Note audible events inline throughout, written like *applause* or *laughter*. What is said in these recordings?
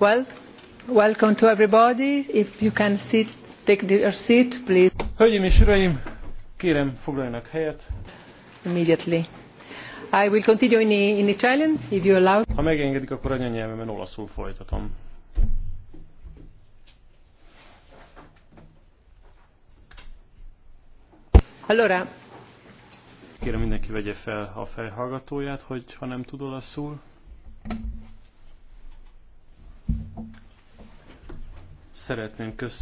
Well, welcome Hölgyeim és uraim, kérem foglaljanak helyet. Immediately. I will continue in, in Italian, if you allow. Ha megengedik, akkor anyanyelvemen olaszul folytatom. Allora. Kérem mindenki vegye fel a fejhallgatóját, hogy ha nem tud olaszul. Szeretnénk kösz...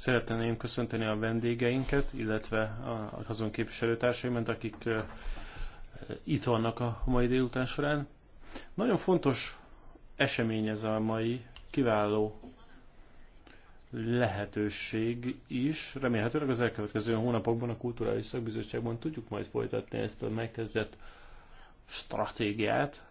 szeretném köszönteni a vendégeinket, illetve a, azon képviselőtársaimat, akik itt vannak a mai délután során. Nagyon fontos esemény ez a mai, kiváló lehetőség is. Remélhetőleg az elkövetkező hónapokban a Kulturális Szakbizottságban tudjuk majd folytatni ezt a megkezdett stratégiát,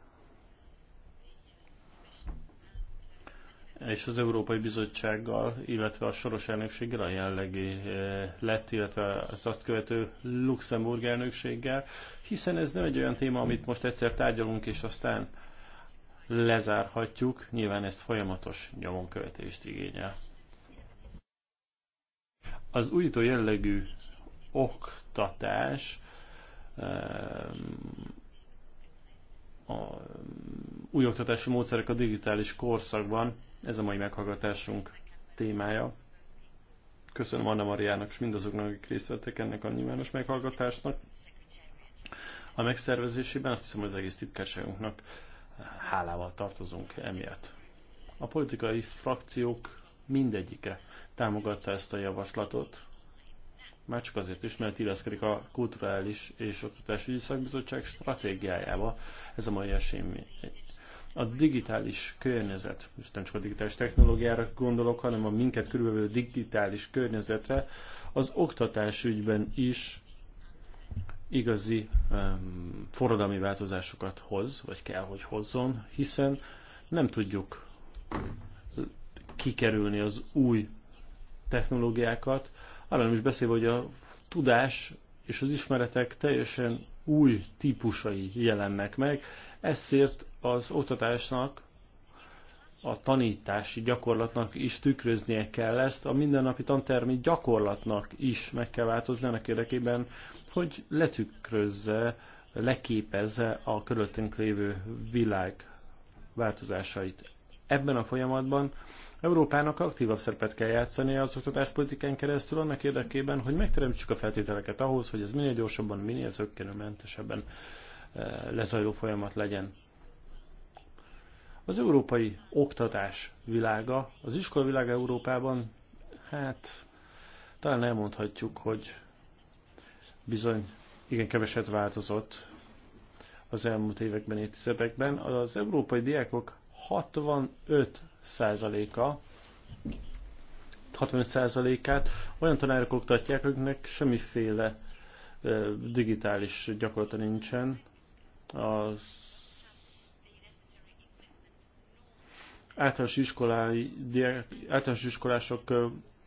és az Európai Bizottsággal, illetve a soros elnökséggel, a jellegi eh, lett, illetve az azt követő Luxemburg elnökséggel, hiszen ez nem egy olyan téma, amit most egyszer tárgyalunk, és aztán lezárhatjuk, nyilván ez folyamatos nyomonkövetést igényel. Az újító jellegű oktatás eh, a új oktatási módszerek a digitális korszakban ez a mai meghallgatásunk témája. Köszönöm Anna Mariának és mindazoknak, akik részt vettek ennek a nyilvános meghallgatásnak. A megszervezésében azt hiszem, hogy az egész titkárságunknak hálával tartozunk emiatt. A politikai frakciók mindegyike támogatta ezt a javaslatot, már csak azért is, mert illeszkedik a kulturális és oktatásügyi szakbizottság stratégiájába ez a mai esemény a digitális környezet, és nem csak a digitális technológiára gondolok, hanem a minket körülbelül digitális környezetre, az oktatás ügyben is igazi um, forradalmi változásokat hoz, vagy kell, hogy hozzon, hiszen nem tudjuk kikerülni az új technológiákat, arra nem is beszélve, hogy a tudás és az ismeretek teljesen új típusai jelennek meg, ezért az oktatásnak, a tanítási gyakorlatnak is tükröznie kell ezt, a mindennapi tantermi gyakorlatnak is meg kell változni annak érdekében, hogy letükrözze, leképezze a körülöttünk lévő világ változásait. Ebben a folyamatban Európának aktívabb szerepet kell játszani az oktatáspolitikán keresztül annak érdekében, hogy megteremtsük a feltételeket ahhoz, hogy ez minél gyorsabban, minél zöggenőmentesebben lezajló folyamat legyen. Az európai oktatás világa, az iskola világa Európában, hát talán elmondhatjuk, hogy bizony igen keveset változott az elmúlt években, évtizedekben. Az európai diákok 65%-a 65%-át olyan tanárok oktatják, akiknek semmiféle digitális gyakorlata nincsen, az általános, iskolái, általános iskolások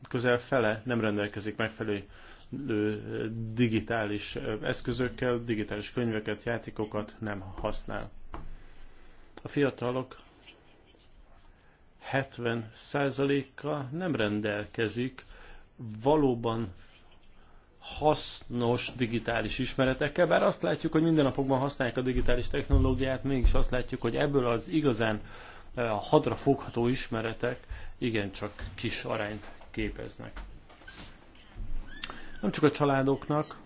közel fele nem rendelkezik megfelelő digitális eszközökkel, digitális könyveket, játékokat nem használ. A fiatalok 70%-a nem rendelkezik valóban hasznos digitális ismeretekkel, bár azt látjuk, hogy minden napokban használják a digitális technológiát, mégis azt látjuk, hogy ebből az igazán eh, hadra fogható ismeretek igencsak kis arányt képeznek. Nem csak a családoknak,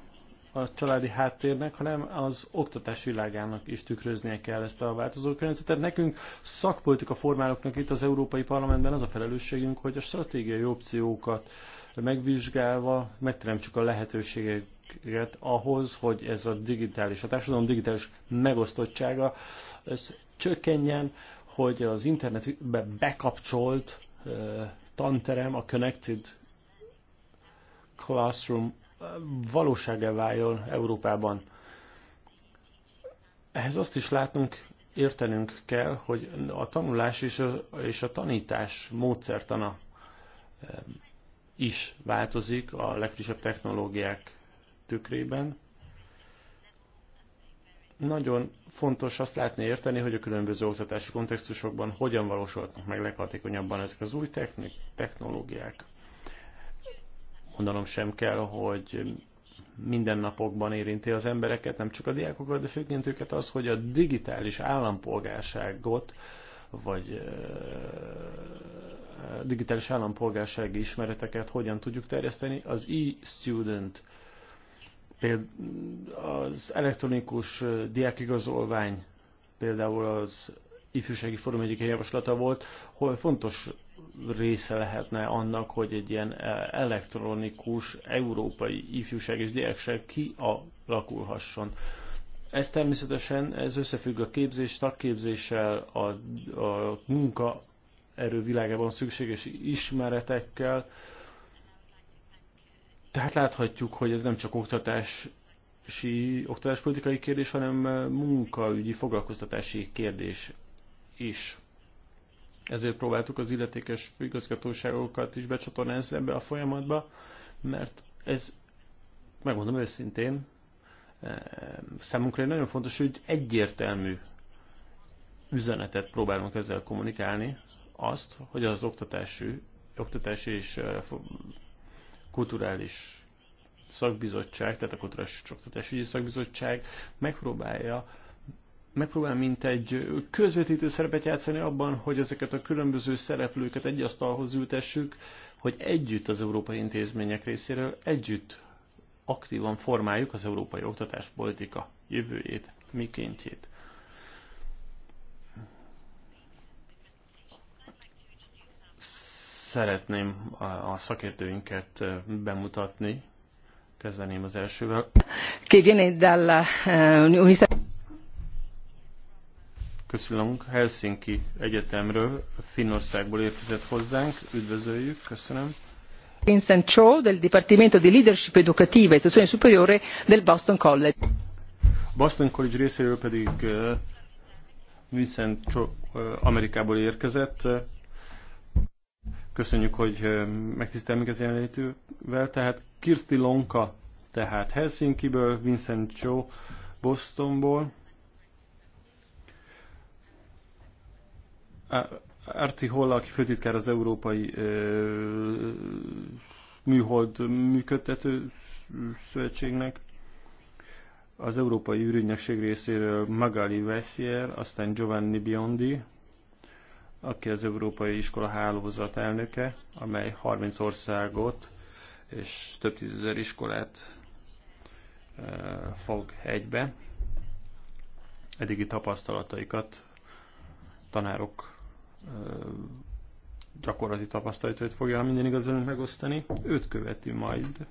a családi háttérnek, hanem az oktatás világának is tükröznie kell ezt a változó környezetet. Nekünk szakpolitika formálóknak itt az Európai Parlamentben az a felelősségünk, hogy a stratégiai opciókat megvizsgálva megteremtsük a lehetőségeket ahhoz, hogy ez a digitális, a társadalom digitális megosztottsága ez csökkenjen, hogy az internetbe bekapcsolt tanterem, a Connected Classroom valóságá váljon Európában. Ehhez azt is látnunk, értenünk kell, hogy a tanulás és a, és a tanítás módszertana is változik a legfrissebb technológiák tükrében. Nagyon fontos azt látni érteni, hogy a különböző oktatási kontextusokban hogyan valósulnak meg leghatékonyabban ezek az új technik, technológiák mondanom sem kell, hogy mindennapokban érinti az embereket, nem csak a diákokat, de főként őket az, hogy a digitális állampolgárságot, vagy digitális állampolgársági ismereteket hogyan tudjuk terjeszteni. Az e-student, az elektronikus diákigazolvány például az ifjúsági fórum egyik javaslata volt, hol fontos része lehetne annak, hogy egy ilyen e, elektronikus európai ifjúság és diákság kialakulhasson. Ez természetesen ez összefügg a képzés, szakképzéssel, a, a munkaerő világában szükséges ismeretekkel. Tehát láthatjuk, hogy ez nem csak oktatás oktatáspolitikai kérdés, hanem munkaügyi, foglalkoztatási kérdés is. Ezért próbáltuk az illetékes igazgatóságokat is becsatornázni ebbe a folyamatba, mert ez, megmondom őszintén, eh, számunkra egy nagyon fontos, hogy egyértelmű üzenetet próbálunk ezzel kommunikálni, azt, hogy az oktatási, oktatási és eh, kulturális szakbizottság, tehát a kulturális és oktatási szakbizottság megpróbálja megpróbál mint egy közvetítő szerepet játszani abban, hogy ezeket a különböző szereplőket egy asztalhoz ültessük, hogy együtt az európai intézmények részéről együtt aktívan formáljuk az európai oktatáspolitika jövőjét, mikéntjét. Szeretném a szakértőinket bemutatni, kezdeném az elsővel. Che viene dalla eh, Köszönöm, Helsinki Egyetemről, Finnországból érkezett hozzánk, üdvözöljük, köszönöm. Vincent Cho del Dipartimento di Leadership Educativa e Istruzione Superiore del Boston College. Boston College részéről pedig eh, Vincent Cho eh, Amerikából érkezett. Köszönjük, hogy eh, megtisztel minket jelenlétűvel. Tehát Kirsti Lonka, tehát Helsinkiből, Vincent Cho Bostonból. Arci Holla, aki főtitkár az Európai Műhold Működtető Szövetségnek, az Európai Ürügynökség részéről Magali Vessier, aztán Giovanni Biondi, aki az Európai Iskola Hálózat elnöke, amely 30 országot és több tízezer iskolát fog egybe. Eddigi tapasztalataikat tanárok gyakorlati tapasztalatait fogja, minden igaz velünk megosztani. Őt követi majd.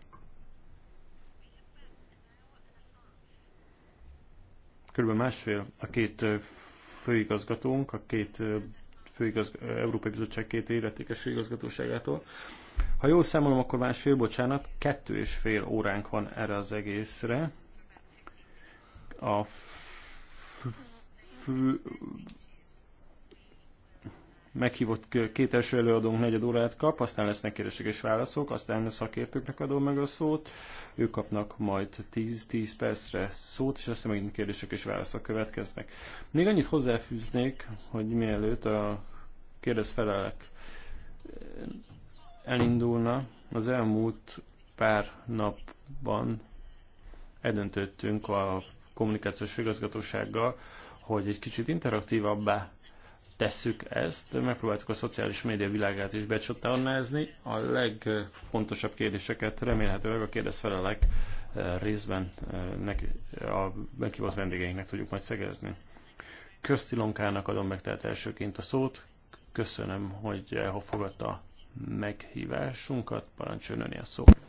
Körülbelül másfél a két főigazgatónk, a két főigazgató, Európai Bizottság két életékes főigazgatóságától. Ha jól számolom, akkor másfél, bocsánat, kettő és fél óránk van erre az egészre. A fő meghívott két első előadónk negyed órát kap, aztán lesznek kérdések és válaszok, aztán a szakértőknek adom meg a szót, ők kapnak majd 10-10 percre szót, és aztán megint kérdések és válaszok következnek. Még annyit hozzáfűznék, hogy mielőtt a kérdez felelek eh, elindulna, az elmúlt pár napban eldöntöttünk a kommunikációs igazgatósággal, hogy egy kicsit interaktívabbá tesszük ezt, megpróbáltuk a szociális média világát is becsatornázni. A legfontosabb kérdéseket remélhetőleg a kérdezfelelek eh, részben eh, neki, a meghívott vendégeinknek tudjuk majd szegezni. Köztilomkának adom meg tehát elsőként a szót. Köszönöm, hogy elfogadta meghívásunkat. Parancsön a szót.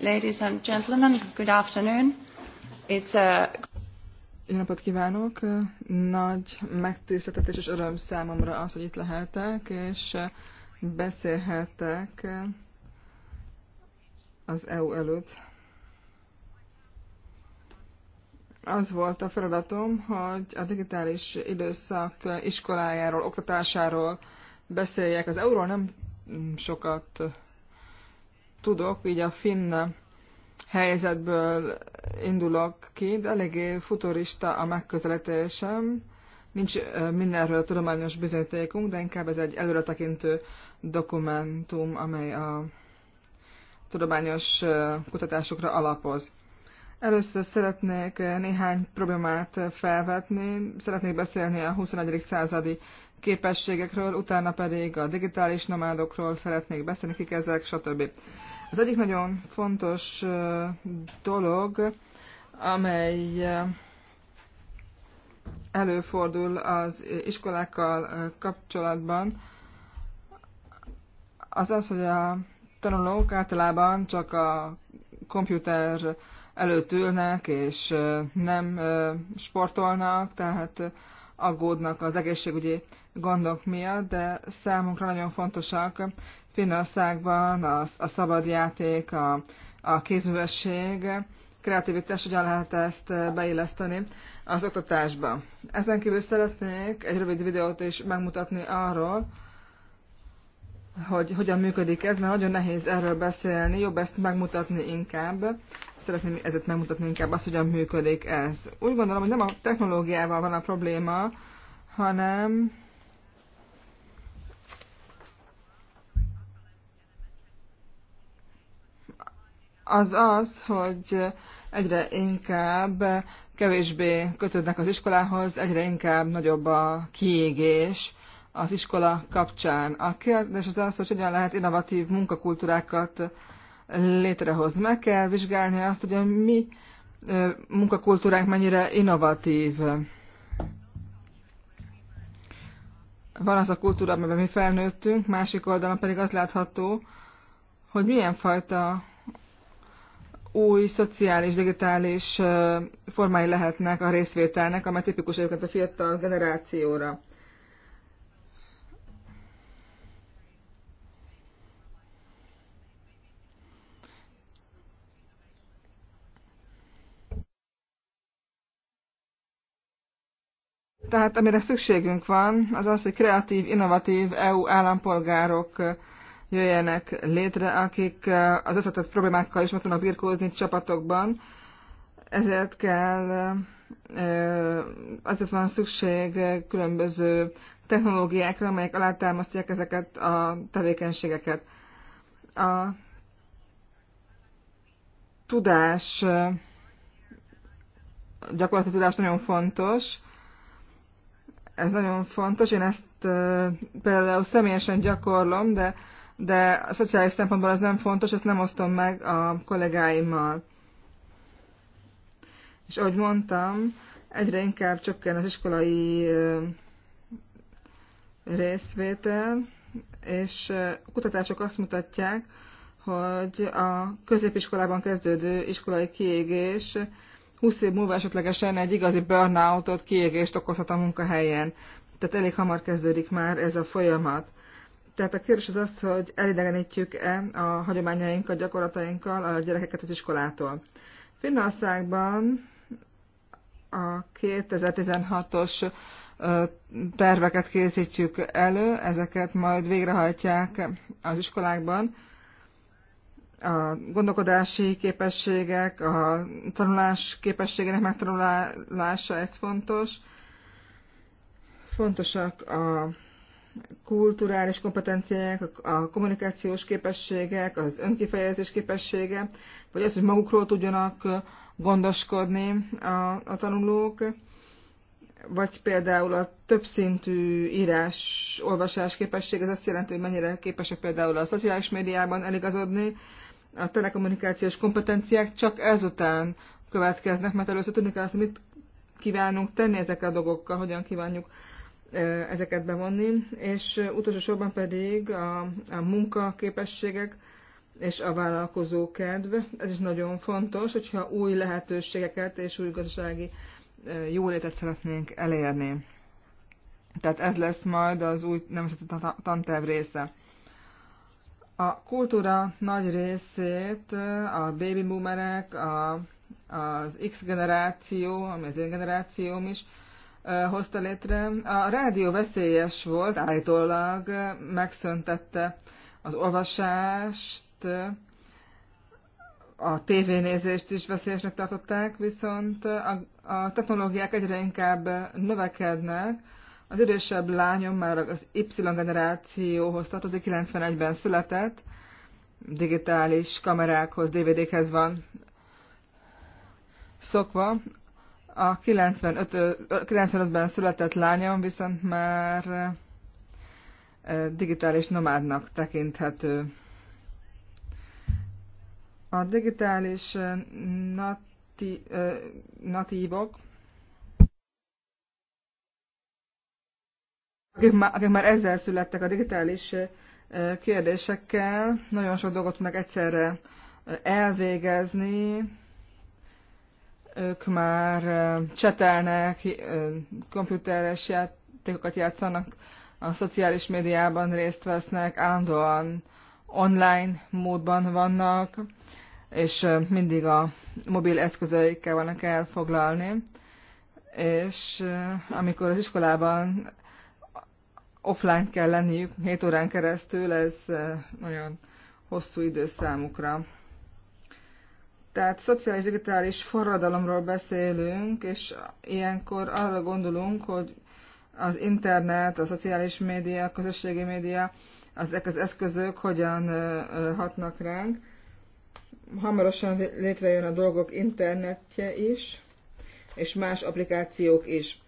ladies and gentlemen, good afternoon. It's a... Jó napot kívánok! Nagy megtiszteltetés és öröm számomra az, hogy itt lehetek, és beszélhetek az EU előtt. Az volt a feladatom, hogy a digitális időszak iskolájáról, oktatásáról beszéljek. Az euról nem sokat tudok, így a finn helyzetből indulok ki, de eléggé futurista a megközelítésem. Nincs mindenről tudományos bizonyítékunk, de inkább ez egy előretekintő dokumentum, amely a tudományos kutatásokra alapoz. Először szeretnék néhány problémát felvetni, szeretnék beszélni a 21. századi képességekről, utána pedig a digitális nomádokról szeretnék beszélni, kik ezek, stb. Az egyik nagyon fontos dolog, amely előfordul az iskolákkal kapcsolatban, az az, hogy a tanulók általában csak a komputer előtt ülnek, és nem sportolnak, tehát aggódnak az egészségügyi gondok miatt, de számunkra nagyon fontosak Finnországban a, a szabad játék, a, a kézművesség, kreativitás, hogyan lehet ezt beilleszteni az oktatásba. Ezen kívül szeretnék egy rövid videót is megmutatni arról, hogy hogyan működik ez, mert nagyon nehéz erről beszélni, jobb ezt megmutatni inkább. Szeretném ezért megmutatni inkább azt, hogyan működik ez. Úgy gondolom, hogy nem a technológiával van a probléma, hanem az az, hogy egyre inkább kevésbé kötődnek az iskolához, egyre inkább nagyobb a kiégés az iskola kapcsán. A kérdés az az, hogy hogyan lehet innovatív munkakultúrákat létrehozni. Meg kell vizsgálni azt, hogy a mi munkakultúránk mennyire innovatív. Van az a kultúra, amiben mi felnőttünk, másik oldalon pedig az látható, hogy milyen fajta új szociális, digitális formái lehetnek a részvételnek, amely tipikus egyébként a fiatal generációra. Tehát amire szükségünk van, az az, hogy kreatív, innovatív EU állampolgárok jöjjenek létre, akik az összetett problémákkal is meg tudnak birkózni csapatokban. Ezért kell, azért van szükség különböző technológiákra, amelyek alátámasztják ezeket a tevékenységeket. A tudás, gyakorlati tudás nagyon fontos. Ez nagyon fontos, én ezt például személyesen gyakorlom, de de a szociális szempontból ez nem fontos, ezt nem osztom meg a kollégáimmal. És ahogy mondtam, egyre inkább csökken az iskolai részvétel, és kutatások azt mutatják, hogy a középiskolában kezdődő iskolai kiégés 20 év múlva esetlegesen egy igazi burnoutot, kiégést okozhat a munkahelyen. Tehát elég hamar kezdődik már ez a folyamat. Tehát a kérdés az az, hogy elidegenítjük-e a hagyományainkat, gyakorlatainkkal a gyerekeket az iskolától. Finnországban a 2016-os terveket készítjük elő, ezeket majd végrehajtják az iskolákban. A gondolkodási képességek, a tanulás képességének megtanulása, ez fontos. Fontosak a kulturális kompetenciák, a kommunikációs képességek, az önkifejezés képessége, vagy az, hogy magukról tudjanak gondoskodni a, a tanulók, vagy például a többszintű írás, olvasás képesség, ez azt jelenti, hogy mennyire képesek például a szociális médiában eligazodni, a telekommunikációs kompetenciák csak ezután következnek, mert először tudni kell azt, hogy mit kívánunk tenni ezekkel a dolgokkal, hogyan kívánjuk ezeket bevonni, és utolsó sorban pedig a, a munkaképességek és a vállalkozó kedv. Ez is nagyon fontos, hogyha új lehetőségeket és új gazdasági jólétet szeretnénk elérni. Tehát ez lesz majd az új nemzeti tanterv része. A kultúra nagy részét a baby boomerek, a, az X generáció, ami az én generációm is, hozta létre. A rádió veszélyes volt, állítólag megszöntette az olvasást, a tévénézést is veszélyesnek tartották, viszont a, a technológiák egyre inkább növekednek. Az idősebb lányom már az Y generációhoz tartozik, 91-ben született, digitális kamerákhoz, DVD-khez van szokva. A 95, 95-ben született lányom viszont már digitális nomádnak tekinthető. A digitális nati, natívok, akik már, akik már ezzel születtek a digitális kérdésekkel, nagyon sok dolgot meg egyszerre elvégezni, ők már csetelnek, komputeres játékokat játszanak, a szociális médiában részt vesznek, állandóan online módban vannak, és mindig a mobil eszközeikkel vannak elfoglalni. És amikor az iskolában offline kell lenniük 7 órán keresztül, ez nagyon hosszú idő számukra. Tehát szociális digitális forradalomról beszélünk, és ilyenkor arra gondolunk, hogy az internet, a szociális média, a közösségi média, ezek az eszközök hogyan hatnak ránk. Hamarosan létrejön a dolgok internetje is, és más applikációk is.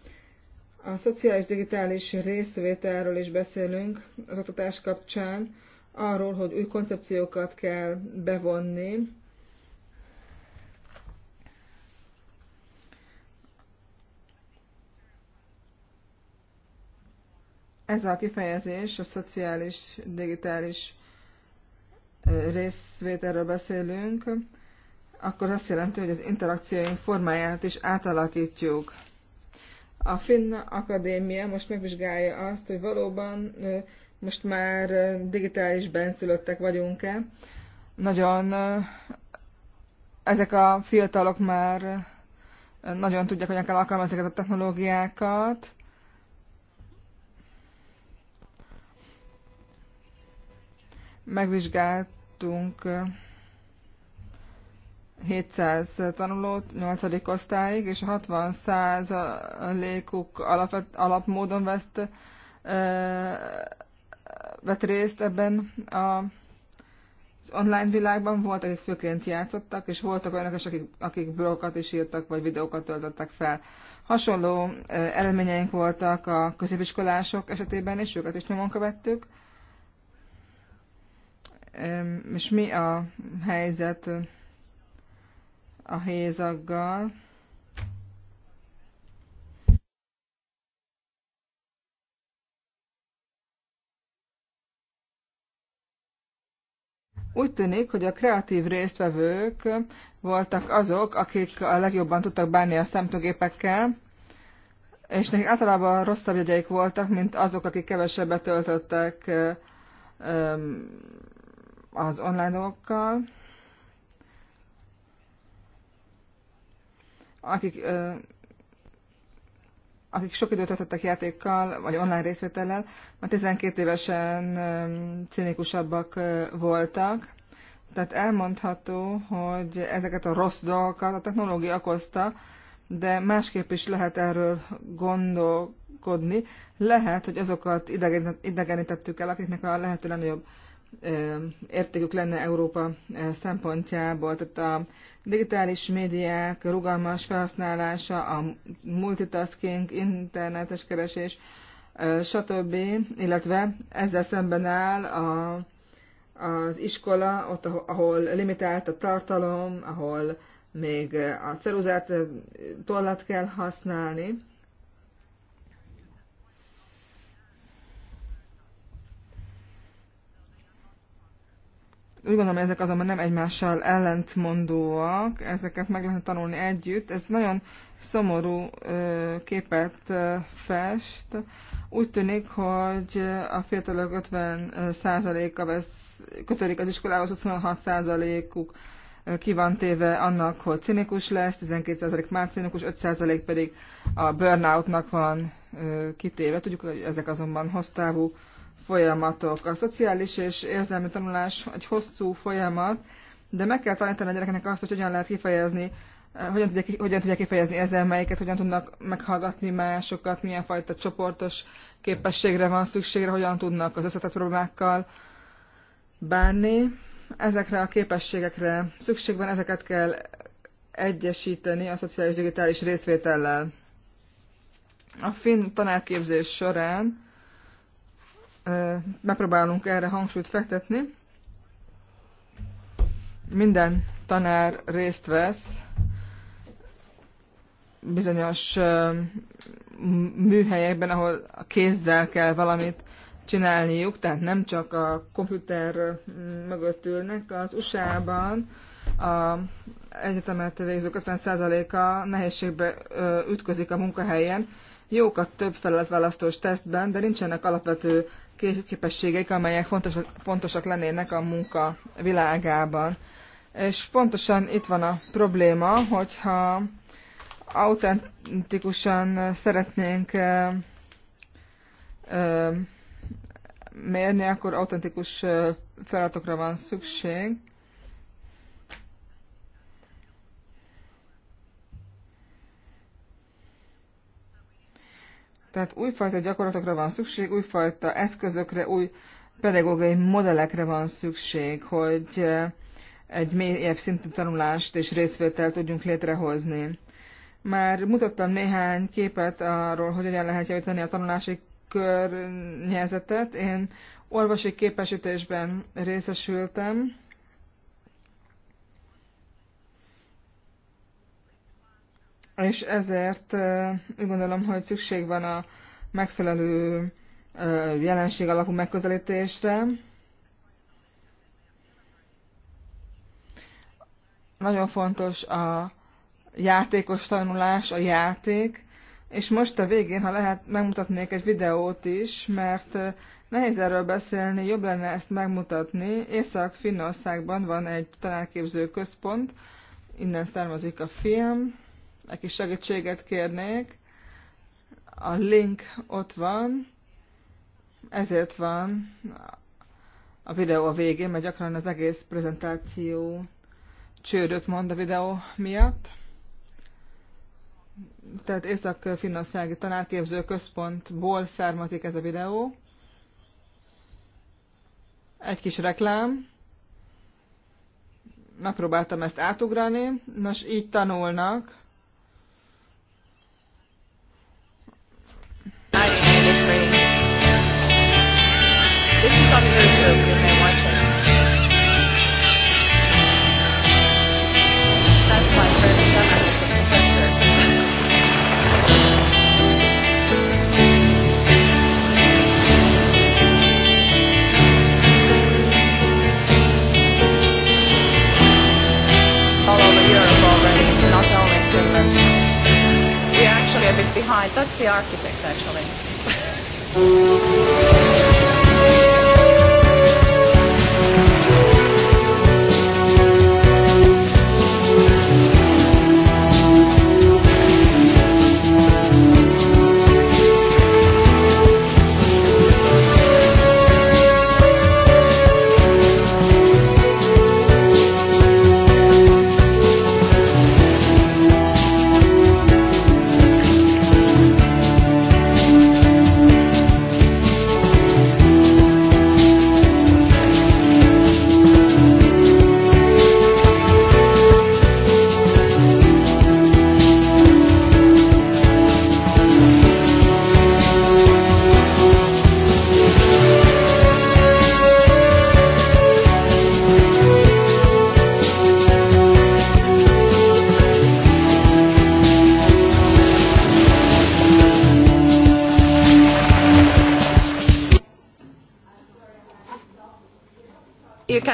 A szociális digitális részvételről is beszélünk az oktatás kapcsán, arról, hogy új koncepciókat kell bevonni, Ez a kifejezés a szociális, digitális részvételről beszélünk, akkor azt jelenti, hogy az interakcióink formáját is átalakítjuk. A Finn Akadémia most megvizsgálja azt, hogy valóban most már digitális benszülöttek vagyunk-e. Nagyon ezek a fiatalok már nagyon tudják, hogy kell alkalmazni ezeket a technológiákat, Megvizsgáltunk 700 tanulót 8. osztályig, és 60 százalékuk alapvet, alapmódon veszt, vett részt ebben a, az online világban. Voltak, akik főként játszottak, és voltak olyanok is, akik, akik blogokat is írtak, vagy videókat töltöttek fel. Hasonló eredményeink voltak a középiskolások esetében, és őket is nyomon követtük. És mi a helyzet a hézaggal? Úgy tűnik, hogy a kreatív résztvevők voltak azok, akik a legjobban tudtak bánni a szemtőgépekkel, és nekik általában rosszabb jegyeik voltak, mint azok, akik kevesebbet töltöttek az online dolgokkal, akik, ö, akik sok időt töltöttek játékkal, vagy online részvétellel, már 12 évesen ö, cinikusabbak ö, voltak. Tehát elmondható, hogy ezeket a rossz dolgokat a technológia okozta, de másképp is lehet erről gondolkodni. Lehet, hogy azokat idegenítettük el, akiknek a lehető legnagyobb értékük lenne Európa szempontjából. Tehát a digitális médiák rugalmas felhasználása, a multitasking, internetes keresés, stb., illetve ezzel szemben áll a, az iskola, ott, ahol limitált a tartalom, ahol még a ceruzát tollat kell használni, Úgy gondolom, ezek azonban nem egymással ellentmondóak, ezeket meg lehet tanulni együtt. Ez nagyon szomorú képet fest. Úgy tűnik, hogy a fiatalok 50%-a kötődik az iskolához, 26%-uk ki van téve annak, hogy cinikus lesz, 12% már cinikus, 5% pedig a burnoutnak van kitéve. Tudjuk, hogy ezek azonban hosszú folyamatok. A szociális és érzelmi tanulás egy hosszú folyamat, de meg kell tanítani a gyerekeknek azt, hogy hogyan lehet kifejezni, eh, hogyan tudják, hogyan tudják kifejezni érzelmeiket, hogyan tudnak meghallgatni másokat, milyen fajta csoportos képességre van szükségre, hogyan tudnak az összetett problémákkal bánni. Ezekre a képességekre szükség van, ezeket kell egyesíteni a szociális digitális részvétellel. A finn tanárképzés során megpróbálunk erre hangsúlyt fektetni. Minden tanár részt vesz bizonyos műhelyekben, ahol a kézzel kell valamit csinálniuk, tehát nem csak a komputer mögött ülnek. Az USA-ban a egyetemet végzők 50%-a nehézségbe ütközik a munkahelyen, jók a több feladatválasztós tesztben, de nincsenek alapvető képességek, amelyek fontosak, fontosak lennének a munka világában. És pontosan itt van a probléma, hogyha autentikusan szeretnénk ö, ö, mérni, akkor autentikus feladatokra van szükség. Tehát újfajta gyakorlatokra van szükség, újfajta eszközökre, új pedagógiai modellekre van szükség, hogy eh, egy mélyebb szintű tanulást és részvételt tudjunk létrehozni. Már mutattam néhány képet arról, hogy hogyan lehet javítani a tanulási környezetet. Én orvosi képesítésben részesültem, és ezért úgy gondolom, hogy szükség van a megfelelő jelenség alapú megközelítésre. Nagyon fontos a játékos tanulás, a játék, és most a végén, ha lehet, megmutatnék egy videót is, mert nehéz erről beszélni, jobb lenne ezt megmutatni. Észak-Finnországban van egy tanárképző központ, innen származik a film, neki segítséget kérnék. A link ott van, ezért van a videó a végén, mert gyakran az egész prezentáció csődöt mond a videó miatt. Tehát Észak-Finnországi Tanárképző Központból származik ez a videó. Egy kis reklám. Megpróbáltam ezt átugrani. Nos, így tanulnak You All over Europe already, not only actually a bit behind. That's the architect, actually. *laughs*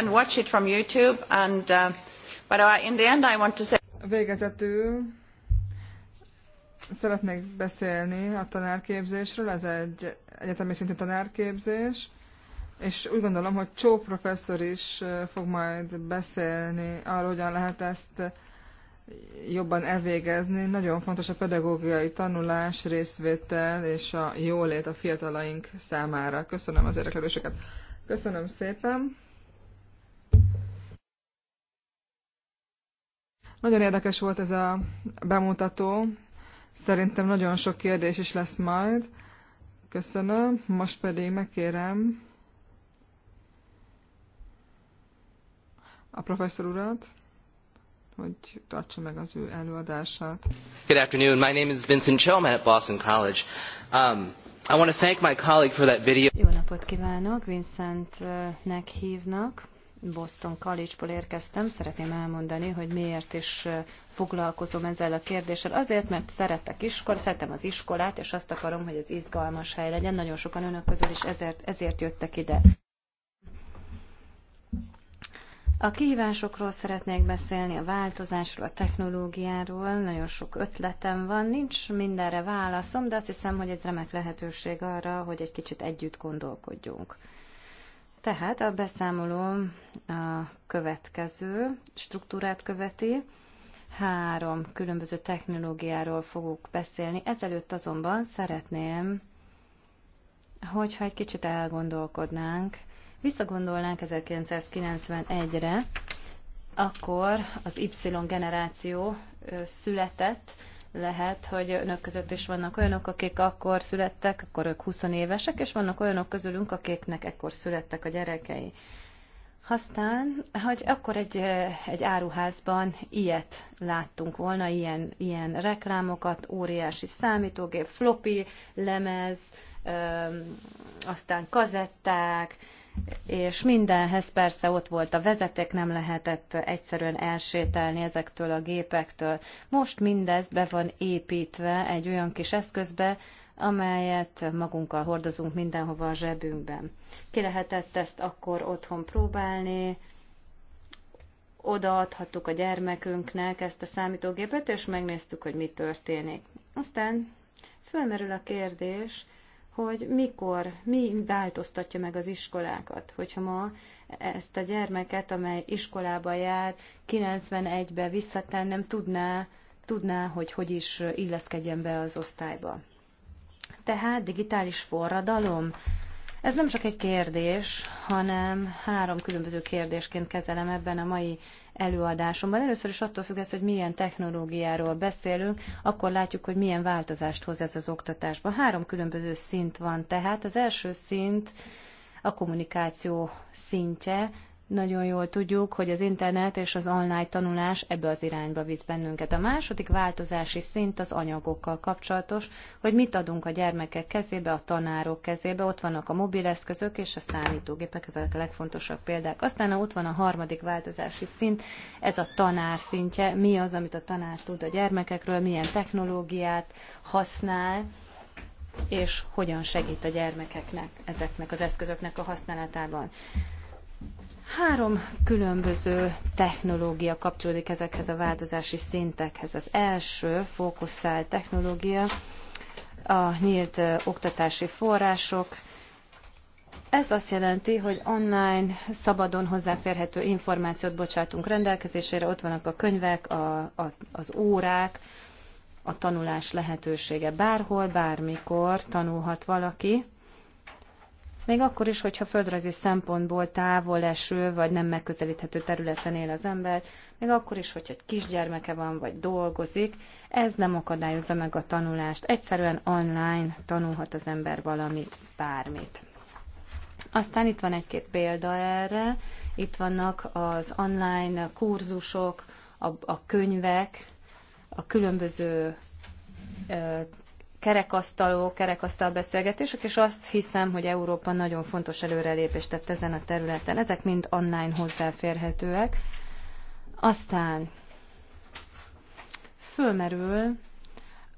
can watch it from YouTube, and uh, but I, in the end I want to say. Végezetül szeretnék beszélni a tanárképzésről, ez egy egyetemi szintű tanárképzés, és úgy gondolom, hogy Csó professzor is fog majd beszélni arról, hogyan lehet ezt jobban elvégezni. Nagyon fontos a pedagógiai tanulás, részvétel és a jólét a fiatalaink számára. Köszönöm az érdeklődéseket. Köszönöm szépen. Nagyon érdekes volt ez a bemutató. Szerintem nagyon sok kérdés is lesz majd. Köszönöm. Most pedig megkérem a professzor urat, hogy tartsa meg az ő előadását. Good afternoon. My name is Vincent Chelman at Boston College. Um, I want to thank my colleague for that video. Jó napot kívánok. Vincentnek hívnak. Boston College-ból érkeztem, szeretném elmondani, hogy miért is foglalkozom ezzel a kérdéssel. Azért, mert szeretek iskolát, szeretem az iskolát, és azt akarom, hogy ez izgalmas hely legyen. Nagyon sokan önök közül is ezért, ezért jöttek ide. A kihívásokról szeretnék beszélni, a változásról, a technológiáról, nagyon sok ötletem van, nincs mindenre válaszom, de azt hiszem, hogy ez remek lehetőség arra, hogy egy kicsit együtt gondolkodjunk. Tehát a beszámoló a következő struktúrát követi. Három különböző technológiáról fogok beszélni. Ezelőtt azonban szeretném, hogyha egy kicsit elgondolkodnánk, visszagondolnánk 1991-re, akkor az Y generáció született, lehet, hogy önök között is vannak olyanok, akik akkor születtek, akkor ők 20 évesek, és vannak olyanok közülünk, akiknek ekkor születtek a gyerekei. Aztán, hogy akkor egy, egy áruházban ilyet láttunk volna, ilyen, ilyen reklámokat, óriási számítógép, floppy, lemez, aztán kazetták, és mindenhez persze ott volt a vezeték, nem lehetett egyszerűen elsétálni ezektől a gépektől. Most mindez be van építve egy olyan kis eszközbe, amelyet magunkkal hordozunk mindenhova a zsebünkben. Ki lehetett ezt akkor otthon próbálni, odaadhattuk a gyermekünknek ezt a számítógépet, és megnéztük, hogy mi történik. Aztán fölmerül a kérdés, hogy mikor, mi változtatja meg az iskolákat, hogyha ma ezt a gyermeket, amely iskolába jár, 91-be visszatennem, tudná, tudná, hogy hogy is illeszkedjen be az osztályba. Tehát digitális forradalom, ez nem csak egy kérdés, hanem három különböző kérdésként kezelem ebben a mai előadásomban. Először is attól függ ez, hogy milyen technológiáról beszélünk, akkor látjuk, hogy milyen változást hoz ez az oktatásban. Három különböző szint van tehát. Az első szint a kommunikáció szintje, nagyon jól tudjuk, hogy az internet és az online tanulás ebbe az irányba visz bennünket. A második változási szint az anyagokkal kapcsolatos, hogy mit adunk a gyermekek kezébe, a tanárok kezébe, ott vannak a mobileszközök és a számítógépek, ezek a legfontosabb példák. Aztán ott van a harmadik változási szint, ez a tanár szintje, mi az, amit a tanár tud a gyermekekről, milyen technológiát használ, és hogyan segít a gyermekeknek ezeknek az eszközöknek a használatában. Három különböző technológia kapcsolódik ezekhez a változási szintekhez. Az első fókuszált technológia a nyílt oktatási források. Ez azt jelenti, hogy online, szabadon hozzáférhető információt bocsátunk rendelkezésére. Ott vannak a könyvek, a, a, az órák, a tanulás lehetősége. Bárhol, bármikor tanulhat valaki még akkor is, hogyha földrajzi szempontból távol eső, vagy nem megközelíthető területen él az ember, még akkor is, hogyha egy kisgyermeke van, vagy dolgozik, ez nem akadályozza meg a tanulást. Egyszerűen online tanulhat az ember valamit, bármit. Aztán itt van egy-két példa erre, itt vannak az online kurzusok, a, a könyvek, a különböző kerekasztalok, beszélgetések, és azt hiszem, hogy Európa nagyon fontos előrelépést tett ezen a területen. Ezek mind online hozzáférhetőek. Aztán fölmerül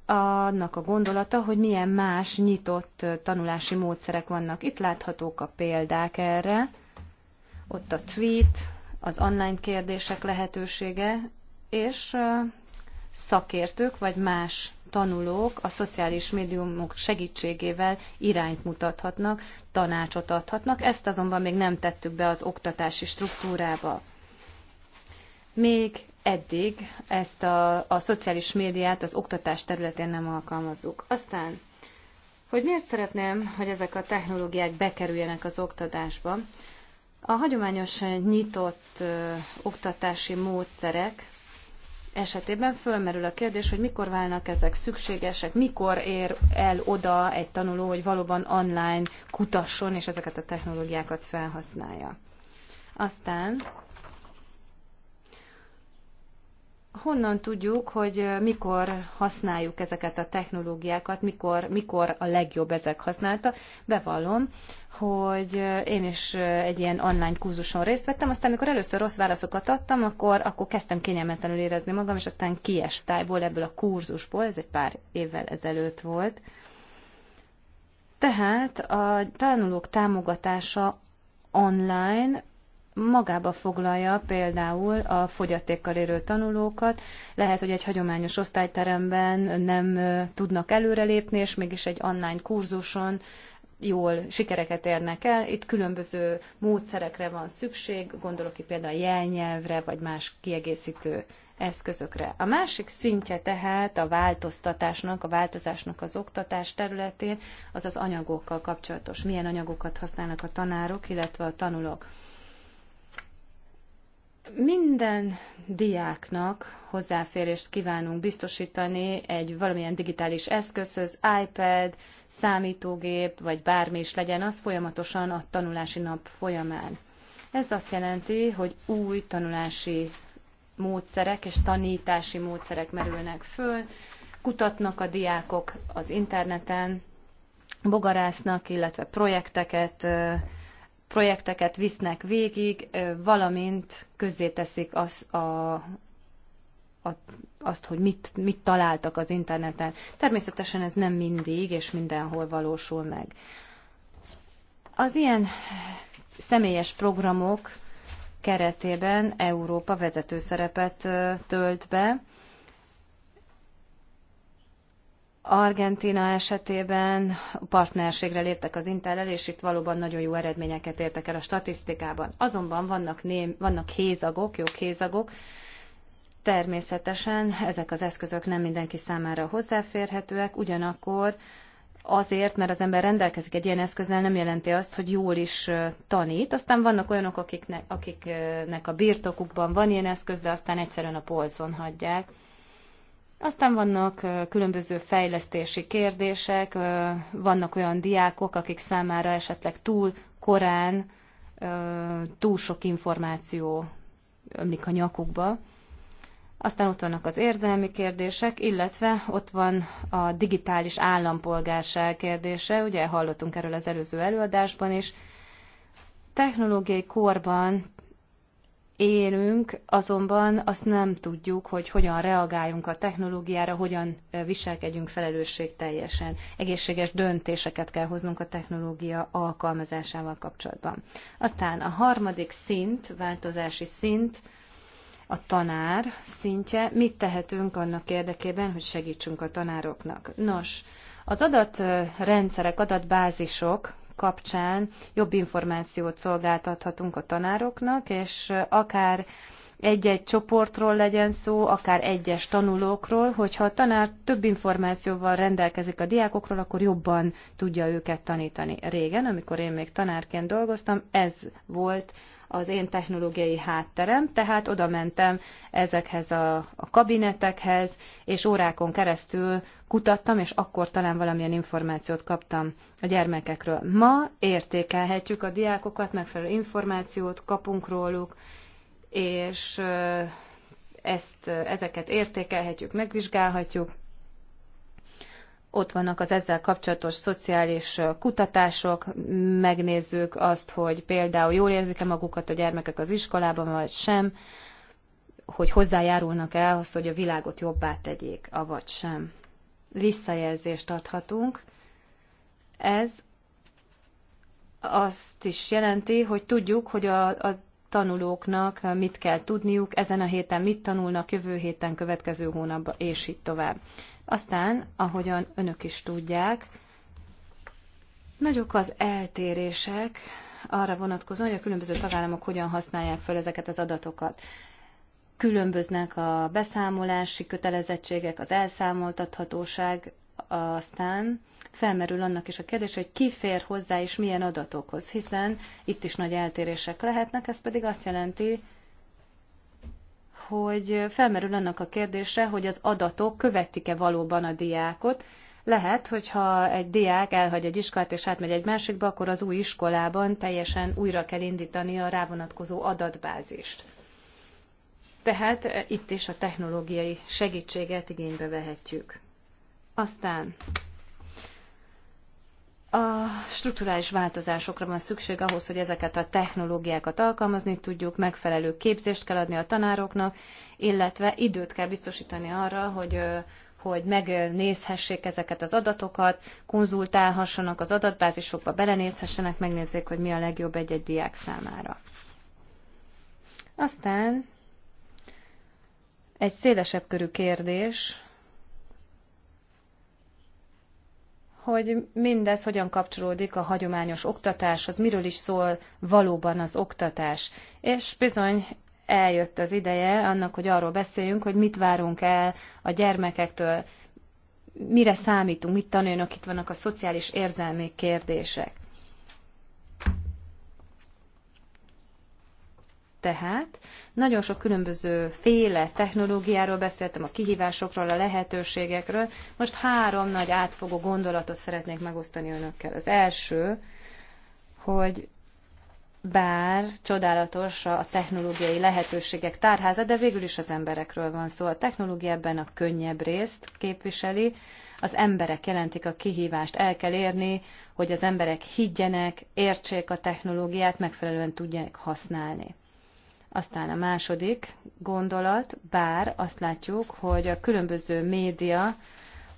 annak a gondolata, hogy milyen más nyitott tanulási módszerek vannak. Itt láthatók a példák erre. Ott a tweet, az online kérdések lehetősége, és szakértők vagy más tanulók a szociális médiumok segítségével irányt mutathatnak, tanácsot adhatnak, ezt azonban még nem tettük be az oktatási struktúrába. Még eddig ezt a, a szociális médiát az oktatás területén nem alkalmazzuk. Aztán, hogy miért szeretném, hogy ezek a technológiák bekerüljenek az oktatásba? A hagyományos nyitott ö, oktatási módszerek esetében fölmerül a kérdés, hogy mikor válnak ezek szükségesek, mikor ér el oda egy tanuló, hogy valóban online kutasson és ezeket a technológiákat felhasználja. Aztán honnan tudjuk, hogy mikor használjuk ezeket a technológiákat, mikor, mikor a legjobb ezek használta. Bevallom, hogy én is egy ilyen online kurzuson részt vettem, aztán amikor először rossz válaszokat adtam, akkor, akkor kezdtem kényelmetlenül érezni magam, és aztán kiestájból ebből a kurzusból, ez egy pár évvel ezelőtt volt. Tehát a tanulók támogatása online magába foglalja például a fogyatékkal élő tanulókat. Lehet, hogy egy hagyományos osztályteremben nem tudnak előrelépni, és mégis egy online kurzuson jól sikereket érnek el. Itt különböző módszerekre van szükség, gondolok itt például jelnyelvre, vagy más kiegészítő eszközökre. A másik szintje tehát a változtatásnak, a változásnak az oktatás területén, az az anyagokkal kapcsolatos. Milyen anyagokat használnak a tanárok, illetve a tanulók. Minden diáknak hozzáférést kívánunk biztosítani egy valamilyen digitális eszközhöz, iPad, számítógép, vagy bármi is legyen az folyamatosan a tanulási nap folyamán. Ez azt jelenti, hogy új tanulási módszerek és tanítási módszerek merülnek föl, kutatnak a diákok az interneten, bogarásznak, illetve projekteket projekteket visznek végig, valamint közzéteszik az, a, a, azt, hogy mit, mit találtak az interneten. Természetesen ez nem mindig és mindenhol valósul meg. Az ilyen személyes programok keretében Európa vezető szerepet tölt be, Argentina esetében partnerségre léptek az Intellel, és itt valóban nagyon jó eredményeket értek el a statisztikában. Azonban vannak, ném, vannak hézagok, jó hézagok, Természetesen ezek az eszközök nem mindenki számára hozzáférhetőek, ugyanakkor azért, mert az ember rendelkezik egy ilyen eszközzel, nem jelenti azt, hogy jól is tanít. Aztán vannak olyanok, akiknek, akiknek a birtokukban van ilyen eszköz, de aztán egyszerűen a polcon hagyják. Aztán vannak különböző fejlesztési kérdések, vannak olyan diákok, akik számára esetleg túl korán túl sok információ ömlik a nyakukba. Aztán ott vannak az érzelmi kérdések, illetve ott van a digitális állampolgárság kérdése, ugye hallottunk erről az előző előadásban is. Technológiai korban élünk, azonban azt nem tudjuk, hogy hogyan reagáljunk a technológiára, hogyan viselkedjünk teljesen Egészséges döntéseket kell hoznunk a technológia alkalmazásával kapcsolatban. Aztán a harmadik szint, változási szint, a tanár szintje. Mit tehetünk annak érdekében, hogy segítsünk a tanároknak? Nos, az adatrendszerek, adatbázisok kapcsán jobb információt szolgáltathatunk a tanároknak, és akár egy-egy csoportról legyen szó, akár egyes tanulókról, hogyha a tanár több információval rendelkezik a diákokról, akkor jobban tudja őket tanítani. Régen, amikor én még tanárként dolgoztam, ez volt az én technológiai hátterem, tehát oda mentem ezekhez a, a kabinetekhez, és órákon keresztül kutattam, és akkor talán valamilyen információt kaptam a gyermekekről. Ma értékelhetjük a diákokat, megfelelő információt kapunk róluk, és ezt, ezeket értékelhetjük, megvizsgálhatjuk, ott vannak az ezzel kapcsolatos szociális kutatások, megnézzük azt, hogy például jól érzik-e magukat a gyermekek az iskolában, vagy sem, hogy hozzájárulnak el ahhoz, hogy a világot jobbá tegyék, avagy sem. Visszajelzést adhatunk. Ez azt is jelenti, hogy tudjuk, hogy a, a tanulóknak mit kell tudniuk, ezen a héten mit tanulnak, jövő héten, következő hónapban, és így tovább. Aztán, ahogyan önök is tudják, nagyok az eltérések arra vonatkozóan, hogy a különböző tagállamok hogyan használják fel ezeket az adatokat. Különböznek a beszámolási kötelezettségek, az elszámoltathatóság, aztán felmerül annak is a kérdés, hogy ki fér hozzá és milyen adatokhoz, hiszen itt is nagy eltérések lehetnek, ez pedig azt jelenti, hogy felmerül annak a kérdése, hogy az adatok követik-e valóban a diákot. Lehet, hogyha egy diák elhagy egy iskolát és átmegy egy másikba, akkor az új iskolában teljesen újra kell indítani a rávonatkozó adatbázist. Tehát eh, itt is a technológiai segítséget igénybe vehetjük. Aztán a strukturális változásokra van szükség ahhoz, hogy ezeket a technológiákat alkalmazni tudjuk, megfelelő képzést kell adni a tanároknak, illetve időt kell biztosítani arra, hogy, hogy megnézhessék ezeket az adatokat, konzultálhassanak az adatbázisokba, belenézhessenek, megnézzék, hogy mi a legjobb egy-egy diák számára. Aztán egy szélesebb körű kérdés, hogy mindez hogyan kapcsolódik a hagyományos oktatáshoz, miről is szól valóban az oktatás. És bizony eljött az ideje annak, hogy arról beszéljünk, hogy mit várunk el a gyermekektől, mire számítunk, mit tanulnak, itt vannak a szociális érzelmi kérdések. Tehát nagyon sok különböző féle technológiáról beszéltem, a kihívásokról, a lehetőségekről. Most három nagy átfogó gondolatot szeretnék megosztani önökkel. Az első, hogy bár csodálatos a technológiai lehetőségek tárháza, de végül is az emberekről van szó. A technológia ebben a könnyebb részt képviseli, az emberek jelentik a kihívást, el kell érni, hogy az emberek higgyenek, értsék a technológiát, megfelelően tudják használni. Aztán a második gondolat, bár azt látjuk, hogy a különböző média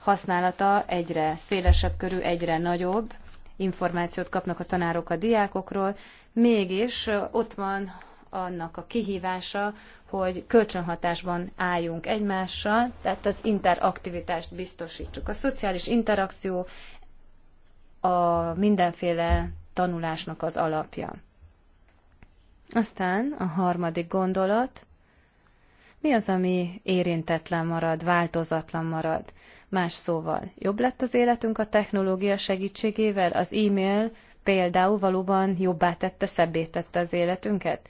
használata egyre szélesebb körű, egyre nagyobb, információt kapnak a tanárok a diákokról, mégis ott van annak a kihívása, hogy kölcsönhatásban álljunk egymással, tehát az interaktivitást biztosítsuk. A szociális interakció a mindenféle tanulásnak az alapja. Aztán a harmadik gondolat, mi az, ami érintetlen marad, változatlan marad? Más szóval, jobb lett az életünk a technológia segítségével? Az e-mail például valóban jobbá tette, szebbé tette az életünket?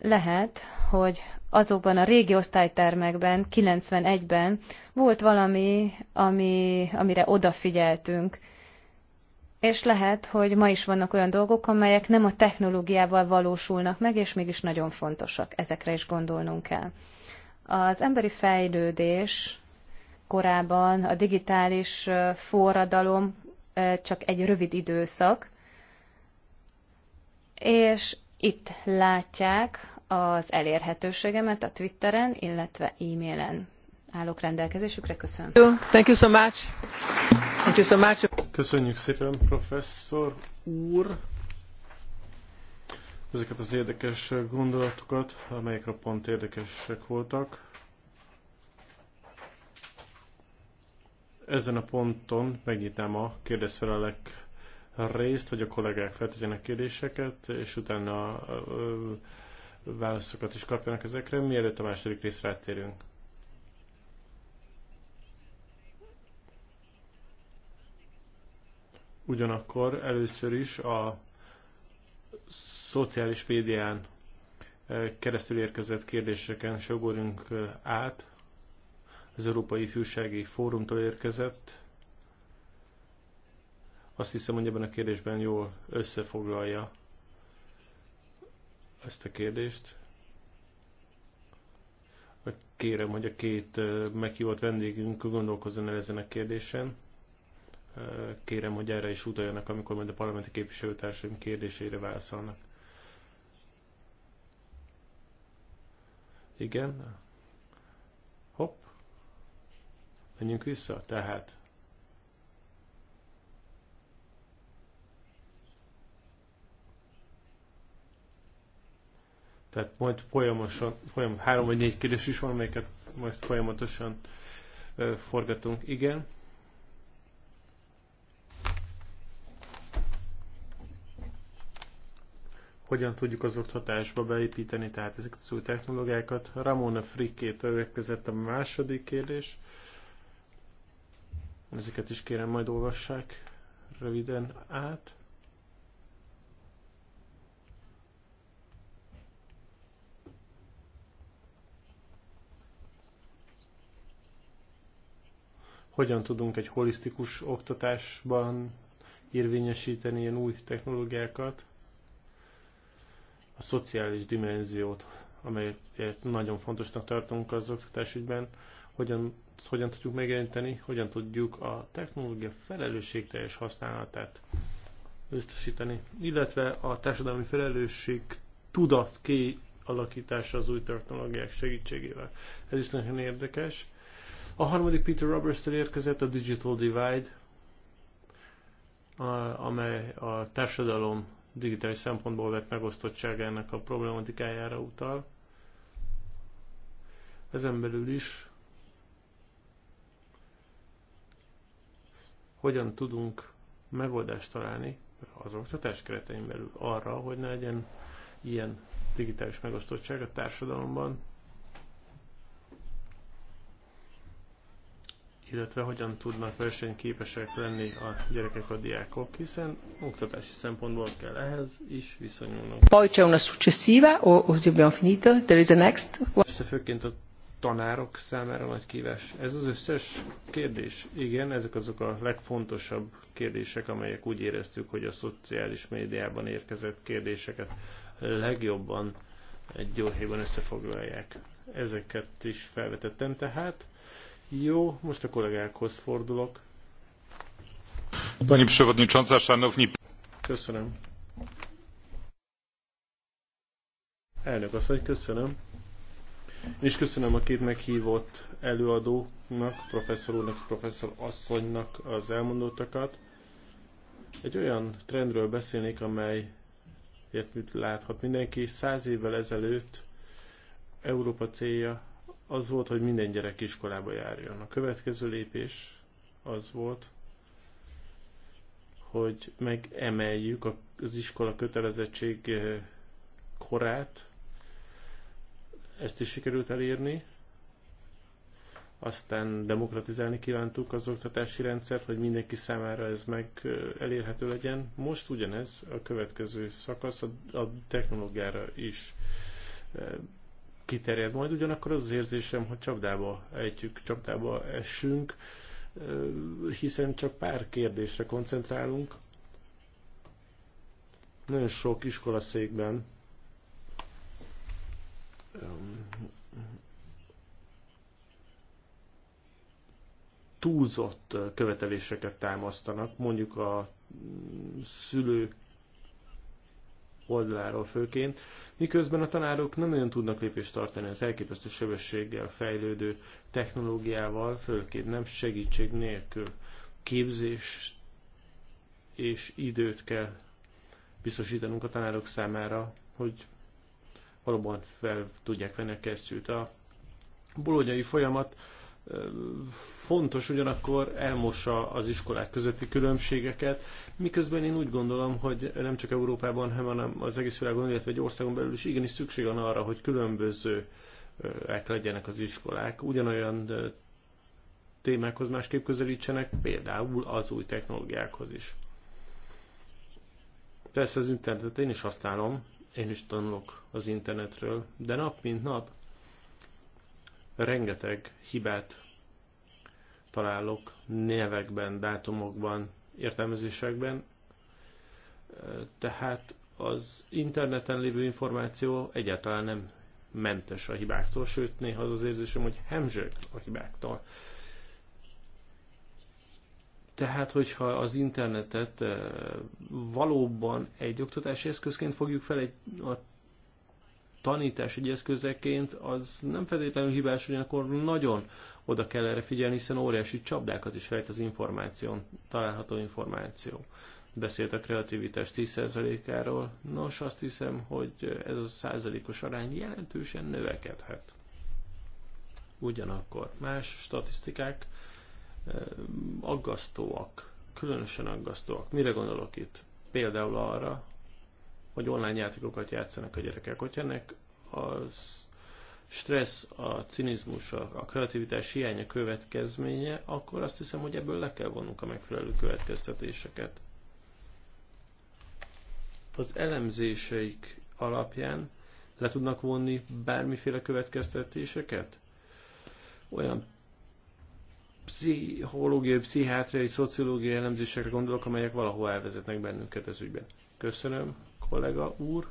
Lehet, hogy azokban a régi osztálytermekben, 91-ben volt valami, ami, amire odafigyeltünk, és lehet, hogy ma is vannak olyan dolgok, amelyek nem a technológiával valósulnak meg, és mégis nagyon fontosak. Ezekre is gondolnunk kell. Az emberi fejlődés korában a digitális forradalom csak egy rövid időszak, és itt látják az elérhetőségemet a Twitteren, illetve e-mailen állok rendelkezésükre. Köszönöm. Thank you so much. Thank you so much. Köszönjük szépen, professzor úr, ezeket az érdekes gondolatokat, amelyekre pont érdekesek voltak. Ezen a ponton megnyitnám a kérdezfelelek részt, hogy a kollégák feltegyenek kérdéseket, és utána válaszokat is kapjanak ezekre, mielőtt a második részre áttérünk. Ugyanakkor először is a szociális médián e, keresztül érkezett kérdéseken sogorjunk e, át. Az Európai Fűsági Fórumtól érkezett. Azt hiszem, hogy ebben a kérdésben jól összefoglalja ezt a kérdést. Kérem, hogy a két e, meghívott vendégünk gondolkozzon el ezen a kérdésen kérem, hogy erre is utaljanak, amikor majd a parlamenti képviselőtársaim kérdésére válaszolnak. Igen. Hopp. Menjünk vissza. Tehát. Tehát majd folyamatosan, folyam, három vagy négy kérdés is van, amelyeket majd folyamatosan ö, forgatunk. Igen. hogyan tudjuk az oktatásba beépíteni, tehát ezeket az új technológiákat. Ramona Frickét következett a második kérdés. Ezeket is kérem majd olvassák röviden át. Hogyan tudunk egy holisztikus oktatásban érvényesíteni ilyen új technológiákat? a szociális dimenziót, amelyet nagyon fontosnak tartunk az oktatásügyben, hogyan, hogyan tudjuk megjelenteni, hogyan tudjuk a technológia felelősségteljes használatát biztosítani, illetve a társadalmi felelősség tudat kialakítása az új technológiák segítségével. Ez is nagyon érdekes. A harmadik Peter roberts érkezett a Digital Divide, amely a társadalom digitális szempontból vett megosztottságának a problematikájára utal. Ezen belül is hogyan tudunk megoldást találni az oktatás keretein belül arra, hogy ne legyen ilyen digitális megosztottság a társadalomban, illetve hogyan tudnak versenyképesek lenni a gyerekek, a diákok, hiszen oktatási szempontból kell ehhez is viszonyulnunk. Poi c'è una successiva, o abbiamo finito, there is a next. Persze főként a tanárok számára nagy kívás. Ez az összes kérdés. Igen, ezek azok a legfontosabb kérdések, amelyek úgy éreztük, hogy a szociális médiában érkezett kérdéseket legjobban egy jó összefoglalják. Ezeket is felvetettem tehát. Jó, most a kollégákhoz fordulok. Pani Przewodnicząca, Szanowni... Köszönöm. Elnök asszony, köszönöm. Én is köszönöm a két meghívott előadónak, professzor úrnak és professzor asszonynak az elmondottakat. Egy olyan trendről beszélnék, amely ilyet láthat mindenki. Száz évvel ezelőtt Európa célja az volt, hogy minden gyerek iskolába járjon. A következő lépés az volt, hogy megemeljük az iskola kötelezettség eh, korát, ezt is sikerült elérni. Aztán demokratizálni kívántuk az oktatási rendszert, hogy mindenki számára ez meg eh, elérhető legyen. Most ugyanez a következő szakasz a, a technológiára is eh, kiterjed majd, ugyanakkor az az érzésem, hogy csapdába ejtjük, csapdába essünk, hiszen csak pár kérdésre koncentrálunk. Nagyon sok iskolaszékben túlzott követeléseket támasztanak, mondjuk a mm, szülők oldaláról főként, miközben a tanárok nem olyan tudnak lépést tartani az elképesztő sebességgel fejlődő technológiával, főként nem segítség nélkül képzés és időt kell biztosítanunk a tanárok számára, hogy valóban fel tudják venni a kesztyűt. A bolonyai folyamat fontos, ugyanakkor elmossa az iskolák közötti különbségeket, miközben én úgy gondolom, hogy nem csak Európában, hanem az egész világon, illetve egy országon belül is igenis szükség van arra, hogy különbözőek legyenek az iskolák, ugyanolyan témákhoz másképp közelítsenek, például az új technológiákhoz is. Persze az internetet én is használom, én is tanulok az internetről, de nap mint nap rengeteg hibát találok nevekben, dátumokban, értelmezésekben, tehát az interneten lévő információ egyáltalán nem mentes a hibáktól, sőt néha az az érzésem, hogy hemzsög a hibáktól. Tehát, hogyha az internetet eh, valóban egy oktatási eszközként fogjuk fel, egy, a Tanítás egy eszközeként az nem feltétlenül hibás, hogy akkor nagyon oda kell erre figyelni, hiszen óriási csapdákat is rejt az információn, található információ. Beszélt a kreativitás 10%-áról, nos azt hiszem, hogy ez a százalékos arány jelentősen növekedhet. Ugyanakkor más statisztikák eh, aggasztóak, különösen aggasztóak. Mire gondolok itt? Például arra, vagy online játékokat játszanak a gyerekek. Hogyha ennek az stressz, a cinizmus, a kreativitás hiánya következménye, akkor azt hiszem, hogy ebből le kell vonnunk a megfelelő következtetéseket. Az elemzéseik alapján le tudnak vonni bármiféle következtetéseket? Olyan pszichológiai, pszichiátriai, szociológiai elemzésekre gondolok, amelyek valahol elvezetnek bennünket ez ügyben. Köszönöm kollega úr.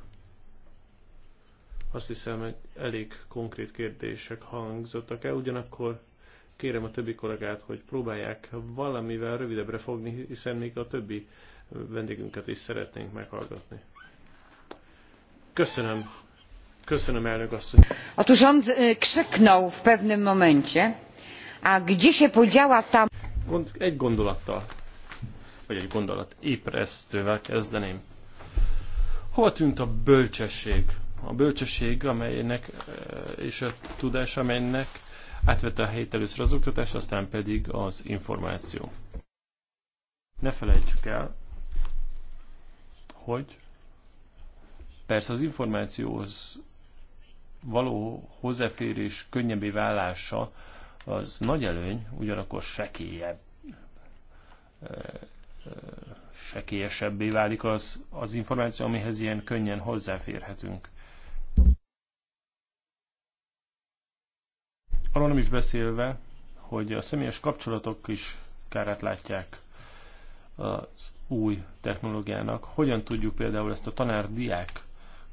Azt hiszem, hogy elég konkrét kérdések hangzottak el, ugyanakkor kérem a többi kollégát, hogy próbálják valamivel rövidebbre fogni, hiszen még a többi vendégünket is szeretnénk meghallgatni. Köszönöm. Köszönöm, elnök asszony. Otóż on e, krzyknął w pewnym momencie, a gdzie się podziała tam... egy gondolattal, vagy egy gondolat ébresztővel kezdeném. Hol tűnt a bölcsesség? A bölcsesség, amelynek eh, és a tudás, amelynek átvette a helyét először az oktatás, aztán pedig az információ. Ne felejtsük el, hogy persze az információhoz való hozzáférés könnyebbé válása az nagy előny, ugyanakkor sekélyebb eh, eh, sekélyesebbé válik az, az információ, amihez ilyen könnyen hozzáférhetünk. Arról nem is beszélve, hogy a személyes kapcsolatok is kárát látják az új technológiának. Hogyan tudjuk például ezt a tanár-diák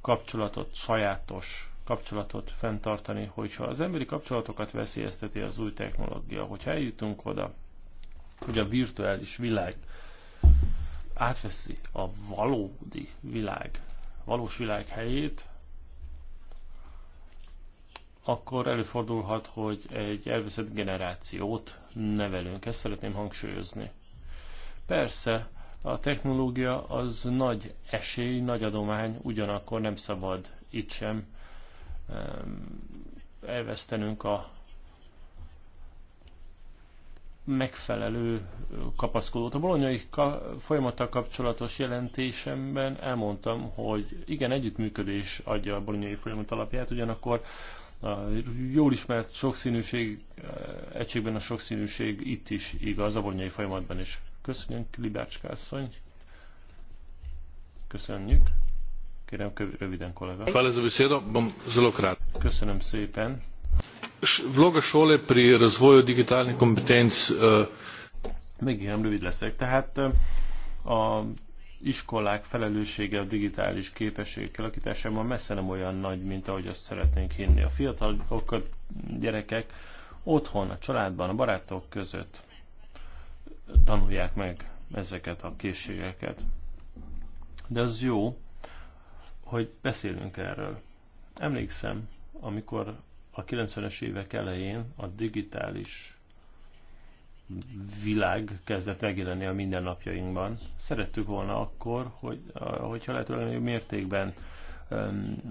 kapcsolatot, sajátos kapcsolatot fenntartani, hogyha az emberi kapcsolatokat veszélyezteti az új technológia, hogyha eljutunk oda, hogy a virtuális világ átveszi a valódi világ, valós világ helyét, akkor előfordulhat, hogy egy elveszett generációt nevelünk. Ezt szeretném hangsúlyozni. Persze, a technológia az nagy esély, nagy adomány, ugyanakkor nem szabad itt sem elvesztenünk a megfelelő kapaszkodót. A bolonyai folyamattal kapcsolatos jelentésemben elmondtam, hogy igen, együttműködés adja a bolonyai folyamat alapját, ugyanakkor a jól ismert sokszínűség, eh, egységben a sokszínűség itt is igaz, a bolonyai folyamatban is. Köszönjük, Libácskászony! asszony. Köszönjük. Kérem, röviden kollega. Köszönöm szépen. Vloga šole pri razvoju digitálni kompetenc. Eh, Megint rövid leszek. Tehát eh, a iskolák felelőssége a digitális képesség kialakításában messze nem olyan nagy, mint ahogy azt szeretnénk hinni. A fiatalok, a gyerekek otthon, a családban, a barátok között tanulják meg ezeket a készségeket. De az jó, hogy beszélünk erről. Emlékszem, amikor a 90-es évek elején a digitális világ kezdett megjelenni a mindennapjainkban. Szerettük volna akkor, hogy, hogyha lehetőleg mértékben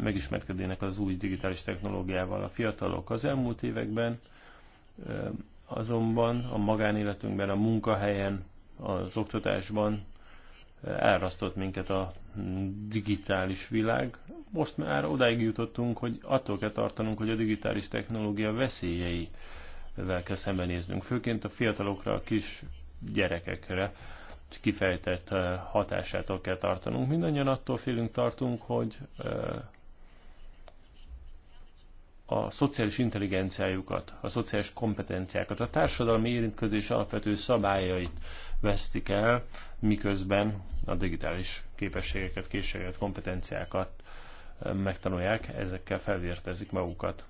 megismerkednének az új digitális technológiával a fiatalok. Az elmúlt években azonban a magánéletünkben, a munkahelyen, az oktatásban elrasztott minket a digitális világ. Most már odáig jutottunk, hogy attól kell tartanunk, hogy a digitális technológia veszélyeivel kell szembenéznünk, főként a fiatalokra, a kis gyerekekre kifejtett eh, hatásától kell tartanunk. Mindannyian attól félünk tartunk, hogy eh, a szociális intelligenciájukat, a szociális kompetenciákat, a társadalmi érintkezés alapvető szabályait vesztik el, miközben a digitális képességeket, készségeket, kompetenciákat megtanulják, ezekkel felvértezik magukat.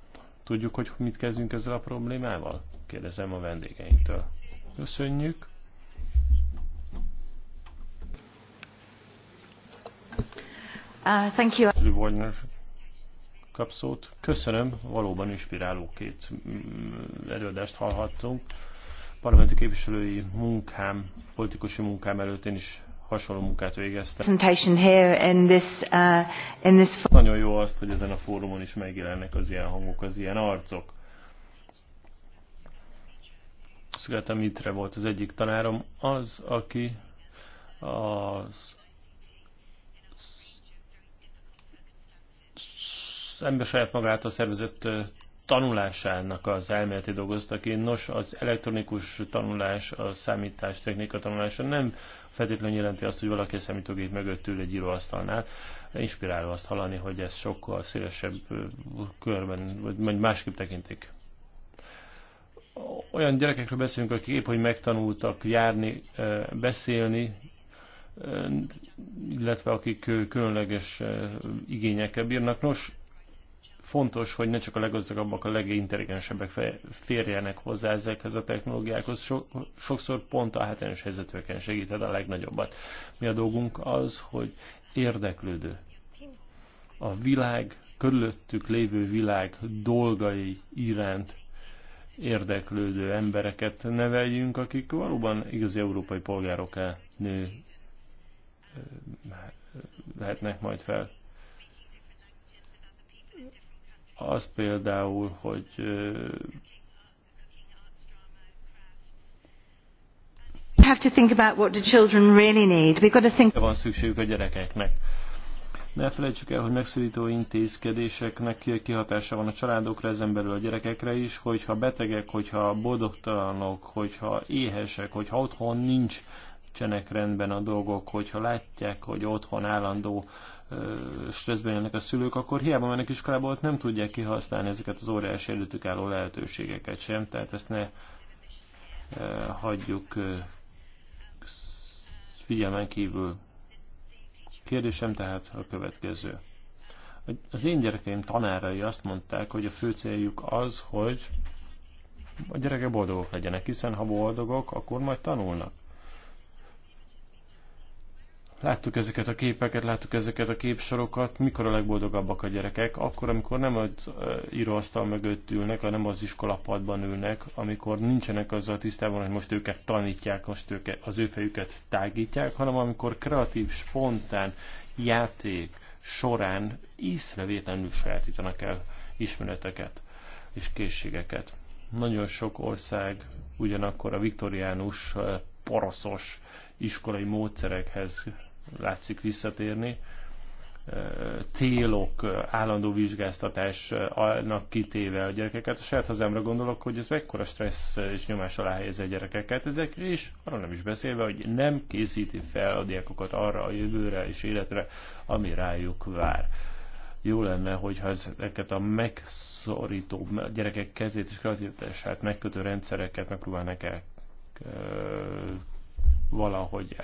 Tudjuk, hogy mit kezdünk ezzel a problémával? Kérdezem a vendégeinktől. Köszönjük! Uh, thank you. Kapszót. Köszönöm, valóban inspiráló két mm, előadást hallhattunk parlamenti képviselői munkám, politikusi munkám előtt én is hasonló munkát végeztem. Uh, Nagyon jó azt, hogy ezen a fórumon is megjelennek az ilyen hangok, az ilyen arcok. Szügata Mitre volt az egyik tanárom, az, aki az ember saját magát a szervezett tanulásának az elméleti dolgoztak én. Nos, az elektronikus tanulás, a technika tanulása nem feltétlenül jelenti azt, hogy valaki a számítógép mögött ül egy íróasztalnál. Inspiráló azt hallani, hogy ez sokkal szélesebb körben, vagy másképp tekintik. Olyan gyerekekről beszélünk, akik épp, hogy megtanultak járni, beszélni, illetve akik különleges igényekkel bírnak. Nos, Fontos, hogy ne csak a leggazdagabbak, a legintelligensebbek férjenek hozzá ezekhez a technológiákhoz, so, sokszor pont a hátrányos helyzetőken segíted a legnagyobbat. Mi a dolgunk az, hogy érdeklődő. A világ, körülöttük lévő világ dolgai iránt érdeklődő embereket neveljünk, akik valóban igazi európai polgárok nő lehetnek majd fel az például, hogy have to think about what the children really need. We've got to think van szükségük a gyerekeknek. Ne felejtsük el, hogy megszülító intézkedéseknek kihatása van a családokra, ezen belül a gyerekekre is, hogyha betegek, hogyha boldogtalanok, hogyha éhesek, hogyha otthon nincs csenek rendben a dolgok, hogyha látják, hogy otthon állandó uh, stresszben jönnek a szülők, akkor hiába mennek iskolába, ott nem tudják kihasználni ezeket az óriási előttük álló lehetőségeket sem, tehát ezt ne hagyjuk figyelmen kívül. Kérdésem tehát a következő. Az én gyerekeim tanárai azt mondták, hogy a fő céljuk az, hogy a gyerekek boldogok legyenek, hiszen ha boldogok, akkor majd tanulnak. Láttuk ezeket a képeket, láttuk ezeket a képsorokat, mikor a legboldogabbak a gyerekek, akkor, amikor nem az íróasztal mögött ülnek, hanem az iskolapadban ülnek, amikor nincsenek azzal tisztában, hogy most őket tanítják, most őket, az ő fejüket tágítják, hanem amikor kreatív, spontán játék során észrevétlenül sajátítanak el ismereteket és készségeket. Nagyon sok ország ugyanakkor a viktoriánus poroszos iskolai módszerekhez látszik visszatérni. Célok, állandó vizsgáztatás annak kitéve a gyerekeket. A saját hazámra gondolok, hogy ez mekkora stressz és nyomás alá helyez a gyerekeket ezek, és arra nem is beszélve, hogy nem készíti fel a diákokat arra a jövőre és életre, ami rájuk vár jó lenne, hogyha ezeket a megszorító gyerekek kezét és kreativitását megkötő rendszereket megpróbálnak el valahogy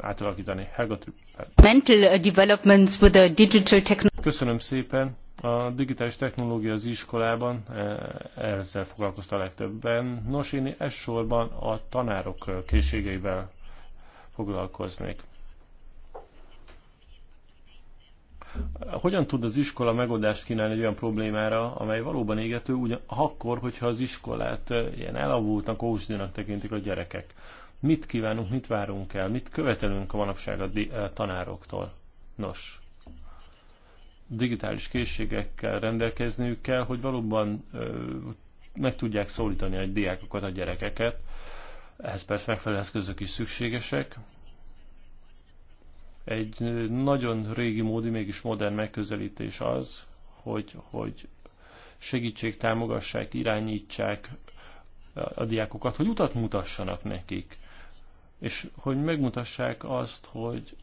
átalakítani. Helga Mental uh, developments with the digital technology. Köszönöm szépen. A digitális technológia az iskolában, ezzel foglalkozta a legtöbben. Nos, én elsősorban a tanárok készségeivel foglalkoznék. Hogyan tud az iskola megoldást kínálni egy olyan problémára, amely valóban égető, ugyan, akkor, hogyha az iskolát ilyen elavultnak, ósdinak tekintik a gyerekek? Mit kívánunk, mit várunk el, mit követelünk a manapság a tanároktól? Nos, digitális készségekkel rendelkezniük kell, hogy valóban meg tudják szólítani a diákokat, a gyerekeket. Ehhez persze megfelelő eszközök is szükségesek, egy nagyon régi módi, mégis modern megközelítés az, hogy, hogy segítség, támogassák, irányítsák a diákokat, hogy utat mutassanak nekik, és hogy megmutassák azt, hogy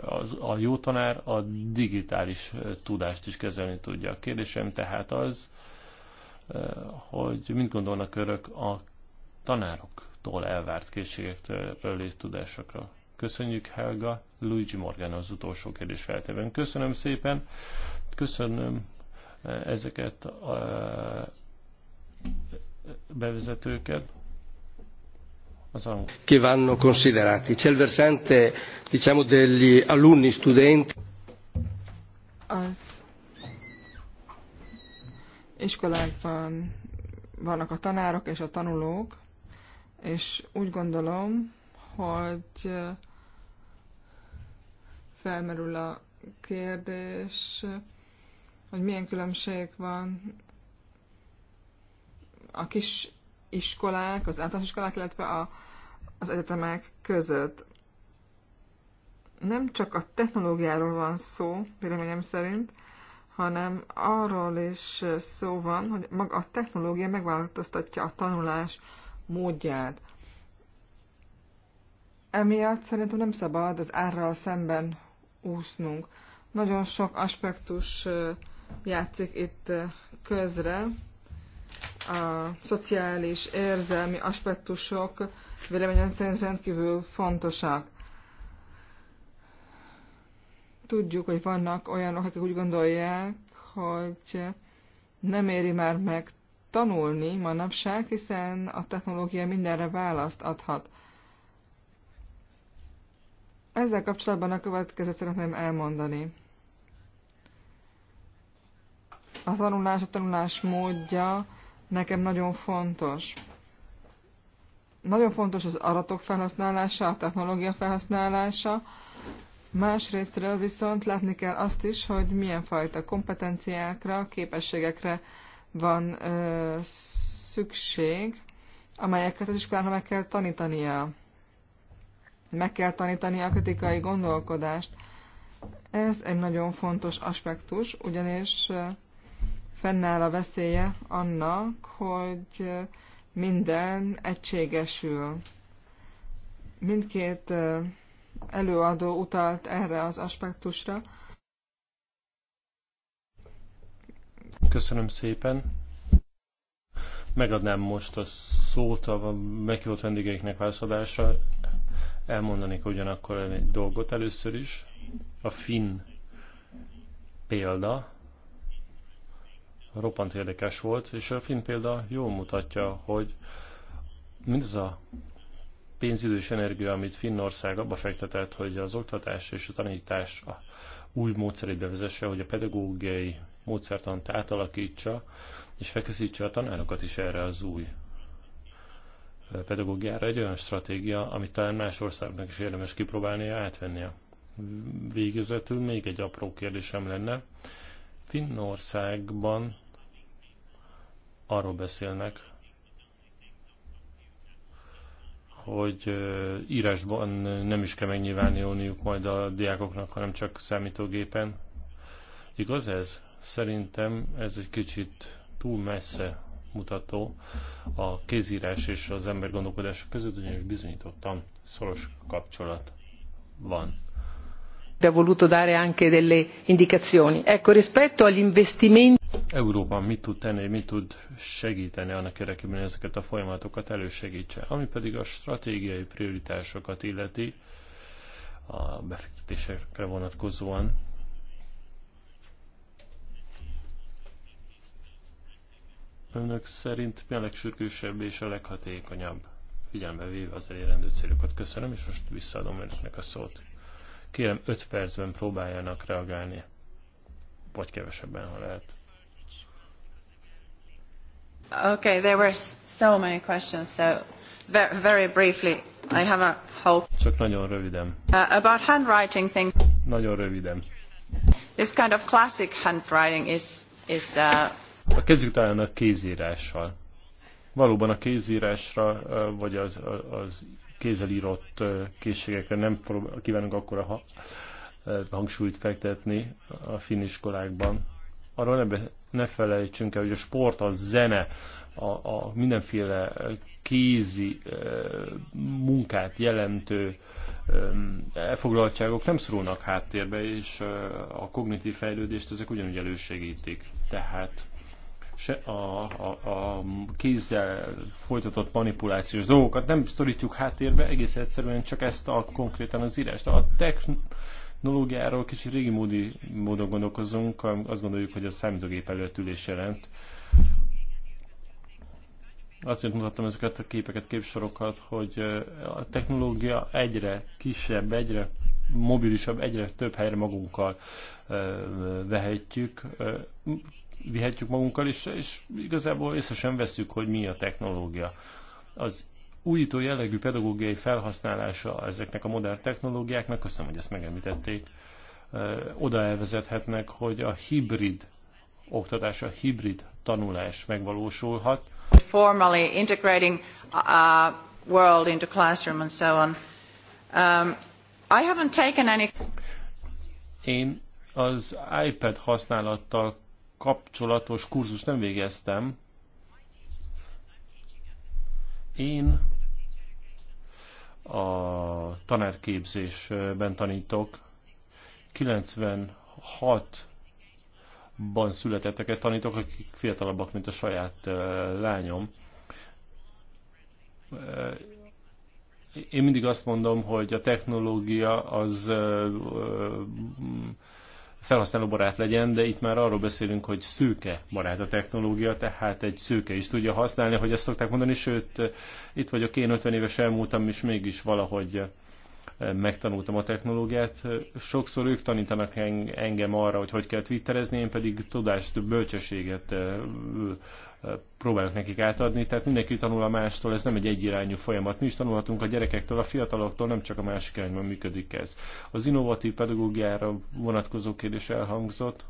az, a jó tanár a digitális tudást is kezelni tudja. A kérdésem tehát az, hogy mit gondolnak örök a tanároktól elvárt készségekről és tudásokról. Köszönjük Helga, Luigi Morgan az utolsó kérdés feltevőn. Köszönöm szépen, köszönöm eh, ezeket a eh, bevezetőket. Che vanno considerati. C'è il versante, diciamo, degli alunni studenti. Az iskolákban vannak a tanárok és a tanulók, és úgy gondolom, hogy felmerül a kérdés, hogy milyen különbség van a kis iskolák, az általános iskolák, illetve a, az egyetemek között. Nem csak a technológiáról van szó, véleményem szerint, hanem arról is szó van, hogy maga a technológia megváltoztatja a tanulás módját. Emiatt szerintem nem szabad az árral szemben úsznunk. Nagyon sok aspektus játszik itt közre. A szociális, érzelmi aspektusok véleményem szerint rendkívül fontosak. Tudjuk, hogy vannak olyanok, akik úgy gondolják, hogy nem éri már meg tanulni manapság, hiszen a technológia mindenre választ adhat. Ezzel kapcsolatban a következőt szeretném elmondani. A tanulás, a tanulás módja nekem nagyon fontos. Nagyon fontos az aratok felhasználása, a technológia felhasználása, Másrésztről viszont látni kell azt is, hogy milyen fajta kompetenciákra, képességekre van ö, szükség, amelyeket az iskolának meg kell tanítania meg kell tanítani a kritikai gondolkodást. Ez egy nagyon fontos aspektus, ugyanis fennáll a veszélye annak, hogy minden egységesül. Mindkét előadó utalt erre az aspektusra. Köszönöm szépen. Megadnám most a szót a meghívott vendégeiknek válaszadásra. Elmondanék ugyanakkor egy dolgot először is. A finn példa roppant érdekes volt, és a finn példa jól mutatja, hogy mindez a pénzidő és energia, amit Finnország abba fektetett, hogy az oktatás és a tanítás a új módszerét bevezesse, hogy a pedagógiai módszertant átalakítsa, és fekeszítse a tanárokat is erre az új pedagógiára egy olyan stratégia, amit talán más országnak is érdemes kipróbálnia, átvennie. Végezetül még egy apró kérdésem lenne. Finnországban arról beszélnek, hogy írásban nem is kell megnyilvánulniuk majd a diákoknak, hanem csak számítógépen. Igaz ez? Szerintem ez egy kicsit túl messze mutató a kézírás és az ember gondolkodása között, ugyanis bizonyítottan szoros kapcsolat van. Ha voluto dare anche delle indicazioni. Ecco, rispetto agli investimenti. Európa mit tud tenni, mit tud segíteni annak érdekében, hogy ezeket a folyamatokat elősegítse. Ami pedig a stratégiai prioritásokat illeti, a befektetésekre vonatkozóan önök szerint mi a legsürgősebb és a leghatékonyabb? Figyelme véve az elérendő célokat. Köszönöm, és most visszaadom önöknek a szót. Kérem, 5 percben próbáljanak reagálni. Vagy kevesebben, ha lehet. Okay, there were so many questions, so very briefly, I have a hope. Csak nagyon röviden. Uh, about handwriting thing. Nagyon röviden. This kind of classic handwriting is, is uh, a kezdjük talán a kézírással. Valóban a kézírásra, vagy az, az kézzel írott készségekre nem kívánunk akkor a hangsúlyt fektetni a finiskolákban. Arról ne, be, ne felejtsünk el, hogy a sport, a zene, a, a mindenféle kézi munkát jelentő elfoglaltságok nem szorulnak háttérbe, és a kognitív fejlődést ezek ugyanúgy elősegítik. Tehát se a, a, a kézzel folytatott manipulációs dolgokat nem szorítjuk háttérbe, egész egyszerűen csak ezt a konkrétan az írást. A technológiáról kicsit régi módi módon gondolkozunk, azt gondoljuk, hogy a számítógép előtt ülés jelent. Azért mutattam ezeket a képeket, képsorokat, hogy a technológia egyre kisebb, egyre mobilisabb, egyre több helyre magunkkal vehetjük vihetjük magunkkal, és, és igazából észre sem veszük, hogy mi a technológia. Az újító jellegű pedagógiai felhasználása ezeknek a modern technológiáknak, köszönöm, hogy ezt megemlítették, oda elvezethetnek, hogy a hibrid oktatás, a hibrid tanulás megvalósulhat. Formally integrating a uh, uh, world into classroom and so on. Um, I haven't taken any... Én az iPad használattal kapcsolatos kurzus nem végeztem. Én a tanárképzésben tanítok. 96-ban születetteket tanítok, akik fiatalabbak, mint a saját lányom. Én mindig azt mondom, hogy a technológia az felhasználóbarát legyen, de itt már arról beszélünk, hogy szőke barát a technológia, tehát egy szőke is tudja használni, hogy ezt szokták mondani, sőt, itt vagyok, én 50 éves elmúltam, és mégis valahogy eh, megtanultam a technológiát. Sokszor ők tanítanak engem arra, hogy hogy kell twitterezni, én pedig tudást, bölcsességet eh, próbálnak nekik átadni, tehát mindenki tanul a mástól, ez nem egy egyirányú folyamat. Mi is tanulhatunk a gyerekektől, a fiataloktól, nem csak a másik irányban működik ez. Az innovatív pedagógiára vonatkozó kérdés elhangzott.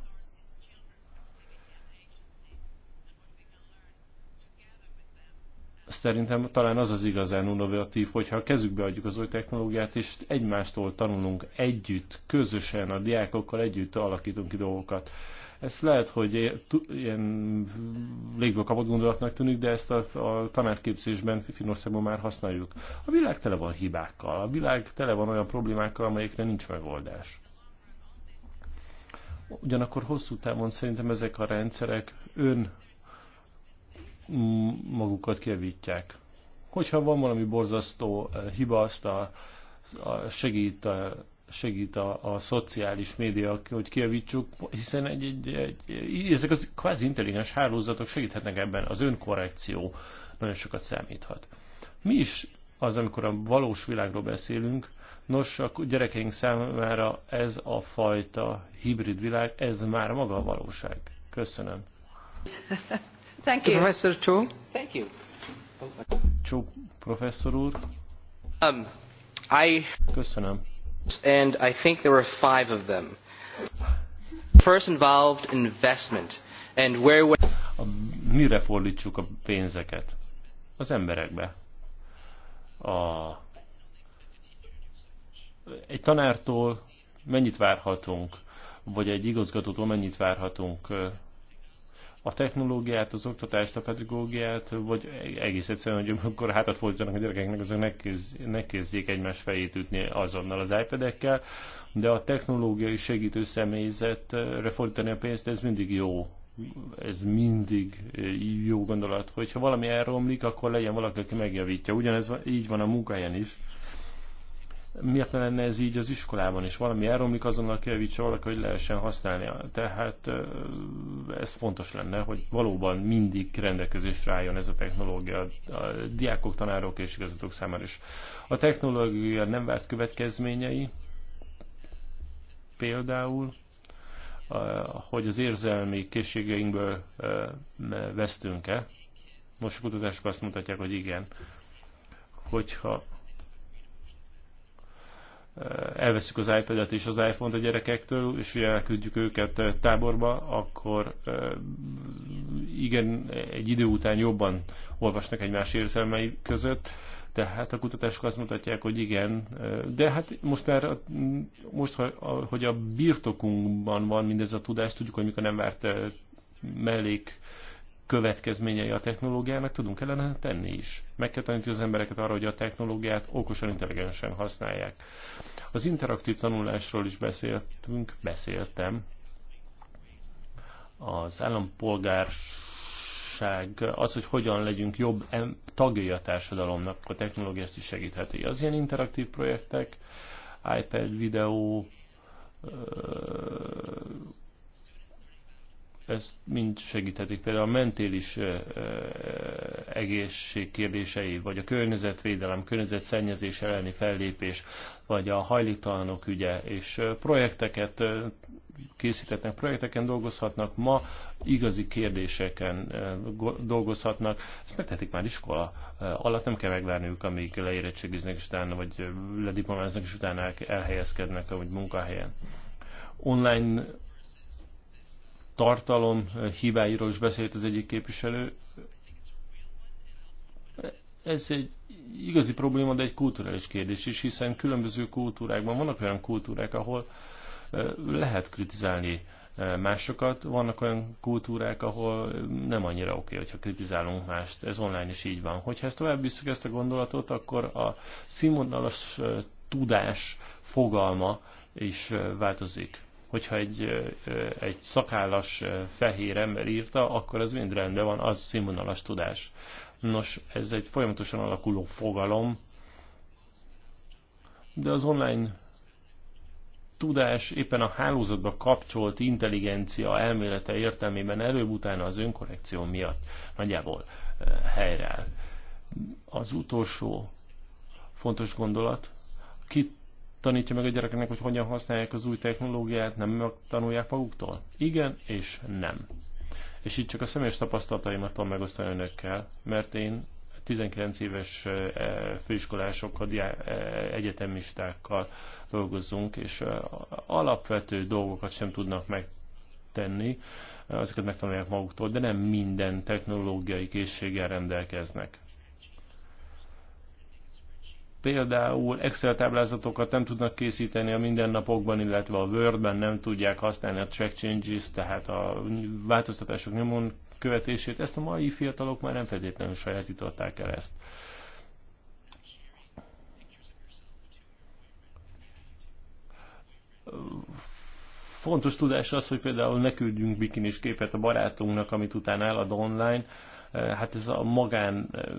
Szerintem talán az az igazán innovatív, hogyha a kezükbe adjuk az új technológiát, és egymástól tanulunk együtt, közösen, a diákokkal együtt alakítunk ki dolgokat ez lehet, hogy ilyen légből kapott gondolatnak tűnik, de ezt a, a tanárképzésben Finországban már használjuk. A világ tele van hibákkal, a világ tele van olyan problémákkal, amelyekre nincs megoldás. Ugyanakkor hosszú távon szerintem ezek a rendszerek ön magukat kevítják. Hogyha van valami borzasztó eh, hiba, azt a, a segít a, eh, segít a, a szociális média, hogy kiavítsuk, hiszen egy, egy, egy, ezek az kvázi intelligens hálózatok segíthetnek ebben, az önkorrekció nagyon sokat számíthat. Mi is az, amikor a valós világról beszélünk, nos, a gyerekeink számára ez a fajta hibrid világ, ez már maga a valóság. Köszönöm. *laughs* Thank you. Professor Cho. Thank you. Cho professzor úr. Um, I... Köszönöm. And I think there were five of them. First involved investment. And where... A, mire fordítsuk a pénzeket? Az emberekbe. A, egy tanártól mennyit várhatunk, vagy egy igazgatótól mennyit várhatunk a technológiát, az oktatást, a pedagógiát, vagy egész egyszerűen, hogy amikor hátat fordítanak a gyerekeknek, azok ne, kezd, ne kezdjék egymás fejét ütni azonnal az iPad-ekkel, de a technológiai segítő személyzetre fordítani a pénzt, ez mindig jó ez mindig jó gondolat, hogyha valami elromlik, akkor legyen valaki, aki megjavítja. Ugyanez így van a munkahelyen is miért ne lenne ez így az iskolában is? Valami elromlik, azonnal kijavítsa valaki, hogy lehessen használni. Tehát ez fontos lenne, hogy valóban mindig rendelkezésre álljon ez a technológia a diákok, tanárok és igazgatók számára is. A technológia nem várt következményei, például, hogy az érzelmi készségeinkből vesztünk-e. Most a kutatások azt mutatják, hogy igen. Hogyha elveszük az iPad-et és az iPhone-t a gyerekektől, és elküldjük őket táborba, akkor igen, egy idő után jobban olvasnak egymás érzelmei között, tehát a kutatások azt mutatják, hogy igen, de hát most már, most, hogy a birtokunkban van mindez a tudás, tudjuk, hogy mikor nem várt mellék következményei a technológiának, tudunk ellene tenni is. Meg kell tanítani az embereket arra, hogy a technológiát okosan, intelligensen használják. Az interaktív tanulásról is beszéltünk, beszéltem. Az állampolgárság, az, hogy hogyan legyünk jobb tagjai a társadalomnak, a technológia ezt is segítheti. Az ilyen interaktív projektek, iPad videó, ezt mind segíthetik. Például a mentális egészség kérdései, vagy a környezetvédelem, környezetszennyezés elleni fellépés, vagy a hajléktalanok ügye, és projekteket készítetnek projekteken dolgozhatnak, ma igazi kérdéseken dolgozhatnak, ezt megtehetik már iskola alatt, nem kell megvárniuk, amíg leérettségiznek, és utána, vagy lediplomáznak, és utána elhelyezkednek, vagy munkahelyen. Online tartalom hibáiról is beszélt az egyik képviselő. Ez egy igazi probléma, de egy kulturális kérdés is, hiszen különböző kultúrákban vannak olyan kultúrák, ahol lehet kritizálni másokat, vannak olyan kultúrák, ahol nem annyira oké, okay, hogyha kritizálunk mást. Ez online is így van. Hogyha ezt tovább visszük ezt a gondolatot, akkor a színvonalas tudás fogalma is változik hogyha egy, egy szakállas fehér ember írta, akkor az mind rendben van, az színvonalas tudás. Nos, ez egy folyamatosan alakuló fogalom, de az online tudás éppen a hálózatba kapcsolt intelligencia elmélete értelmében előbb-utána az önkorrekció miatt nagyjából helyreáll. Az utolsó fontos gondolat, kit tanítja meg a gyerekeknek, hogy hogyan használják az új technológiát, nem tanulják maguktól? Igen és nem. És itt csak a személyes tapasztalataimat tudom megosztani önökkel, mert én 19 éves e, főiskolásokkal, e, egyetemistákkal dolgozunk, és e, alapvető dolgokat sem tudnak megtenni, azokat megtanulják maguktól, de nem minden technológiai készséggel rendelkeznek például Excel táblázatokat nem tudnak készíteni a mindennapokban, illetve a Word-ben nem tudják használni a track changes, tehát a változtatások nyomon követését. Ezt a mai fiatalok már nem feltétlenül sajátították el ezt. Fontos tudás az, hogy például ne küldjünk bikinis képet a barátunknak, amit utána elad online, Eh, hát ez a magán eh,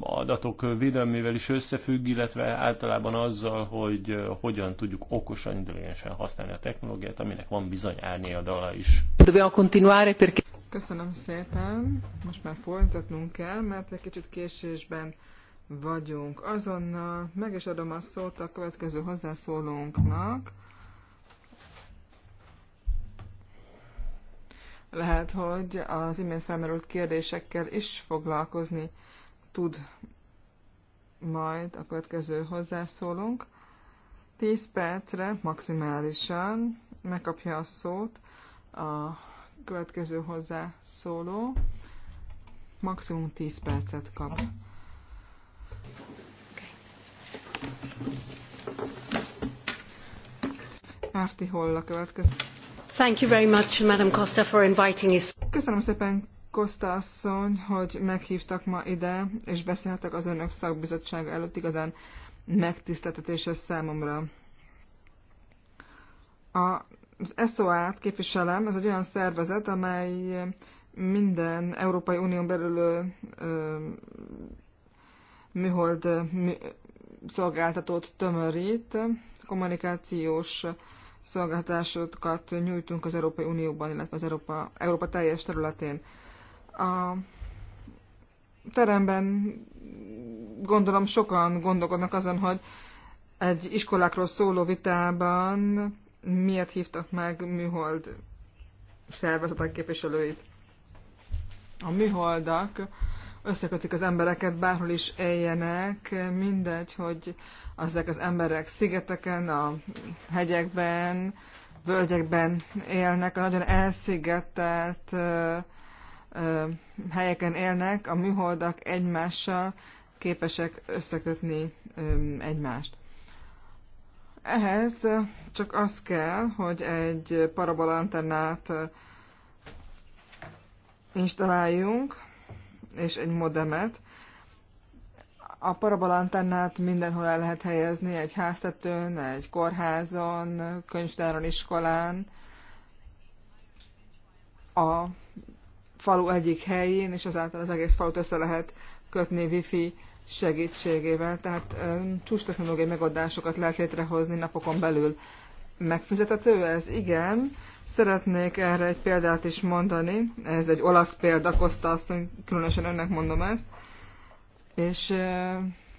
adatok védelmével is összefügg, illetve általában azzal, hogy eh, hogyan tudjuk okosan, intelligensen használni a technológiát, aminek van bizony árnyéldala is. Köszönöm szépen, most már folytatnunk kell, mert egy kicsit késésben vagyunk. Azonnal meg is adom a szót a következő hozzászólónknak, lehet, hogy az imént felmerült kérdésekkel is foglalkozni tud majd a következő hozzászólunk. 10 percre maximálisan megkapja a szót a következő hozzászóló. Maximum 10 percet kap. Árti Holla következő. Köszönöm szépen, Costa asszony, hogy meghívtak ma ide, és beszélhetek az önök szakbizottsága előtt igazán megtiszteltetés ez számomra. Az SOA-t képviselem, ez egy olyan szervezet, amely minden Európai Unión belül műhold mű, szolgáltatót tömörít, kommunikációs szolgáltatásokat nyújtunk az Európai Unióban, illetve az Európa, Európa teljes területén. A teremben gondolom sokan gondolkodnak azon, hogy egy iskolákról szóló vitában miért hívtak meg műhold szervezetek képviselőit. A műholdak összekötik az embereket, bárhol is éljenek, mindegy, hogy ezek az emberek szigeteken, a hegyekben, völgyekben élnek, a nagyon elszigetelt ö, ö, helyeken élnek, a műholdak egymással képesek összekötni ö, egymást. Ehhez csak az kell, hogy egy parabolantennát installáljunk, és egy modemet, a parabolantennát mindenhol el lehet helyezni, egy háztetőn, egy kórházon, könyvtáron, iskolán, a falu egyik helyén, és azáltal az egész falut össze lehet kötni wifi segítségével. Tehát csúcs technológiai megoldásokat lehet létrehozni napokon belül. Megfizethető ez? Igen. Szeretnék erre egy példát is mondani. Ez egy olasz példa, Kosta asszony, különösen önnek mondom ezt és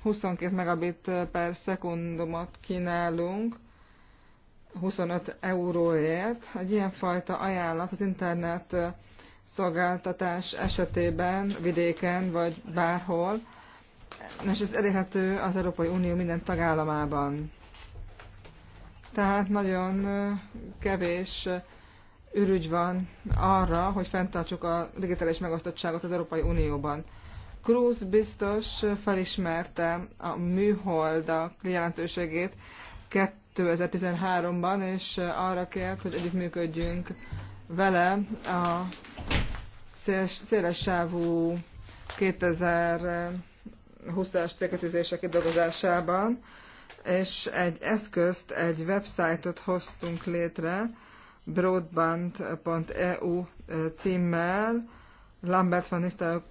22 megabit per szekundumot kínálunk 25 euróért. Egy ilyenfajta ajánlat az internet szolgáltatás esetében, vidéken vagy bárhol, és ez elérhető az Európai Unió minden tagállamában. Tehát nagyon kevés ürügy van arra, hogy fenntartsuk a digitális megosztottságot az Európai Unióban. Cruz biztos felismerte a műholdak jelentőségét 2013-ban, és arra kért, hogy együttműködjünk vele a széles, széles sávú 2020-as célkötőzések kidolgozásában, és egy eszközt, egy websájtot hoztunk létre, broadband.eu címmel, Lambert van Nistelrooy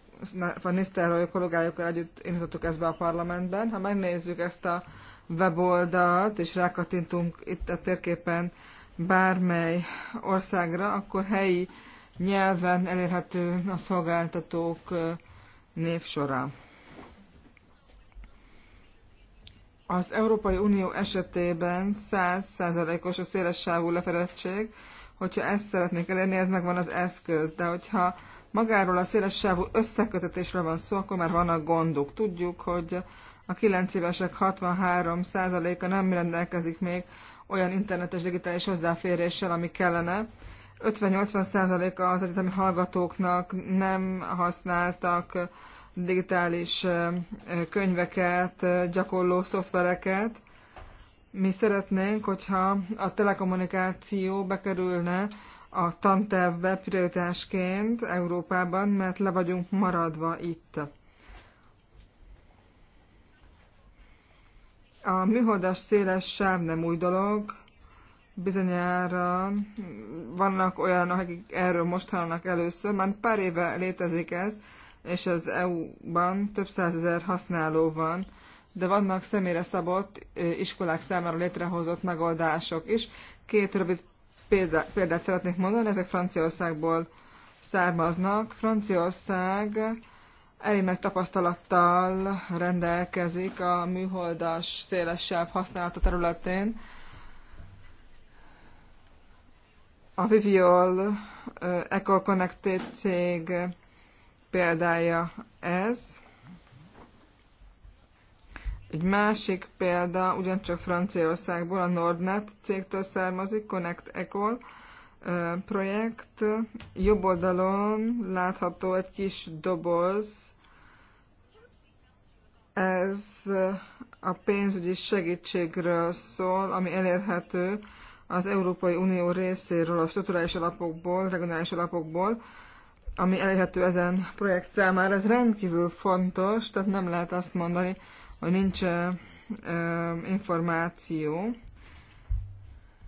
van Nisztelrooy kollégájukkal együtt indítottuk ezt be a parlamentben. Ha megnézzük ezt a weboldalt, és rákattintunk itt a térképen bármely országra, akkor helyi nyelven elérhető a szolgáltatók névsora. Az Európai Unió esetében 100%-os a széles sávú lefedettség, hogyha ezt szeretnék elérni, ez megvan az eszköz, de hogyha magáról a széles sávú összekötetésről van szó, akkor már vannak gondok. Tudjuk, hogy a 9 évesek 63%-a nem rendelkezik még olyan internetes digitális hozzáféréssel, ami kellene. 50-80%-a az egyetemi hallgatóknak nem használtak digitális könyveket, gyakorló szoftvereket. Mi szeretnénk, hogyha a telekommunikáció bekerülne a tantervbe prioritásként Európában, mert le vagyunk maradva itt. A műholdas széles sáv nem új dolog, bizonyára vannak olyanok, akik erről most hallanak először, már pár éve létezik ez, és az EU-ban több százezer használó van, de vannak személyre szabott iskolák számára létrehozott megoldások is. Két rövid példát, példát szeretnék mondani, ezek Franciaországból származnak. Franciaország elég nagy tapasztalattal rendelkezik a műholdas szélesebb használata területén. A Viviol Eco Connected cég példája ez. Egy másik példa ugyancsak Franciaországból, a Nordnet cégtől származik, Connect Ecol projekt. Jobb oldalon látható egy kis doboz, ez a pénzügyi segítségről szól, ami elérhető az Európai Unió részéről, a strukturális alapokból, regionális alapokból, ami elérhető ezen projekt számára. Ez rendkívül fontos, tehát nem lehet azt mondani, hogy nincs információ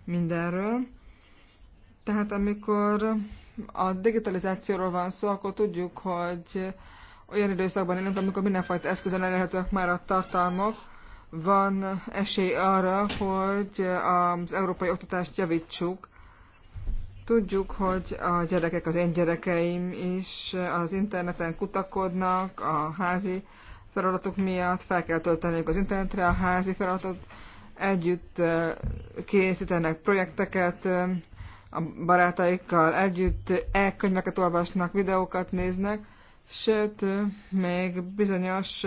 mindenről. Tehát amikor a digitalizációról van szó, akkor tudjuk, hogy olyan időszakban élünk, amikor mindenfajta eszközön elérhetőek már a tartalmak, van esély arra, hogy az európai oktatást javítsuk. Tudjuk, hogy a gyerekek, az én gyerekeim is az interneten kutakodnak, a házi feladatok miatt fel kell tölteniük az internetre a házi feladatot, együtt készítenek projekteket, a barátaikkal együtt e-könyveket olvasnak, videókat néznek, sőt, még bizonyos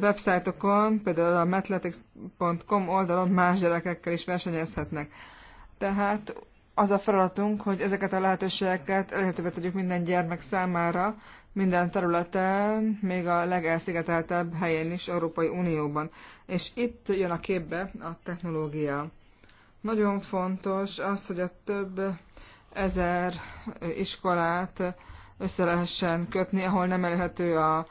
websájtokon, például a metletics.com oldalon más gyerekekkel is versenyezhetnek. Tehát az a feladatunk, hogy ezeket a lehetőségeket elérhetővé tegyük minden gyermek számára, minden területen, még a legelszigeteltebb helyen is, Európai Unióban. És itt jön a képbe a technológia. Nagyon fontos az, hogy a több ezer iskolát össze lehessen kötni, ahol nem elérhető a,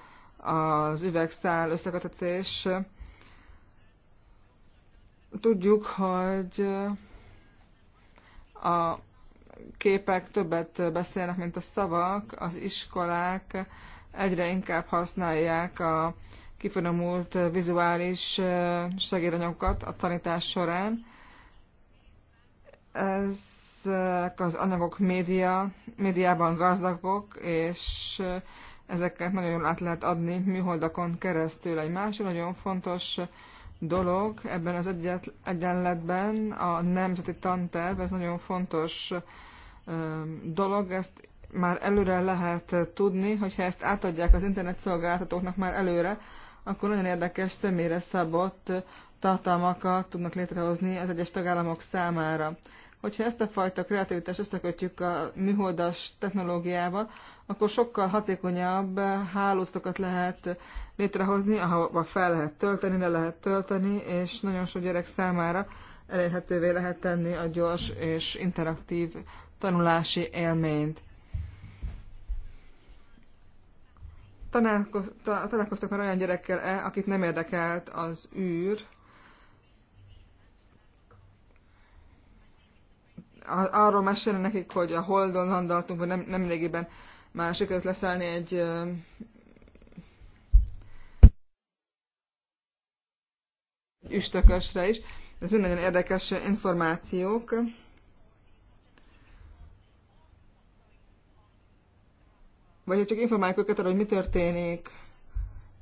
az üvegszál összekötetés. Tudjuk, hogy a képek többet beszélnek, mint a szavak, az iskolák egyre inkább használják a kifinomult vizuális segédanyagokat a tanítás során. Ezek az anyagok média, médiában gazdagok, és ezeket nagyon jól át lehet adni műholdakon keresztül. Egy másik nagyon fontos dolog ebben az egyet, egyenletben, a nemzeti tanterv, ez nagyon fontos dolog, ezt már előre lehet tudni, hogyha ezt átadják az internet szolgáltatóknak már előre, akkor nagyon érdekes személyre szabott tartalmakat tudnak létrehozni az egyes tagállamok számára. Hogyha ezt a fajta kreativitást összekötjük a műholdas technológiával, akkor sokkal hatékonyabb hálózatokat lehet létrehozni, ahova fel lehet tölteni, le lehet tölteni, és nagyon sok gyerek számára elérhetővé lehet tenni a gyors és interaktív tanulási élményt. Találkoztak már olyan gyerekkel-e, akit nem érdekelt az űr, arról mesélni nekik, hogy a Holdon landaltunk, vagy nem, régiben már sikerült leszállni egy üstökösre is. Ez mind nagyon érdekes információk. Vagy ha csak informáljuk őket arra, hogy mi történik,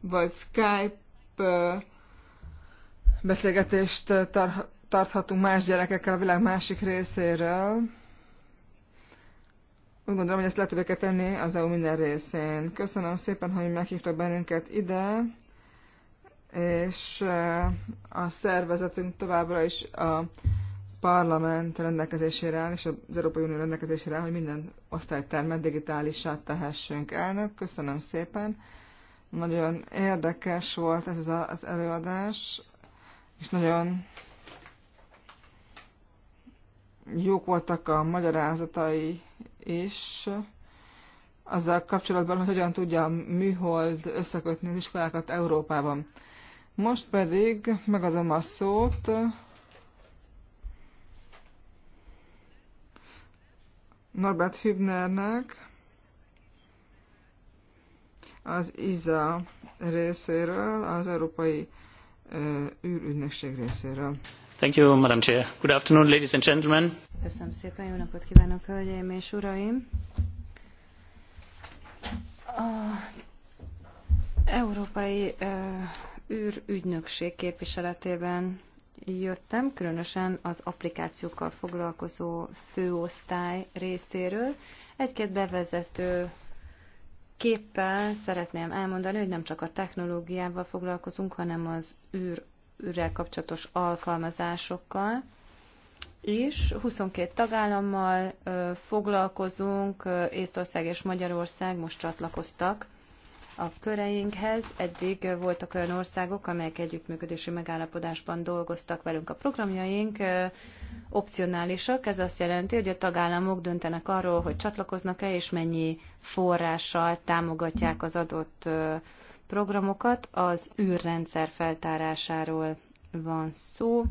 vagy Skype beszélgetést tar- tarthatunk más gyerekekkel a világ másik részéről. Úgy gondolom, hogy ezt lehetővé kell tenni az EU minden részén. Köszönöm szépen, hogy meghívtak bennünket ide, és eh, a szervezetünk továbbra is a parlament rendelkezésére áll, és az Európai Unió rendelkezésére áll, hogy minden osztálytermet digitálissá tehessünk. Elnök, köszönöm szépen. Nagyon érdekes volt ez az előadás, és nagyon jók voltak a magyarázatai is, azzal kapcsolatban, hogy hogyan tudja a műhold összekötni az iskolákat Európában. Most pedig megadom a szót Norbert Hübnernek az ISA részéről, az Európai űrügynökség részéről. Köszönöm szépen, Európai űrügynökség képviseletében jöttem, különösen az applikációkkal foglalkozó főosztály részéről. Egy-két bevezető képpel szeretném elmondani, hogy nem csak a technológiával foglalkozunk, hanem az űr rel kapcsolatos alkalmazásokkal, és 22 tagállammal foglalkozunk, Észtország és Magyarország most csatlakoztak a köreinkhez. Eddig voltak olyan országok, amelyek együttműködési megállapodásban dolgoztak velünk. A programjaink opcionálisak, ez azt jelenti, hogy a tagállamok döntenek arról, hogy csatlakoznak-e, és mennyi forrással támogatják az adott programokat. Az űrrendszer feltárásáról van szó,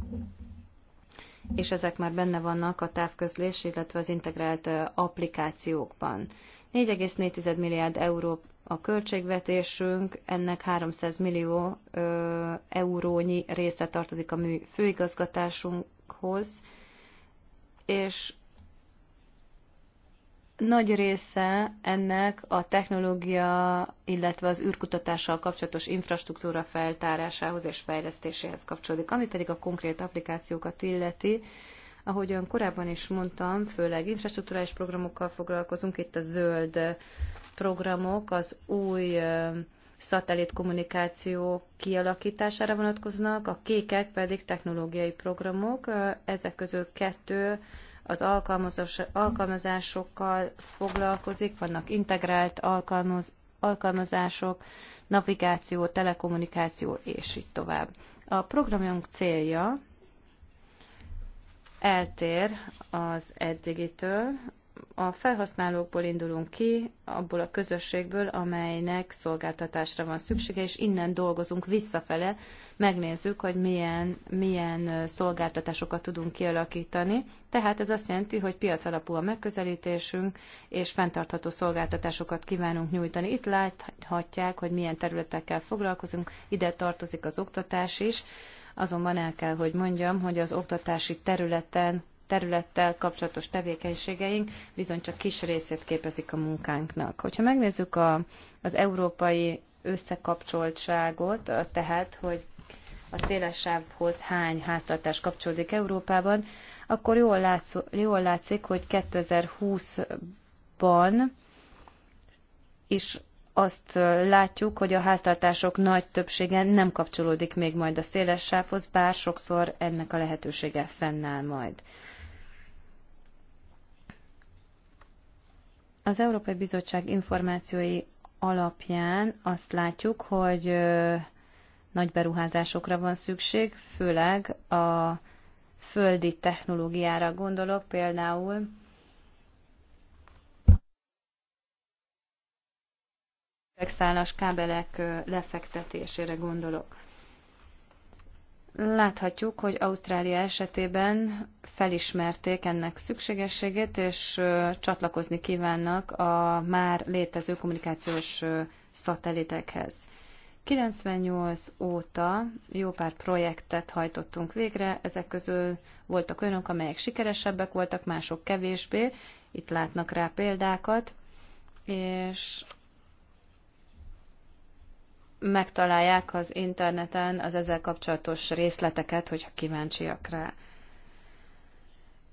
és ezek már benne vannak a távközlés, illetve az integrált applikációkban. 4,4 milliárd euró a költségvetésünk, ennek 300 millió ö, eurónyi része tartozik a mű főigazgatásunkhoz, és nagy része ennek a technológia, illetve az űrkutatással kapcsolatos infrastruktúra feltárásához és fejlesztéséhez kapcsolódik, ami pedig a konkrét applikációkat illeti. Ahogyan korábban is mondtam, főleg infrastruktúrális programokkal foglalkozunk, itt a zöld programok, az új szatellit kommunikáció kialakítására vonatkoznak, a kékek pedig technológiai programok, ezek közül kettő az alkalmazásokkal foglalkozik, vannak integrált alkalmaz, alkalmazások, navigáció, telekommunikáció, és így tovább. A programunk célja eltér az eddigitől, a felhasználókból indulunk ki, abból a közösségből, amelynek szolgáltatásra van szüksége, és innen dolgozunk visszafele, megnézzük, hogy milyen, milyen szolgáltatásokat tudunk kialakítani. Tehát ez azt jelenti, hogy piac alapú a megközelítésünk, és fenntartható szolgáltatásokat kívánunk nyújtani. Itt láthatják, hogy milyen területekkel foglalkozunk, ide tartozik az oktatás is, azonban el kell, hogy mondjam, hogy az oktatási területen területtel kapcsolatos tevékenységeink bizony csak kis részét képezik a munkánknak. Hogyha megnézzük a, az európai összekapcsoltságot, tehát, hogy a széles sávhoz hány háztartás kapcsolódik Európában, akkor jól, látsz, jól látszik, hogy 2020-ban is azt látjuk, hogy a háztartások nagy többsége nem kapcsolódik még majd a széles sávhoz, bár sokszor ennek a lehetősége fennáll majd. Az Európai Bizottság információi alapján azt látjuk, hogy nagy beruházásokra van szükség, főleg a földi technológiára gondolok, például szálas kábelek lefektetésére gondolok. Láthatjuk, hogy Ausztrália esetében felismerték ennek szükségességét, és csatlakozni kívánnak a már létező kommunikációs szatelitekhez. 98 óta jó pár projektet hajtottunk végre, ezek közül voltak olyanok, amelyek sikeresebbek voltak, mások kevésbé, itt látnak rá példákat, és megtalálják az interneten az ezzel kapcsolatos részleteket, hogyha kíváncsiak rá.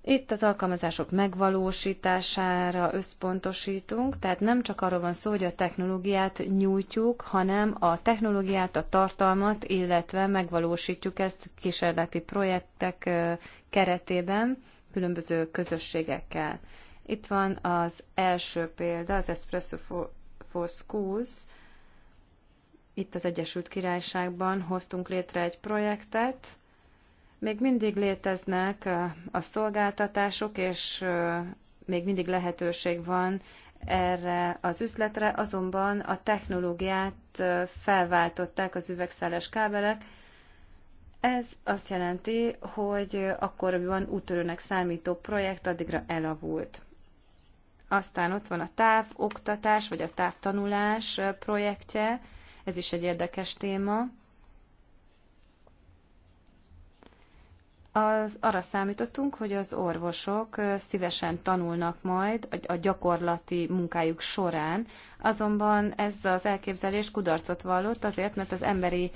Itt az alkalmazások megvalósítására összpontosítunk, tehát nem csak arról van szó, hogy a technológiát nyújtjuk, hanem a technológiát, a tartalmat, illetve megvalósítjuk ezt kísérleti projektek keretében, különböző közösségekkel. Itt van az első példa, az Espresso for, for Schools, itt az Egyesült Királyságban hoztunk létre egy projektet. Még mindig léteznek a szolgáltatások, és még mindig lehetőség van erre az üzletre, azonban a technológiát felváltották az üvegszeles kábelek. Ez azt jelenti, hogy akkoriban útörőnek számító projekt addigra elavult. Aztán ott van a távoktatás vagy a távtanulás projektje, ez is egy érdekes téma. Az, arra számítottunk, hogy az orvosok szívesen tanulnak majd a gyakorlati munkájuk során, azonban ez az elképzelés kudarcot vallott azért, mert az emberi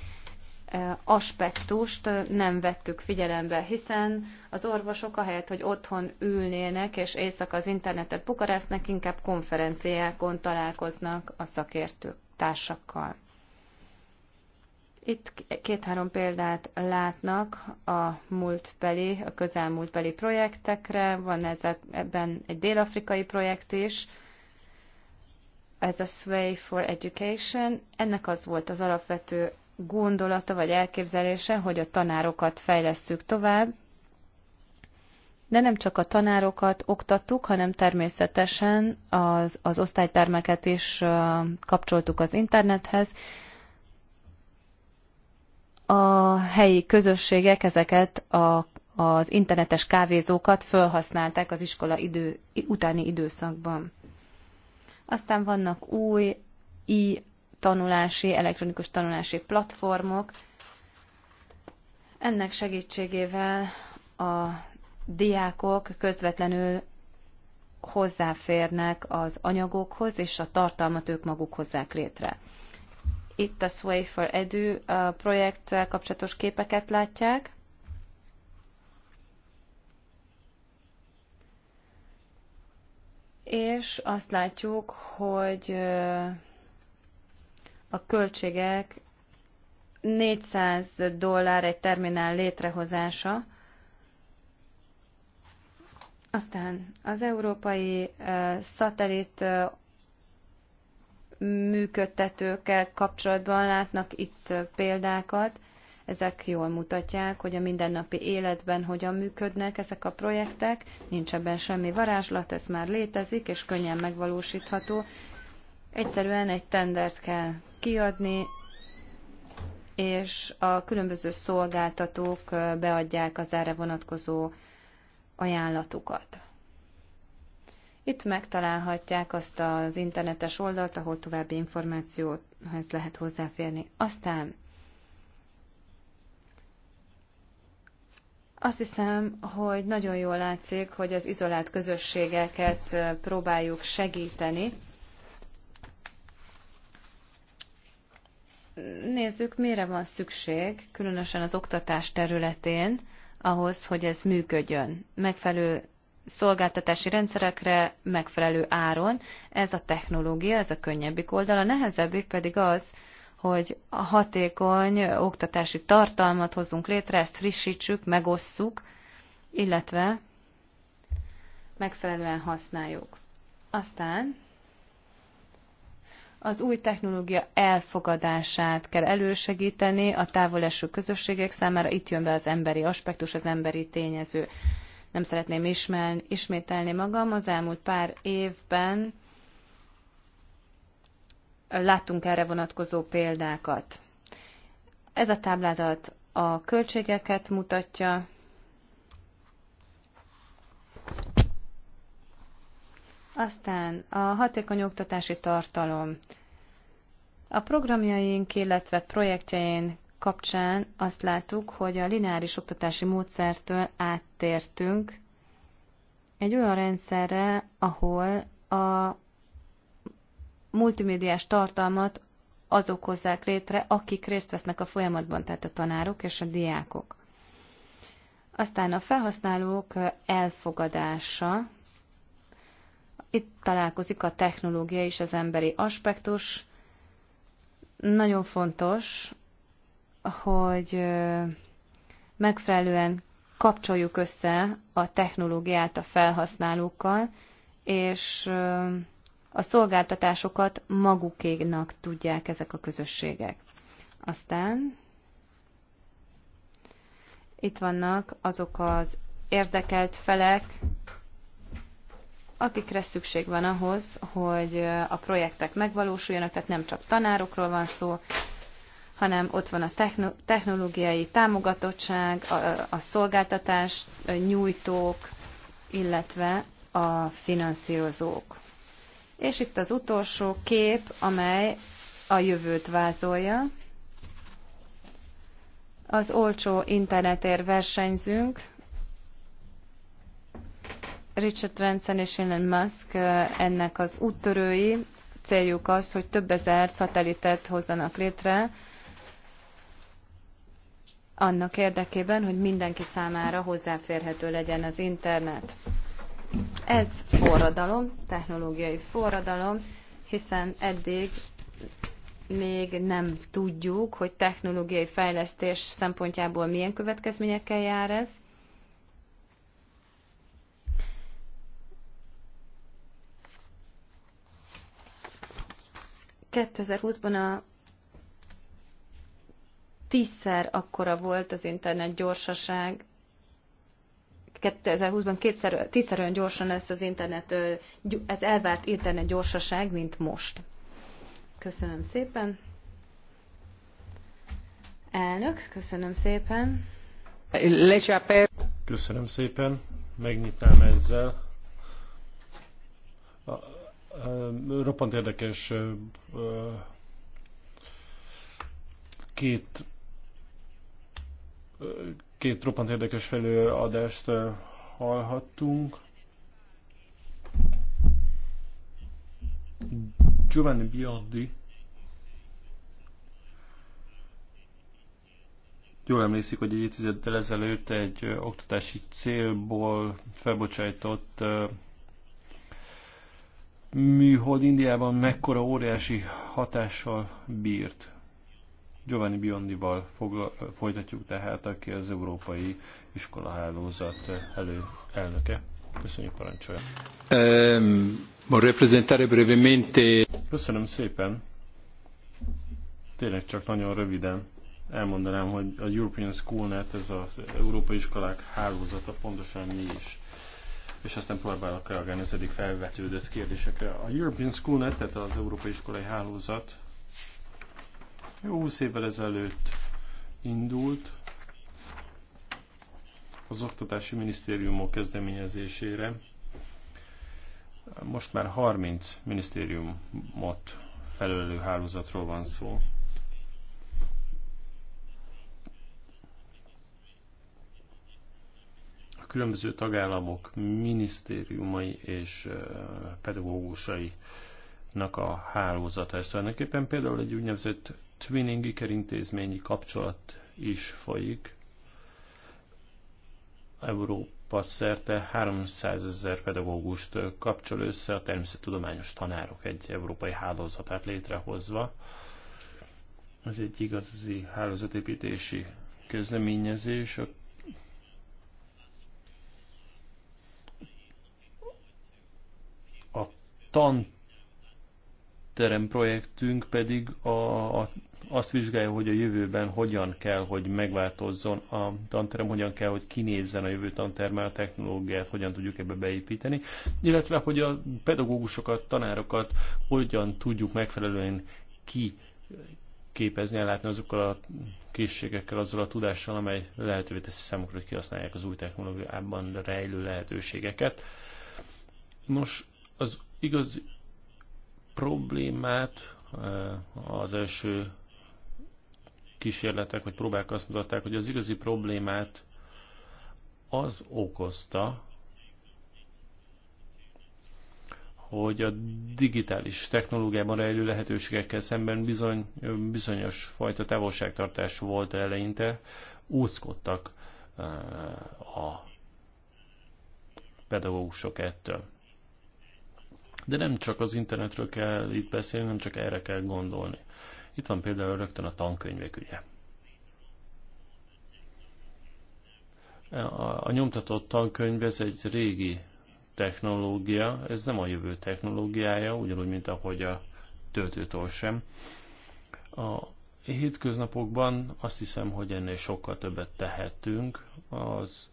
aspektust nem vettük figyelembe, hiszen az orvosok ahelyett, hogy otthon ülnének és éjszaka az internetet pukarásznak, inkább konferenciákon találkoznak a szakértők társakkal. Itt két-három példát látnak a múltbeli, a közelmúltbeli projektekre, van ez ebben egy dél-afrikai projekt is, ez a Sway for Education. Ennek az volt az alapvető gondolata vagy elképzelése, hogy a tanárokat fejlesszük tovább, de nem csak a tanárokat oktattuk, hanem természetesen az, az osztálytermeket is kapcsoltuk az internethez, a helyi közösségek ezeket a, az internetes kávézókat felhasználták az iskola idő, utáni időszakban. Aztán vannak új i-tanulási, elektronikus tanulási platformok. Ennek segítségével a diákok közvetlenül hozzáférnek az anyagokhoz, és a tartalmat ők maguk hozzák létre. Itt a Sway for Edu a kapcsolatos képeket látják. És azt látjuk, hogy a költségek 400 dollár egy terminál létrehozása, aztán az európai szatellit működtetőkkel kapcsolatban látnak itt példákat. Ezek jól mutatják, hogy a mindennapi életben hogyan működnek ezek a projektek, nincs ebben semmi varázslat, ez már létezik, és könnyen megvalósítható. Egyszerűen egy tendert kell kiadni, és a különböző szolgáltatók beadják az erre vonatkozó ajánlatukat. Itt megtalálhatják azt az internetes oldalt, ahol további információhoz lehet hozzáférni. Aztán Azt hiszem, hogy nagyon jól látszik, hogy az izolált közösségeket próbáljuk segíteni. Nézzük, mire van szükség, különösen az oktatás területén, ahhoz, hogy ez működjön. Megfelelő szolgáltatási rendszerekre megfelelő áron. Ez a technológia, ez a könnyebbik oldal. A nehezebbik pedig az, hogy a hatékony oktatási tartalmat hozzunk létre, ezt frissítsük, megosszuk, illetve megfelelően használjuk. Aztán az új technológia elfogadását kell elősegíteni a távoleső közösségek számára, itt jön be az emberi aspektus, az emberi tényező nem szeretném ismel, ismételni magam. Az elmúlt pár évben láttunk erre vonatkozó példákat. Ez a táblázat a költségeket mutatja, Aztán a hatékony oktatási tartalom. A programjaink, illetve projektjein kapcsán azt láttuk, hogy a lineáris oktatási módszertől áttértünk egy olyan rendszerre, ahol a multimédiás tartalmat azok hozzák létre, akik részt vesznek a folyamatban, tehát a tanárok és a diákok. Aztán a felhasználók elfogadása. Itt találkozik a technológia és az emberi aspektus. Nagyon fontos hogy megfelelően kapcsoljuk össze a technológiát a felhasználókkal, és a szolgáltatásokat magukéknak tudják ezek a közösségek. Aztán itt vannak azok az érdekelt felek, akikre szükség van ahhoz, hogy a projektek megvalósuljanak, tehát nem csak tanárokról van szó, hanem ott van a technológiai támogatottság, a, a szolgáltatás nyújtók, illetve a finanszírozók. És itt az utolsó kép, amely a jövőt vázolja. Az olcsó internetért versenyzünk. Richard Branson és Elon Musk eh, ennek az úttörői. Céljuk az, hogy több ezer szatelitet hozzanak létre, annak érdekében, hogy mindenki számára hozzáférhető legyen az internet. Ez forradalom, technológiai forradalom, hiszen eddig még nem tudjuk, hogy technológiai fejlesztés szempontjából milyen következményekkel jár ez. ban a tízszer akkora volt az internet gyorsaság, 2020-ban kétszer, tízszer olyan gyorsan lesz az internet, ez elvárt internet gyorsaság, mint most. Köszönöm szépen. Elnök, köszönöm szépen. Köszönöm szépen. Megnyitám ezzel. A, a, roppant érdekes a, két két roppant érdekes előadást hallhattunk. Giovanni Biondi jól emlékszik, hogy egy évtizeddel ezelőtt egy oktatási célból felbocsájtott műhold Indiában mekkora óriási hatással bírt. Giovanni Biondival folytatjuk tehát, aki az Európai Iskolahálózat elő elnöke. Köszönjük, parancsolja. Um, Köszönöm szépen. Tényleg csak nagyon röviden elmondanám, hogy a European Schoolnet, ez az Európai Iskolák hálózata pontosan mi is és aztán próbálok reagálni az eddig felvetődött kérdésekre. A European Schoolnet, tehát az Európai Iskolai Hálózat 20 évvel ezelőtt indult az Oktatási Minisztériumok kezdeményezésére. Most már 30 minisztériumot felelő hálózatról van szó. A különböző tagállamok minisztériumai és pedagógusainak a hálózata. Ez tulajdonképpen például egy úgynevezett twinning ikerintézményi kapcsolat is folyik. Európa szerte 300 ezer pedagógust kapcsol össze a természettudományos tanárok egy európai hálózatát létrehozva. Ez egy igazi hálózatépítési közleményezés. A tanterem projektünk pedig a, a azt vizsgálja, hogy a jövőben hogyan kell, hogy megváltozzon a tanterem, hogyan kell, hogy kinézzen a jövő tanterme, a technológiát, hogyan tudjuk ebbe beépíteni, illetve hogy a pedagógusokat, tanárokat hogyan tudjuk megfelelően ki képezni, ellátni azokkal a készségekkel, azzal a tudással, amely lehetővé teszi számukra, hogy kihasználják az új technológiában rejlő lehetőségeket. Nos, az igazi problémát eh, az első kísérletek vagy próbák azt mutatták, hogy az igazi problémát az okozta, hogy a digitális technológiában rejlő lehetőségekkel szemben bizony, bizonyos fajta távolságtartás volt eleinte, úckodtak eh, a pedagógusok ettől. De nem csak az internetről kell itt beszélni, nem csak erre kell gondolni. Itt van például rögtön a tankönyvek ügye. A, a nyomtatott tankönyv ez egy régi technológia, ez nem a jövő technológiája, ugyanúgy, mint ahogy a töltőtól sem. A hétköznapokban azt hiszem, hogy ennél sokkal többet tehetünk. Az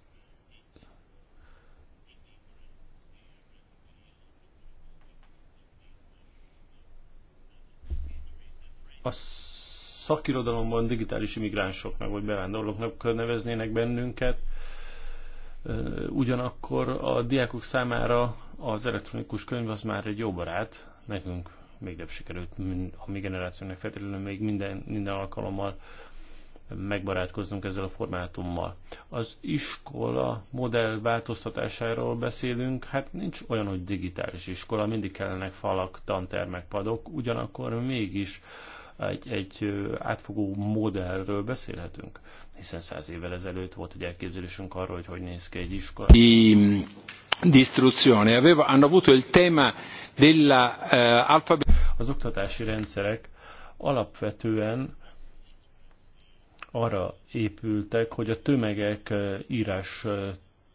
a szakirodalomban digitális immigránsoknak vagy bevándorlóknak neveznének bennünket, ugyanakkor a diákok számára az elektronikus könyv az már egy jó barát, nekünk még nem sikerült a mi generációnak feltétlenül még minden, minden alkalommal megbarátkoznunk ezzel a formátummal. Az iskola modell változtatásáról beszélünk, hát nincs olyan, hogy digitális iskola, mindig kellenek falak, tantermek, padok, ugyanakkor mégis egy, egy átfogó modellről beszélhetünk, hiszen száz évvel ezelőtt volt egy elképzelésünk arról, hogy hogy néz ki egy iskola. I, di mm, istruzione aveva, hanno avuto il tema della uh, eh, alfabet... Az oktatási rendszerek alapvetően arra épültek, hogy a tömegek eh, írás eh,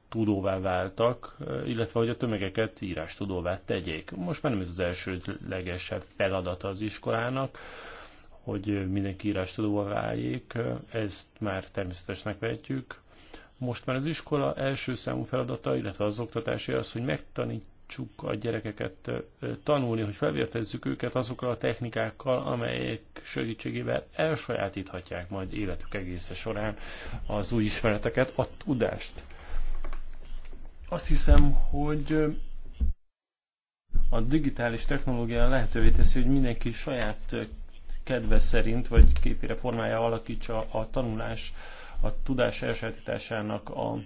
tudóvá váltak, illetve hogy a tömegeket írás tudóvá tegyék. Most már nem ez az elsődlegesebb feladata az iskolának, hogy mindenki írás tudóval váljék, ezt már természetesnek vehetjük. Most már az iskola első számú feladata, illetve az oktatási az, hogy megtanítsuk a gyerekeket tanulni, hogy felvértezzük őket azokkal a technikákkal, amelyek segítségével elsajátíthatják majd életük egésze során az új ismereteket, a tudást. Azt hiszem, hogy a digitális technológia lehetővé teszi, hogy mindenki saját kedve szerint, vagy képére formája alakítsa a tanulás, a tudás elsajátításának a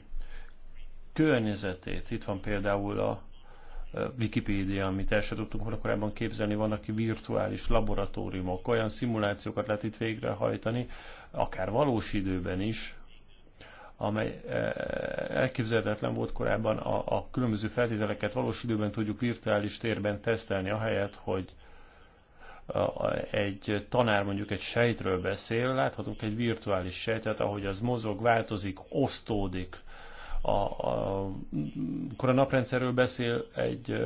környezetét. Itt van például a Wikipédia, amit el sem tudtunk volna korábban képzelni, vannak ki virtuális laboratóriumok, olyan szimulációkat lehet itt végrehajtani, akár valós időben is, amely e, elképzelhetetlen volt korábban, a, a különböző feltételeket valós időben tudjuk virtuális térben tesztelni, ahelyett, hogy egy tanár mondjuk egy sejtről beszél, láthatunk egy virtuális sejtet, ahogy az mozog, változik, osztódik. A, a, amikor a naprendszerről beszél egy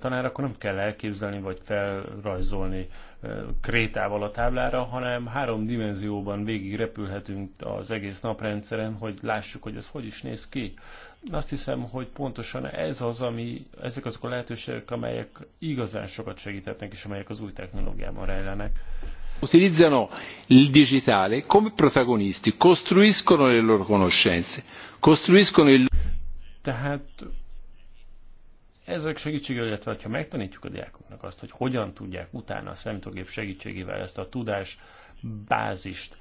tanár, akkor nem kell elképzelni vagy felrajzolni krétával a táblára, hanem három dimenzióban végig repülhetünk az egész naprendszeren, hogy lássuk, hogy ez hogy is néz ki. Azt hiszem, hogy pontosan ez az, ami, ezek azok a lehetőségek, amelyek igazán sokat segíthetnek, és amelyek az új technológiában rejlenek. Utilizzano il digitale come protagonisti, costruiscono le loro conoscenze, costruiscono il... Tehát ezek segítségével, illetve ha megtanítjuk a diákoknak azt, hogy hogyan tudják utána a számítógép segítségével ezt a tudás bázist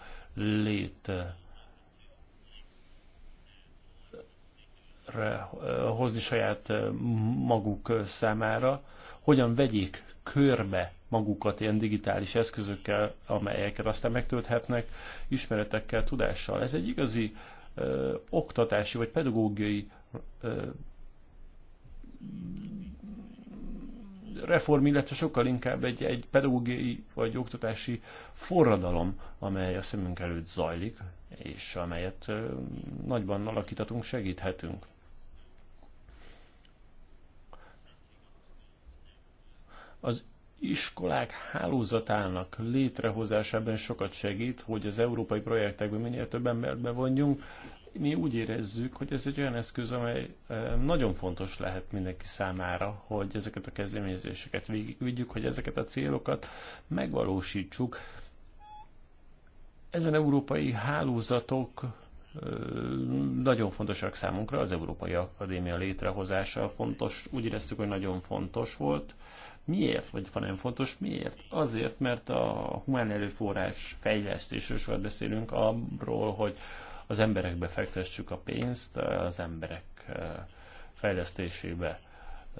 hozni saját maguk számára, hogyan vegyék körbe magukat ilyen digitális eszközökkel, amelyeket aztán megtölthetnek ismeretekkel, tudással. Ez egy igazi ö, oktatási vagy pedagógiai ö, reform, illetve sokkal inkább egy, egy pedagógiai vagy oktatási forradalom, amely a szemünk előtt zajlik, és amelyet ö, nagyban alakítatunk, segíthetünk. Az iskolák hálózatának létrehozásában sokat segít, hogy az európai projektekben minél több embert bevonjunk. Mi úgy érezzük, hogy ez egy olyan eszköz, amely e, nagyon fontos lehet mindenki számára, hogy ezeket a kezdeményezéseket végigvigyük, hogy ezeket a célokat megvalósítsuk. Ezen európai hálózatok e, nagyon fontosak számunkra, az Európai Akadémia létrehozása fontos, úgy éreztük, hogy nagyon fontos volt. Miért? Vagy van nem fontos, miért? Azért, mert a humán erőforrás fejlesztésről sokat beszélünk, arról, hogy az emberekbe fektessük a pénzt, az emberek eh, fejlesztésébe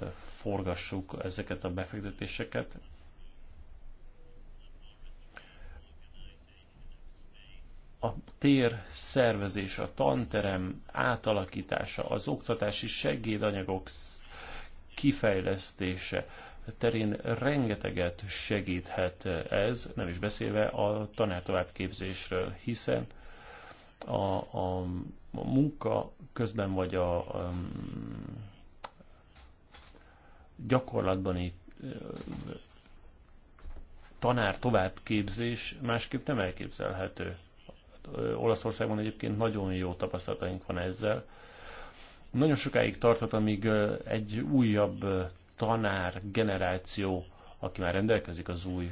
eh, forgassuk ezeket a befektetéseket. A tér szervezése, a tanterem átalakítása, az oktatási segédanyagok kifejlesztése, terén rengeteget segíthet ez, nem is beszélve a tanár továbbképzésről, hiszen a, a, a munka közben vagy a, um, a itt uh, tanár továbbképzés másképp nem elképzelhető. Olaszországban egyébként nagyon jó tapasztalataink van ezzel. Nagyon sokáig tartott, amíg uh, egy újabb uh, tanár generáció, aki már rendelkezik az új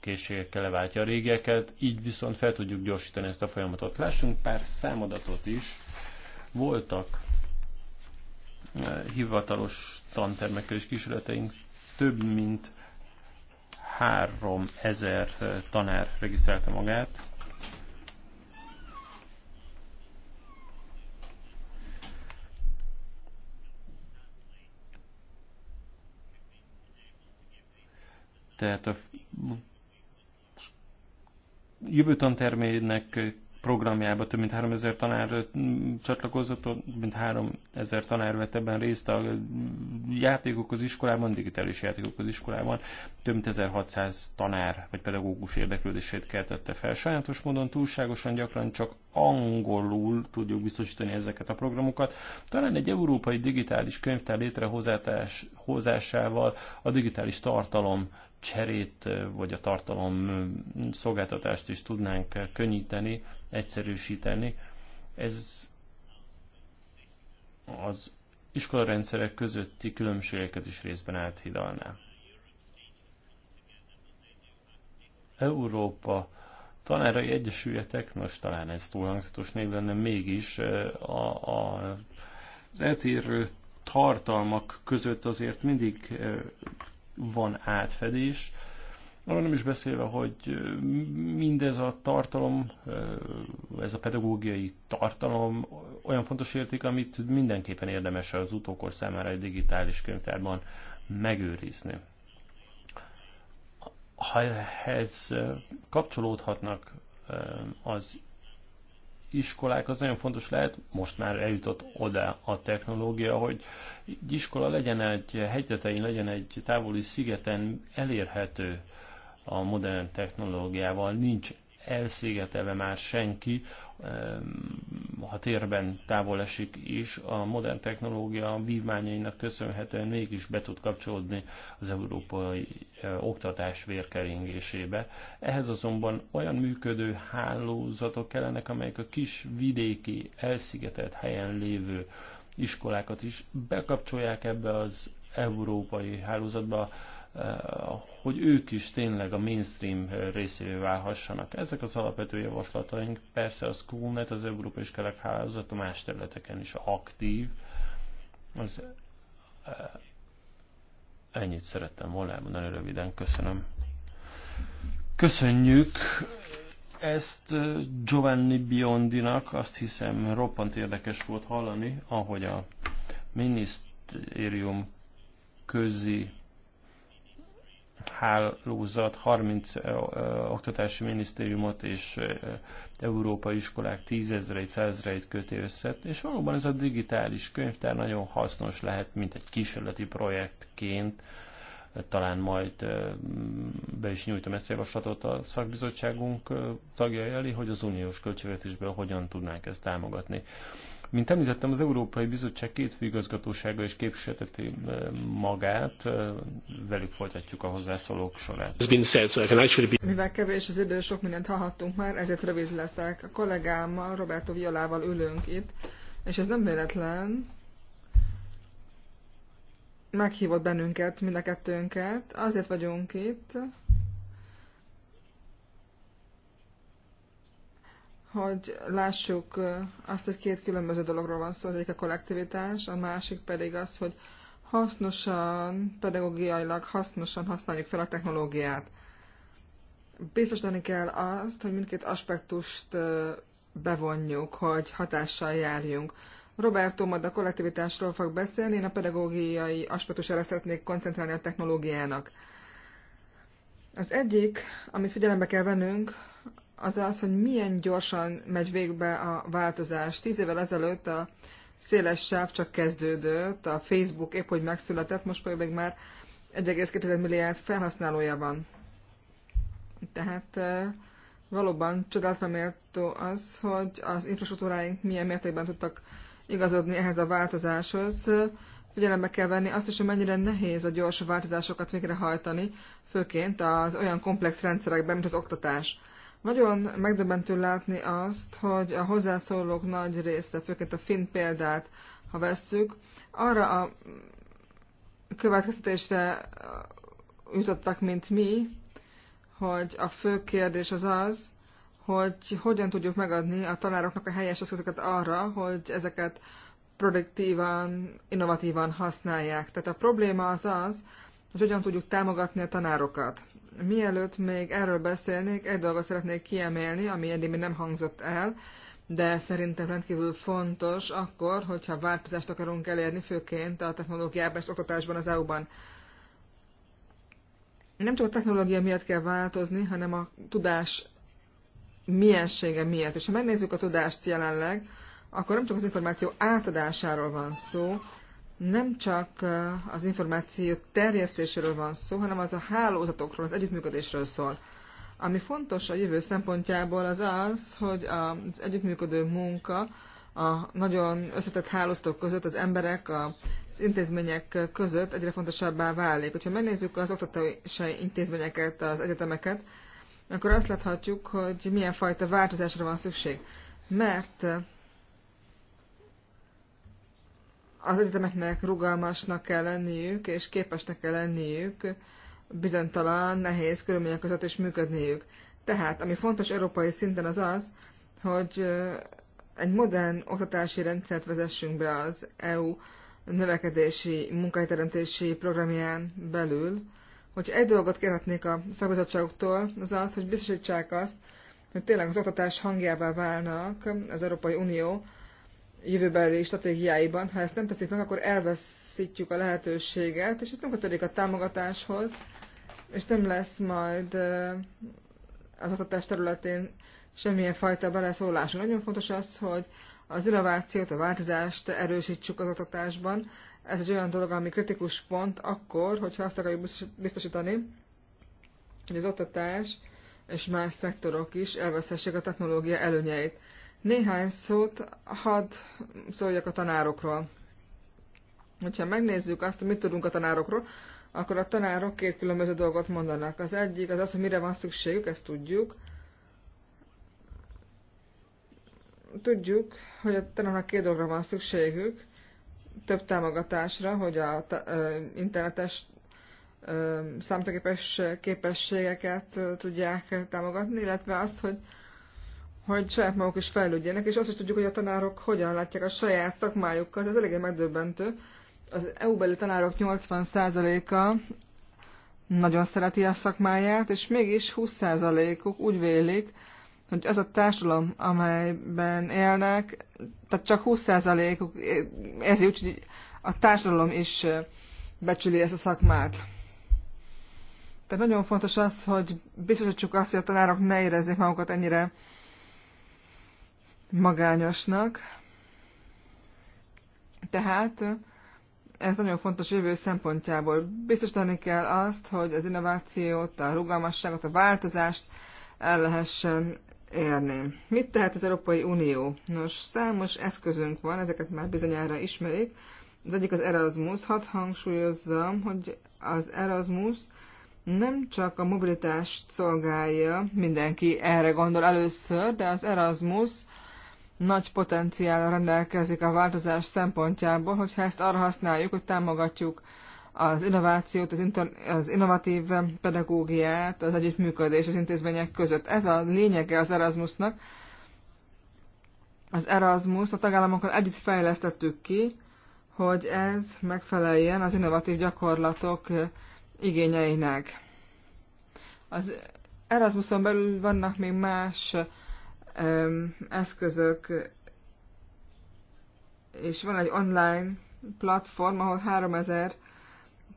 készségekkel leváltja a régieket, így viszont fel tudjuk gyorsítani ezt a folyamatot. Lássunk pár számadatot is. Voltak eh, hivatalos tantermekkel is kísérleteink, több mint 3000 eh, tanár regisztrálta magát, Tehát a jövő tantermének programjába több mint 3000 tanár csatlakozott, több mint 3000 tanár vett ebben részt a játékok az iskolában, digitális játékok az iskolában, több mint 1600 tanár vagy pedagógus érdeklődését keltette fel. Sajnos módon túlságosan gyakran csak angolul tudjuk biztosítani ezeket a programokat. Talán egy európai digitális könyvtár létrehozásával a digitális tartalom cserét, vagy a tartalom szolgáltatást is tudnánk könnyíteni, egyszerűsíteni. Ez az iskolarendszerek közötti különbségeket is részben áthidalná. Európa tanárai egyesületek, most talán ez hangzatos név lenne, mégis a, a, az eltérő tartalmak között azért mindig van átfedés. Arra nem is beszélve, hogy mindez a tartalom, ez a pedagógiai tartalom olyan fontos érték, amit mindenképpen érdemes az utókor számára egy digitális könyvtárban megőrizni. Ha ehhez kapcsolódhatnak az iskolák az nagyon fontos lehet, most már eljutott oda a technológia, hogy egy iskola legyen egy hegyetein, legyen egy távoli szigeten elérhető a modern technológiával, nincs elszigetelve már senki, ha térben távol esik is, a modern technológia vívmányainak köszönhetően mégis be tud kapcsolódni az európai oktatás vérkeringésébe. Ehhez azonban olyan működő hálózatok kellenek, amelyek a kis vidéki, elszigetelt helyen lévő iskolákat is bekapcsolják ebbe az európai hálózatba, hogy ők is tényleg a mainstream részévé válhassanak. Ezek az alapvető javaslataink, persze a Schoolnet, az Európai Iskolák Hálózat más területeken is aktív. Az, e, ennyit szerettem volna elmondani röviden, köszönöm. Köszönjük ezt e, Giovanni Biondinak, azt hiszem roppant érdekes volt hallani, ahogy a minisztérium közi hálózat, 30 oktatási minisztériumot és európai iskolák tízezreit, százreit köti össze, és valóban ez a digitális könyvtár nagyon hasznos lehet, mint egy kísérleti projektként, talán majd be is nyújtom ezt a javaslatot a szakbizottságunk tagjai elé, hogy az uniós költségvetésből hogyan tudnánk ezt támogatni. Mint említettem, az Európai Bizottság két főigazgatósága is képviselteti magát, velük folytatjuk a hozzászólók sorát. Mivel kevés az idő, sok mindent hallhattunk már, ezért rövid leszek. A kollégámmal, Roberto Violával ülünk itt, és ez nem véletlen, meghívott bennünket, mind a kettőnket. Azért vagyunk itt, hogy lássuk azt, hogy két különböző dologról van szó, az egyik a kollektivitás, a másik pedig az, hogy hasznosan, pedagógiailag hasznosan használjuk fel a technológiát. Biztosítani kell azt, hogy mindkét aspektust bevonjuk, hogy hatással járjunk. Roberto majd a kollektivitásról fog beszélni, én a pedagógiai aspektusára szeretnék koncentrálni a technológiának. Az egyik, amit figyelembe kell vennünk, az az, hogy milyen gyorsan megy végbe a változás. Tíz évvel ezelőtt a széles sáv csak kezdődött, a Facebook épp hogy megszületett, most pedig már 1,2 milliárd felhasználója van. Tehát valóban csodálatra méltó az, hogy az infrastruktúráink milyen mértékben tudtak igazodni ehhez a változáshoz. Figyelembe kell venni azt is, hogy mennyire nehéz a gyors változásokat végrehajtani, főként az olyan komplex rendszerekben, mint az oktatás. Nagyon megdöbbentő látni azt, hogy a hozzászólók nagy része, főként a finn példát, ha vesszük, arra a következtetésre jutottak, mint mi, hogy a fő kérdés az az, hogy hogyan tudjuk megadni a tanároknak a helyes eszközöket arra, hogy ezeket produktívan, innovatívan használják. Tehát a probléma az az, hogy hogyan tudjuk támogatni a tanárokat. Mielőtt még erről beszélnék, egy dolgot szeretnék kiemelni, ami eddig még nem hangzott el, de szerintem rendkívül fontos akkor, hogyha változást akarunk elérni, főként a technológiában és oktatásban az EU-ban. Nem csak a technológia miatt kell változni, hanem a tudás miensége miatt. És ha megnézzük a tudást jelenleg, akkor nem csak az információ átadásáról van szó, nem csak eh, az információ terjesztéséről van szó, hanem az a hálózatokról, az együttműködésről szól. Ami fontos a jövő szempontjából az az, hogy az együttműködő munka a nagyon összetett hálózatok között, az emberek, az intézmények között egyre fontosabbá válik. Hogyha megnézzük az oktatási intézményeket, az egyetemeket, akkor azt láthatjuk, hogy milyen fajta változásra van szükség. Mert az egyetemeknek rugalmasnak kell lenniük, és képesnek kell lenniük bizonytalan, nehéz körülmények között is működniük. Tehát, ami fontos európai szinten az az, hogy egy modern oktatási rendszert vezessünk be az EU növekedési, munkahelyteremtési programján belül, hogy egy dolgot kérhetnék a szakbizottságoktól, az az, hogy biztosítsák azt, hogy tényleg az oktatás hangjává válnak az Európai Unió jövőbeli stratégiáiban. Ha ezt nem teszik meg, akkor elveszítjük a lehetőséget, és ez nem kötődik a támogatáshoz, és nem lesz majd az oktatás területén semmilyen fajta beleszólás. Nagyon fontos az, hogy az innovációt, a változást erősítsük az oktatásban. Ez egy olyan dolog, ami kritikus pont akkor, hogyha azt akarjuk biztosítani, hogy az oktatás és más szektorok is elveszhessék a technológia előnyeit. Néhány szót hadd szóljak a tanárokról. Hogyha megnézzük azt, hogy mit tudunk a tanárokról, akkor a tanárok két különböző dolgot mondanak. Az egyik az az, hogy mire van szükségük, ezt tudjuk. Tudjuk, hogy a tanárnak két dologra van szükségük. Több támogatásra, hogy a internetes számítógépes képességeket tudják támogatni, illetve azt, hogy hogy saját maguk is fejlődjenek, és azt is tudjuk, hogy a tanárok hogyan látják a saját szakmájukat, ez eléggé megdöbbentő. Az EU-beli tanárok 80%-a nagyon szereti a szakmáját, és mégis 20%-uk úgy vélik, hogy az a társadalom, amelyben élnek, tehát csak 20%-uk ez úgy, hogy a társadalom is becsüli ezt a szakmát. Tehát nagyon fontos az, hogy biztosítsuk azt, hogy a tanárok ne érezzék magukat ennyire magányosnak. Tehát ez nagyon fontos jövő szempontjából. Biztosítani kell azt, hogy az innovációt, a rugalmasságot, a változást el lehessen érni. Mit tehet az Európai Unió? Nos, számos eszközünk van, ezeket már bizonyára ismerik. Az egyik az Erasmus. Hadd hangsúlyozzam, hogy az Erasmus nem csak a mobilitást szolgálja, mindenki erre gondol először, de az Erasmus nagy potenciál rendelkezik a változás szempontjából, hogyha ezt arra használjuk, hogy támogatjuk az innovációt, az, inter, az innovatív pedagógiát, az együttműködés az intézmények között. Ez a lényege az Erasmusnak. Az Erasmus a tagállamokkal együtt fejlesztettük ki, hogy ez megfeleljen az innovatív gyakorlatok igényeinek. Az Erasmuson belül vannak még más eszközök, és van egy online platform, ahol 3000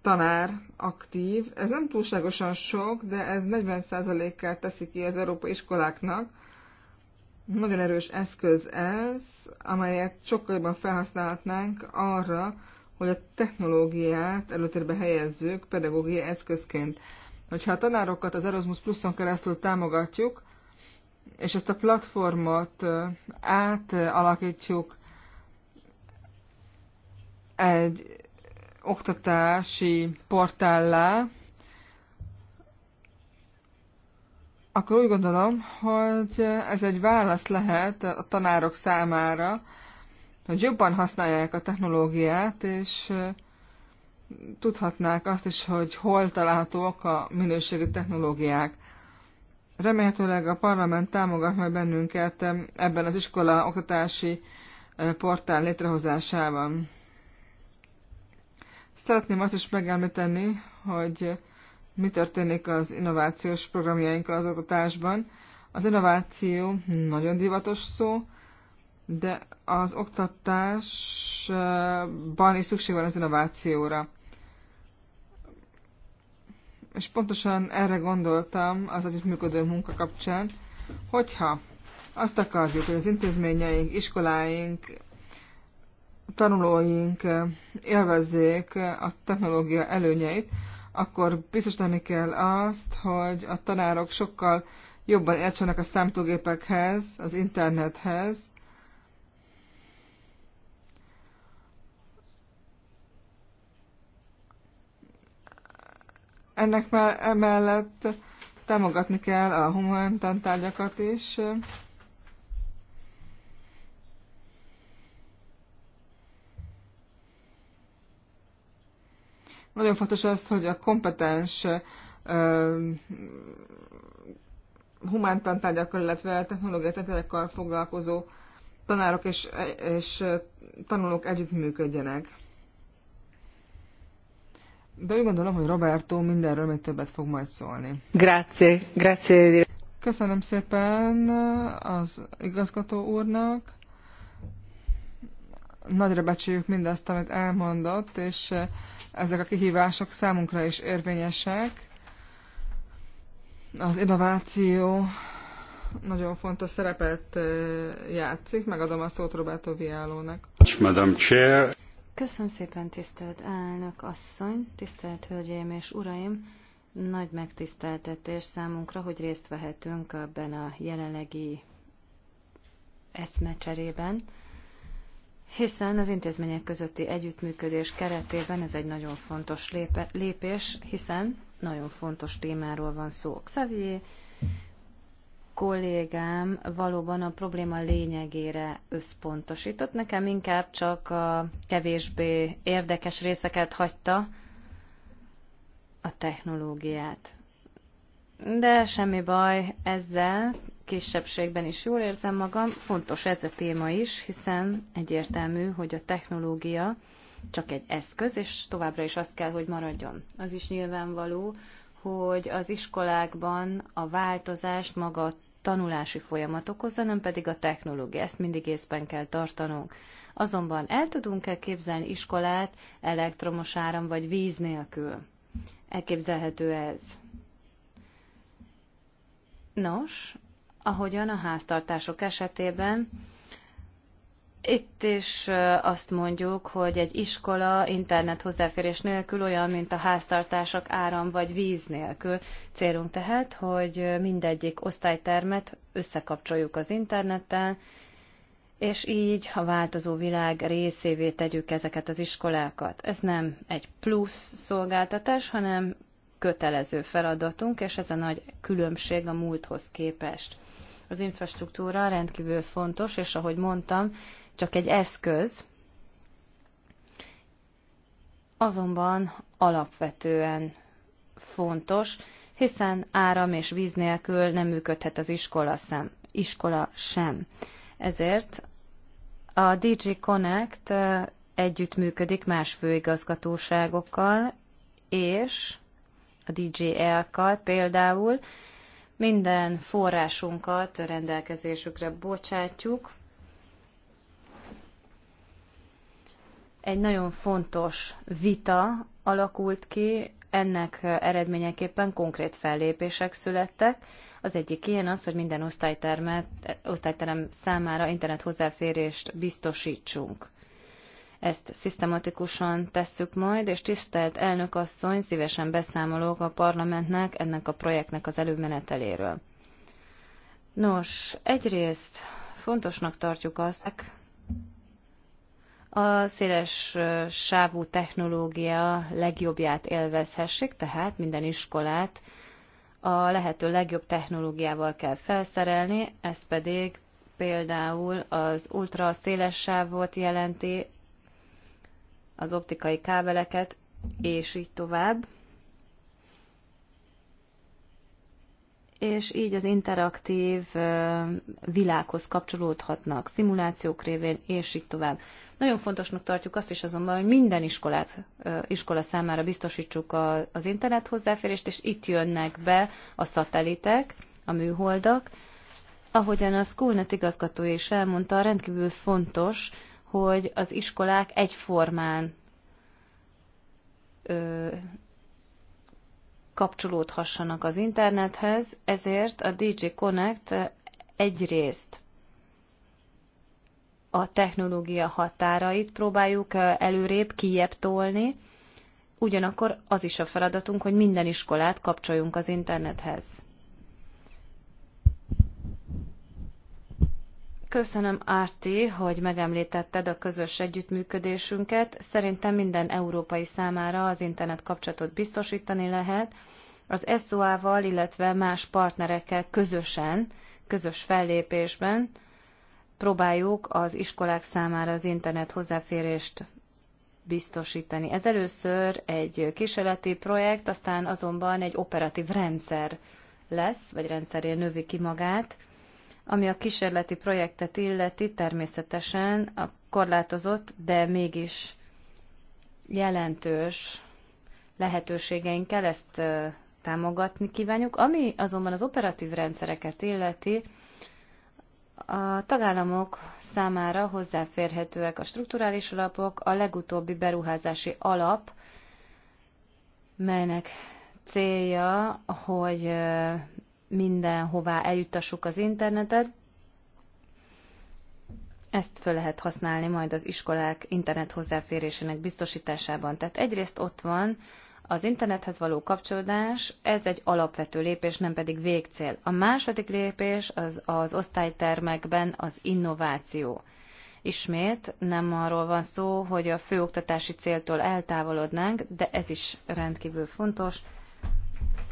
tanár aktív. Ez nem túlságosan sok, de ez 40 kel teszi ki az európai iskoláknak. Nagyon erős eszköz ez, amelyet sokkal jobban felhasználhatnánk arra, hogy a technológiát előtérbe helyezzük pedagógiai eszközként. Hogyha a tanárokat az Erasmus Pluszon keresztül támogatjuk, és ezt a platformot átalakítjuk egy oktatási portállá, akkor úgy gondolom, hogy ez egy válasz lehet a tanárok számára, hogy jobban használják a technológiát, és tudhatnák azt is, hogy hol találhatóak a minőségi technológiák. Remélhetőleg a parlament támogat majd bennünket ebben az iskola oktatási portál létrehozásában. Szeretném azt is megemlíteni, hogy mi történik az innovációs programjainkkal az oktatásban. Az innováció nagyon divatos szó, de az oktatásban is szükség van az innovációra és pontosan erre gondoltam az együttműködő munka kapcsán, hogyha azt akarjuk, hogy az intézményeink, iskoláink, tanulóink eh, élvezzék eh, a technológia előnyeit, akkor biztosítani kell azt, hogy a tanárok sokkal jobban értsenek a számítógépekhez, az internethez, Ennek mellett emellett támogatni kell a tárgyakat is. Nagyon fontos az, hogy a kompetens humántantárgyakkal, illetve technológiai tantárgyakkal foglalkozó tanárok és, és tanulók együttműködjenek. De úgy gondolom, hogy Roberto mindenről még többet fog majd szólni. Grazie, grazie. Köszönöm szépen az igazgató úrnak. Nagyra becsüljük mindazt, amit elmondott, és ezek a kihívások számunkra is érvényesek. Az innováció nagyon fontos szerepet játszik. Megadom a szót Roberto Viálónak. Madam Chair. Köszönöm szépen, tisztelt elnök asszony, tisztelt hölgyeim és uraim! Nagy megtiszteltetés számunkra, hogy részt vehetünk ebben a jelenlegi eszmecserében, hiszen az intézmények közötti együttműködés keretében ez egy nagyon fontos lépés, hiszen nagyon fontos témáról van szó. Xavier kollégám valóban a probléma lényegére összpontosított. Nekem inkább csak a kevésbé érdekes részeket hagyta a technológiát. De semmi baj ezzel, kisebbségben is jól érzem magam. Fontos ez a téma is, hiszen egyértelmű, hogy a technológia csak egy eszköz, és továbbra is az kell, hogy maradjon. Az is nyilvánvaló, hogy az iskolákban a változást maga a tanulási folyamatokhoz, hanem pedig a technológia. Ezt mindig észben kell tartanunk. Azonban el tudunk-e képzelni iskolát elektromos áram vagy víz nélkül? Elképzelhető ez. Nos, ahogyan a háztartások esetében itt is azt mondjuk, hogy egy iskola internet hozzáférés nélkül olyan, mint a háztartások áram vagy víz nélkül. Célunk tehát, hogy mindegyik osztálytermet összekapcsoljuk az internettel, és így a változó világ részévé tegyük ezeket az iskolákat. Ez nem egy plusz szolgáltatás, hanem kötelező feladatunk, és ez a nagy különbség a múlthoz képest. Az infrastruktúra rendkívül fontos, és ahogy mondtam, csak egy eszköz, azonban alapvetően fontos, hiszen áram és víz nélkül nem működhet az iskola, szem, iskola sem. Ezért a DG Connect együttműködik más főigazgatóságokkal, és a DJL-kal például minden forrásunkat rendelkezésükre bocsátjuk, egy nagyon fontos vita alakult ki, ennek eredményeképpen konkrét fellépések születtek. Az egyik ilyen az, hogy minden osztálytermet, osztályterem számára internet hozzáférést biztosítsunk. Ezt szisztematikusan tesszük majd, és tisztelt elnök asszony, szívesen beszámolok a parlamentnek ennek a projektnek az előmeneteléről. Nos, egyrészt fontosnak tartjuk azt, a széles sávú technológia legjobbját élvezhessék, tehát minden iskolát a lehető legjobb technológiával kell felszerelni, ez pedig például az ultra széles sávot jelenti, az optikai kábeleket, és így tovább. és így az interaktív világhoz kapcsolódhatnak szimulációk révén, és így tovább. Nagyon fontosnak tartjuk azt is azonban, hogy minden iskolát, iskola számára biztosítsuk az internet hozzáférést, és itt jönnek be a szatelitek, a műholdak. Ahogyan a Schoolnet igazgatója is elmondta, rendkívül fontos, hogy az iskolák egyformán kapcsolódhassanak az internethez, ezért a DJ Connect egyrészt a technológia határait próbáljuk előrébb, kiebb tolni, ugyanakkor az is a feladatunk, hogy minden iskolát kapcsoljunk az internethez. Köszönöm, Árti, hogy megemlítetted a közös együttműködésünket. Szerintem minden európai számára az internet kapcsolatot biztosítani lehet. Az SOA-val, illetve más partnerekkel közösen, közös fellépésben próbáljuk az iskolák számára az internet hozzáférést biztosítani. Ez először egy kísérleti projekt, aztán azonban egy operatív rendszer lesz, vagy rendszerén növi ki magát ami a kísérleti projektet illeti, természetesen a korlátozott, de mégis jelentős lehetőségeinkkel ezt támogatni kívánjuk. Ami azonban az operatív rendszereket illeti, a tagállamok számára hozzáférhetőek a strukturális alapok, a legutóbbi beruházási alap, melynek célja, hogy mindenhová eljuttassuk az internetet. Ezt föl lehet használni majd az iskolák internet hozzáférésének biztosításában. Tehát egyrészt ott van az internethez való kapcsolódás, ez egy alapvető lépés, nem pedig végcél. A második lépés az az osztálytermekben az innováció. Ismét nem arról van szó, hogy a főoktatási céltól eltávolodnánk, de ez is rendkívül fontos,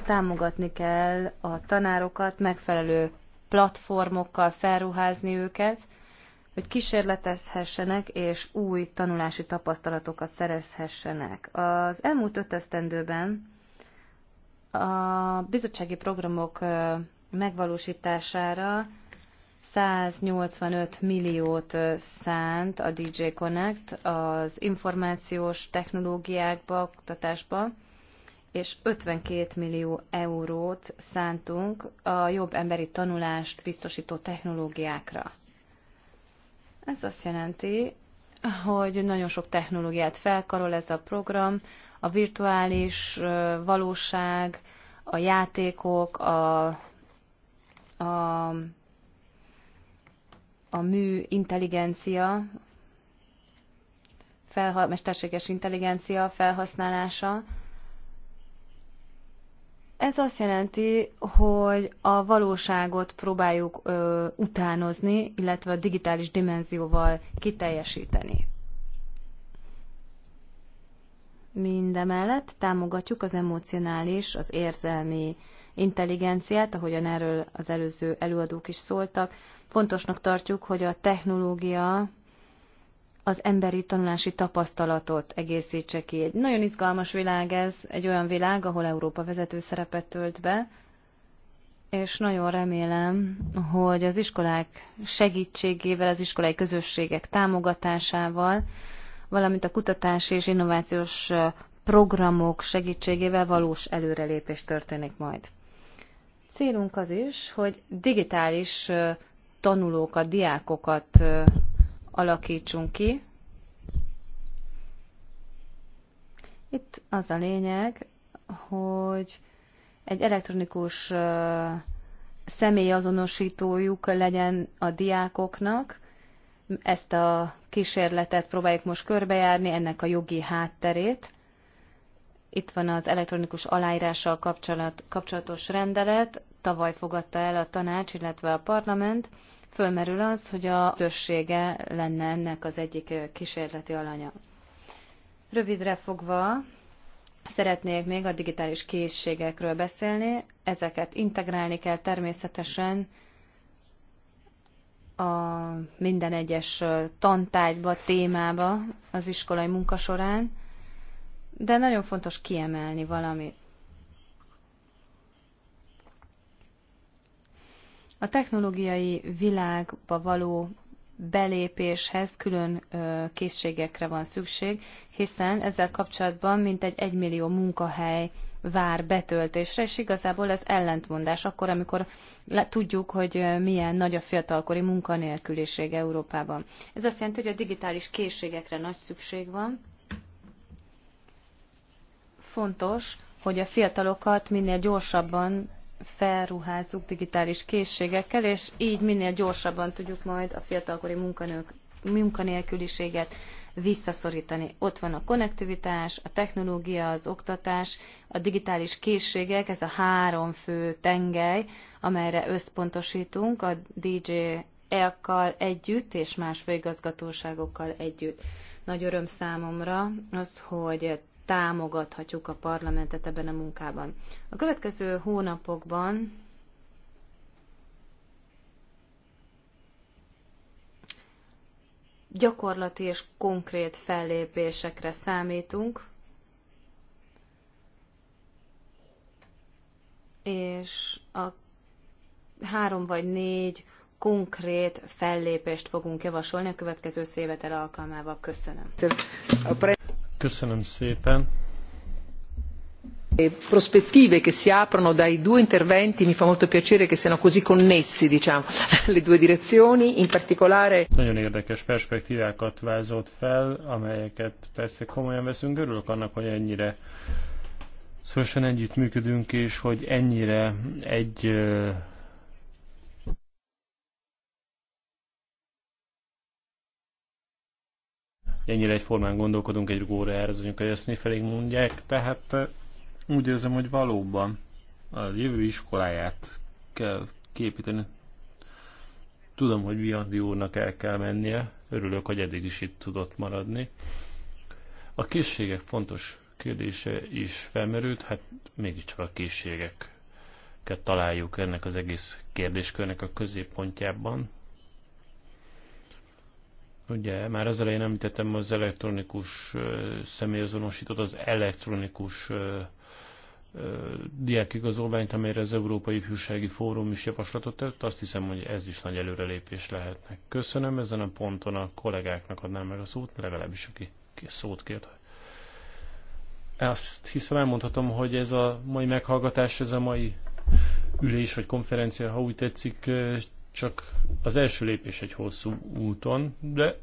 támogatni kell a tanárokat, megfelelő platformokkal felruházni őket, hogy kísérletezhessenek és új tanulási tapasztalatokat szerezhessenek. Az elmúlt öt esztendőben a bizottsági programok megvalósítására 185 milliót szánt a DJ Connect az információs technológiákba, oktatásba, és 52 millió eurót szántunk a jobb emberi tanulást biztosító technológiákra. Ez azt jelenti, hogy nagyon sok technológiát felkarol ez a program, a virtuális valóság, a játékok, a, a, a mű intelligencia, felha- mesterséges intelligencia felhasználása, ez azt jelenti, hogy a valóságot próbáljuk ö, utánozni, illetve a digitális dimenzióval kiteljesíteni. Mindemellett támogatjuk az emocionális, az érzelmi intelligenciát, ahogyan erről az előző előadók is szóltak. Fontosnak tartjuk, hogy a technológia az emberi tanulási tapasztalatot egészítse ki. Egy nagyon izgalmas világ ez, egy olyan világ, ahol Európa vezető szerepet tölt be, és nagyon remélem, hogy az iskolák segítségével, az iskolai közösségek támogatásával, valamint a kutatási és innovációs programok segítségével valós előrelépés történik majd. Célunk az is, hogy digitális tanulókat, diákokat alakítsunk ki. Itt az a lényeg, hogy egy elektronikus személyazonosítójuk legyen a diákoknak. Ezt a kísérletet próbáljuk most körbejárni, ennek a jogi hátterét. Itt van az elektronikus aláírással kapcsolat, kapcsolatos rendelet, tavaly fogadta el a tanács, illetve a parlament fölmerül az, hogy a közössége lenne ennek az egyik kísérleti alanya. Rövidre fogva, Szeretnék még a digitális készségekről beszélni, ezeket integrálni kell természetesen a minden egyes tantárgyba, témába az iskolai munka során, de nagyon fontos kiemelni valamit. A technológiai világba való belépéshez külön készségekre van szükség, hiszen ezzel kapcsolatban mintegy 1 millió munkahely vár betöltésre, és igazából ez ellentmondás akkor, amikor tudjuk, hogy milyen nagy a fiatalkori munkanélküliség Európában. Ez azt jelenti, hogy a digitális készségekre nagy szükség van. Fontos, hogy a fiatalokat minél gyorsabban felruházzuk digitális készségekkel, és így minél gyorsabban tudjuk majd a fiatalkori munkanők, munkanélküliséget visszaszorítani. Ott van a konnektivitás, a technológia, az oktatás, a digitális készségek, ez a három fő tengely, amelyre összpontosítunk a DJ kal együtt és más főigazgatóságokkal együtt. Nagy öröm számomra az, hogy támogathatjuk a parlamentet ebben a munkában. A következő hónapokban gyakorlati és konkrét fellépésekre számítunk, és a három vagy négy konkrét fellépést fogunk javasolni a következő szévetel alkalmával. Köszönöm. Köszönöm szépen. Prospettive che si aprono dai due interventi mi fa molto piacere che siano così connessi, diciamo, *laughs* le due direzioni, in particolare. Nagyon érdekes perspektívákat vázolt fel, amelyeket persze komolyan veszünk, örülök annak, hogy ennyire szorosan együttműködünk, és hogy ennyire egy ennyire egyformán gondolkodunk, egy elrezzünk, hogy ezt mi felé mondják, tehát úgy érzem, hogy valóban a jövő iskoláját kell képíteni. Tudom, hogy Viandi úrnak el kell mennie, örülök, hogy eddig is itt tudott maradni. A készségek fontos kérdése is felmerült, hát mégiscsak a készségeket találjuk ennek az egész kérdéskörnek a középpontjában. Ugye már az elején említettem az elektronikus személyazonosítót, az elektronikus diákigazolványt, amelyre az Európai Ifjúsági Fórum is javaslatot tett, azt hiszem, hogy ez is nagy előrelépés lehetne. Köszönöm, ezen a ponton a kollégáknak adnám meg a szót, legalábbis aki szót kért. Azt hiszem elmondhatom, hogy ez a mai meghallgatás, ez a mai ülés vagy konferencia, ha úgy tetszik, csak az első lépés egy hosszú úton, de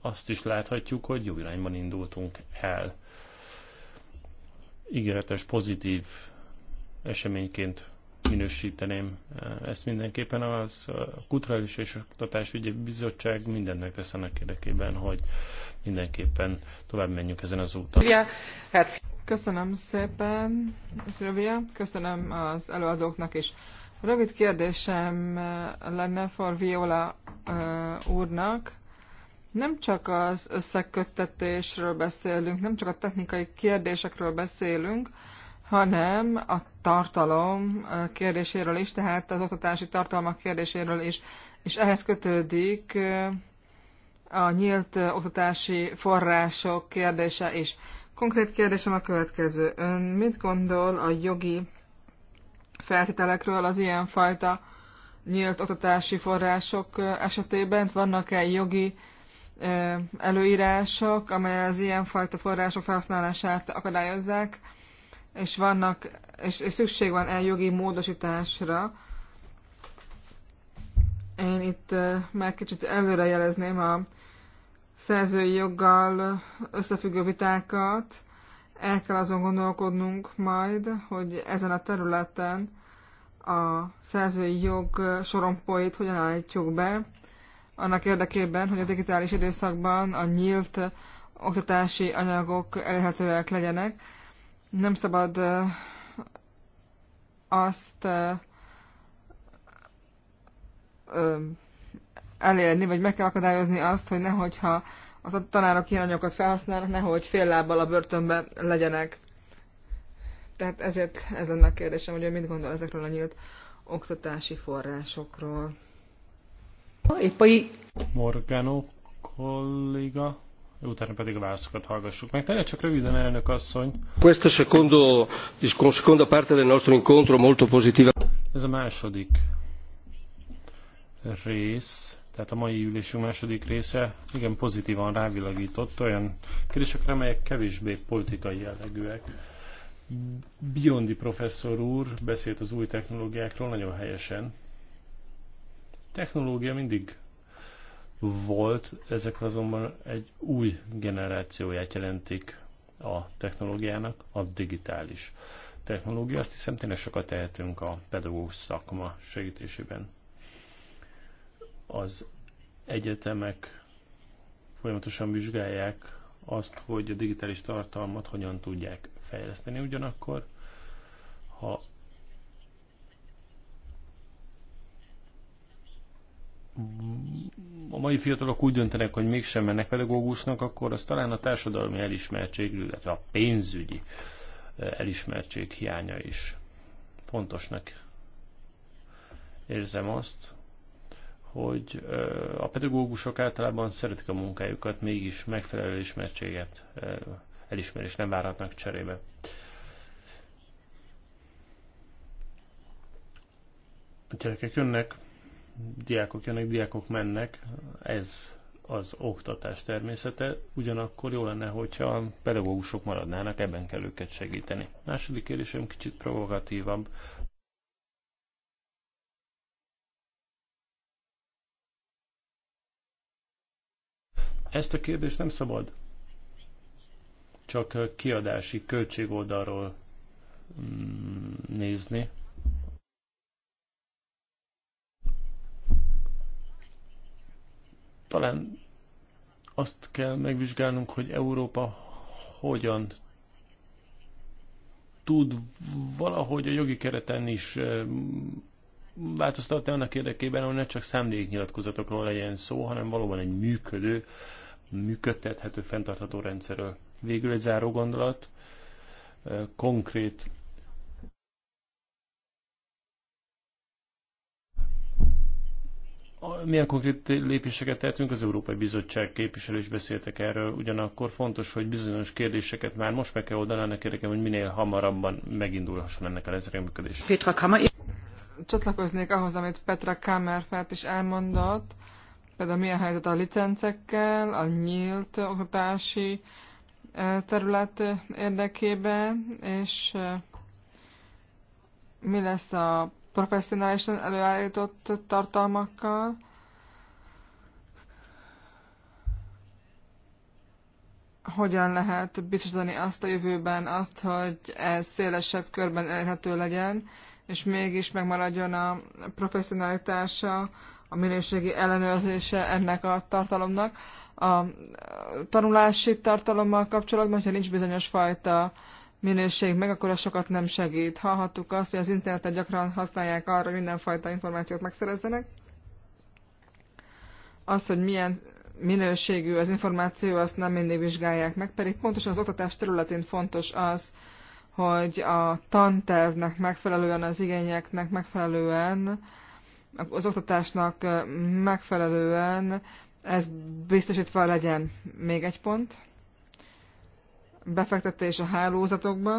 azt is láthatjuk, hogy jó irányban indultunk el. Ígéretes, pozitív eseményként minősíteném eh, ezt mindenképpen. Az eh, Kulturális és Oktatás Ügyi Bizottság mindennek tesz annak érdekében, hogy mindenképpen tovább menjünk ezen az úton. Hát- köszönöm szépen, Szilvia, köszönöm az előadóknak is. Rövid kérdésem eh, lenne for Viola eh, úrnak. Nem csak az összeköttetésről beszélünk, nem csak a technikai kérdésekről beszélünk, hanem a tartalom eh, kérdéséről is, tehát az oktatási tartalmak kérdéséről is, és ehhez kötődik a nyílt oktatási források kérdése is. Konkrét kérdésem a következő. Ön mit gondol a jogi feltételekről az ilyenfajta nyílt oktatási források esetében? Vannak-e jogi előírások, amely az ilyenfajta források felhasználását akadályozzák, és, vannak, és, és szükség van el jogi módosításra. Én itt már kicsit előrejelezném a szerzői joggal összefüggő vitákat, el kell azon gondolkodnunk majd, hogy ezen a területen a szerzői jog sorompóit hogyan állítjuk be, annak érdekében, hogy a digitális időszakban a nyílt oktatási anyagok elérhetőek legyenek. Nem szabad eh, azt eh, elérni, vagy meg kell akadályozni azt, hogy nehogyha az a tanárok ilyen anyagokat felhasználnak, nehogy fél lábbal a börtönbe legyenek. Tehát ezért ez lenne a kérdésem, hogy ő mit gondol ezekről a nyílt oktatási forrásokról. Épp Morgano kolléga, utána pedig a válaszokat hallgassuk meg. Tehát csak röviden, elnök asszony. Questo secondo, seconda parte del nostro incontro molto positiva. Ez a második rész tehát a mai ülésünk második része igen pozitívan rávilágított olyan kérdésekre, amelyek kevésbé politikai jellegűek. Biondi professzor úr beszélt az új technológiákról nagyon helyesen. Technológia mindig volt, ezek azonban egy új generációját jelentik a technológiának, a digitális technológia. Azt hiszem tényleg sokat tehetünk a pedagógus szakma segítésében. Az egyetemek folyamatosan vizsgálják azt, hogy a digitális tartalmat hogyan tudják fejleszteni. Ugyanakkor, ha a mai fiatalok úgy döntenek, hogy mégsem mennek pedagógusnak, akkor az talán a társadalmi elismertség, illetve a pénzügyi eh, elismertség hiánya is. Fontosnak érzem azt, hogy a pedagógusok általában szeretik a munkájukat, mégis megfelelő ismertséget, elismerést nem várhatnak cserébe. A gyerekek jönnek, diákok jönnek, diákok mennek, ez az oktatás természete, ugyanakkor jó lenne, hogyha a pedagógusok maradnának, ebben kell őket segíteni. Második kérdésem kicsit provokatívabb, Ezt a kérdést nem szabad csak kiadási költség oldalról mm, nézni. Talán azt kell megvizsgálnunk, hogy Európa hogyan tud valahogy a jogi kereten is eh, változtatni annak érdekében, hogy ne csak szándéknyilatkozatokról legyen szó, hanem valóban egy működő működtethető, fenntartható rendszerről. Végül egy záró gondolat, konkrét milyen konkrét lépéseket tehetünk, az Európai Bizottság képviselő is beszéltek erről, ugyanakkor fontos, hogy bizonyos kérdéseket már most meg kell oldani, annak érdekem, hogy minél hamarabban megindulhasson ennek a rendszerek működés. Petra Kamer. Csatlakoznék ahhoz, amit Petra Kamer felt is elmondott. Például milyen helyzet a licencekkel, a nyílt oktatási e, terület érdekében, és e, mi lesz a professzionálisan előállított tartalmakkal, hogyan lehet biztosítani azt a jövőben azt, hogy ez szélesebb körben elérhető legyen, és mégis megmaradjon a professzionalitása a minőségi ellenőrzése ennek a tartalomnak. A tanulási tartalommal kapcsolatban, hogyha nincs bizonyos fajta minőség meg, akkor az sokat nem segít. Hallhattuk azt, hogy az internetet gyakran használják arra, hogy mindenfajta információt megszerezzenek. Az, hogy milyen minőségű az információ, azt nem mindig vizsgálják meg, pedig pontosan az oktatás területén fontos az, hogy a tantervnek megfelelően, az igényeknek megfelelően az oktatásnak megfelelően ez biztosítva legyen. Még egy pont. Befektetés a hálózatokba.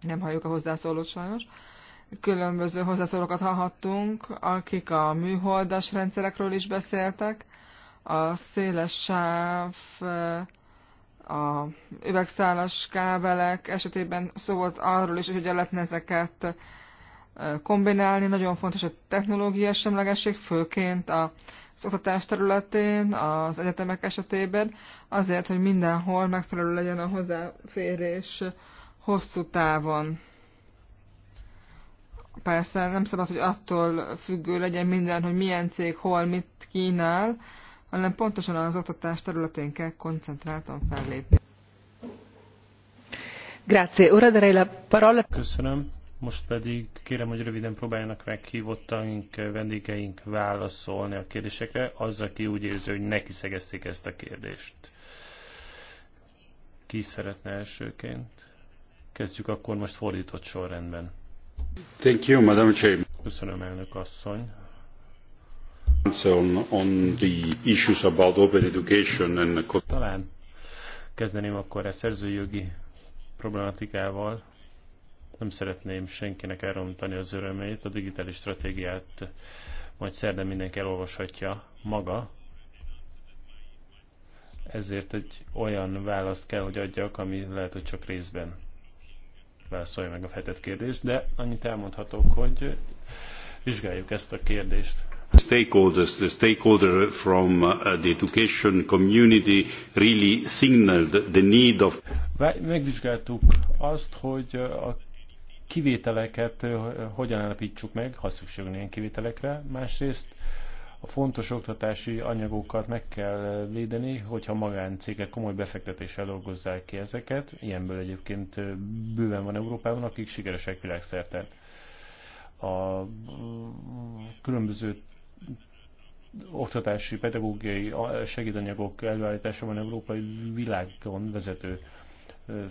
Nem halljuk a hozzászólót sajnos. Különböző hozzászólókat hallhattunk, akik a műholdas rendszerekről is beszéltek. A széles sáv, a üvegszálas kábelek esetében szó volt arról is, hogy lehetne ezeket kombinálni. Nagyon fontos a technológia semlegesség, főként az oktatás területén, az egyetemek esetében, azért, hogy mindenhol megfelelő legyen a hozzáférés hosszú távon. Persze nem szabad, hogy attól függő legyen minden, hogy milyen cég hol mit kínál, hanem pontosan az oktatás területén kell koncentráltan fellépni. Grazie. Ora darei la parola. Köszönöm. Most pedig kérem, hogy röviden próbáljanak meghívottaink, vendégeink válaszolni a kérdésekre, az, aki úgy érzi, hogy neki szegezték ezt a kérdést. Ki szeretne elsőként? Kezdjük akkor most fordított sorrendben. Thank you, Madam Chair. Köszönöm, elnök asszony. On, on the issues about open education and... Talán kezdeném akkor a szerzőjogi problematikával nem szeretném senkinek elrontani az örömét, a digitális stratégiát majd szerdán mindenki elolvashatja maga. Ezért egy olyan választ kell, hogy adjak, ami lehet, hogy csak részben válaszolja meg a feltett kérdést, de annyit elmondhatok, hogy vizsgáljuk ezt a kérdést. Stakeholders, the stakeholder from uh, the education community really signaled the need of... Megvizsgáltuk azt, hogy a kivételeket hogyan állapítsuk meg, ha szükségünk ilyen kivételekre, másrészt a fontos oktatási anyagokat meg kell védeni, hogyha magáncégek komoly befektetéssel dolgozzák ki ezeket. Ilyenből egyébként bőven van Európában, akik sikeresek világszerte. A különböző oktatási, pedagógiai segédanyagok előállítása van európai világon vezető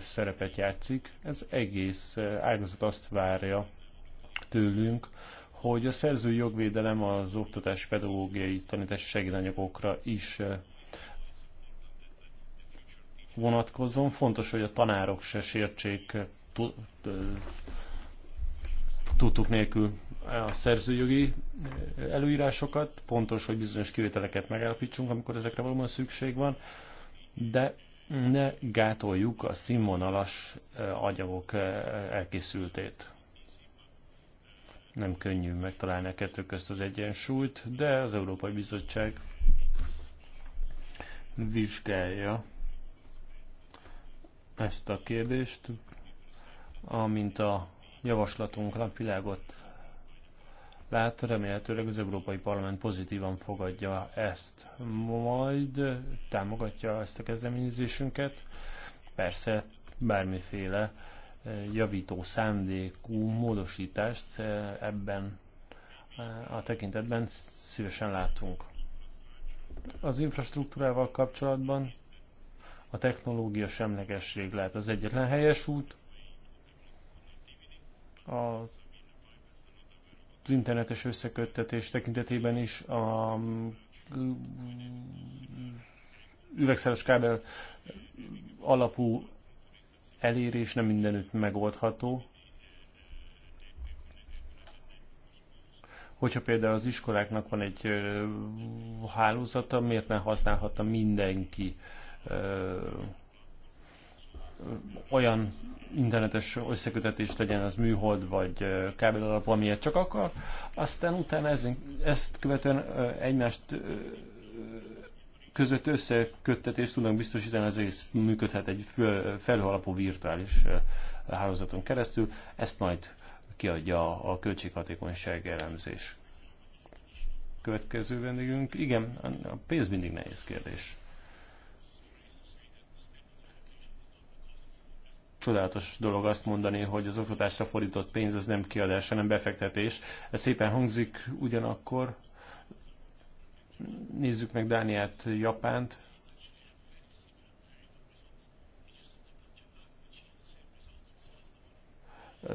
szerepet játszik. Ez egész ágazat azt várja tőlünk, hogy a szerzői jogvédelem az oktatás pedagógiai tanítási segédanyagokra is vonatkozzon. Fontos, hogy a tanárok se sértsék tudtuk nélkül a szerzőjogi előírásokat. Fontos, hogy bizonyos kivételeket megállapítsunk, amikor ezekre valóban szükség van, de ne gátoljuk a színvonalas agyagok elkészültét. Nem könnyű megtalálni a kettő közt az egyensúlyt, de az Európai Bizottság vizsgálja ezt a kérdést, amint a javaslatunk napvilágot lát, remélhetőleg az Európai Parlament pozitívan fogadja ezt. Majd támogatja ezt a kezdeményezésünket. Persze bármiféle eh, javító szándékú módosítást eh, ebben eh, a tekintetben szívesen látunk. Az infrastruktúrával kapcsolatban a technológia semlegesség lehet az egyetlen helyes út, az az internetes összeköttetés tekintetében is a mm, üvegszeres kábel alapú elérés nem mindenütt megoldható. Hogyha például az iskoláknak van egy hálózata, miért nem használhatna mindenki olyan internetes összekötetés legyen az műhold vagy kábel alapú, amilyet csak akar, aztán utána ezen, ezt követően egymást között összeköttetést tudnak biztosítani, az egész működhet egy felhőalapú virtuális hálózaton keresztül, ezt majd kiadja a költséghatékonyság elemzés. Következő vendégünk, igen, a pénz mindig nehéz kérdés. csodálatos dolog azt mondani, hogy az oktatásra fordított pénz az nem kiadás, hanem befektetés. Ez szépen hangzik ugyanakkor. Nézzük meg Dániát, Japánt.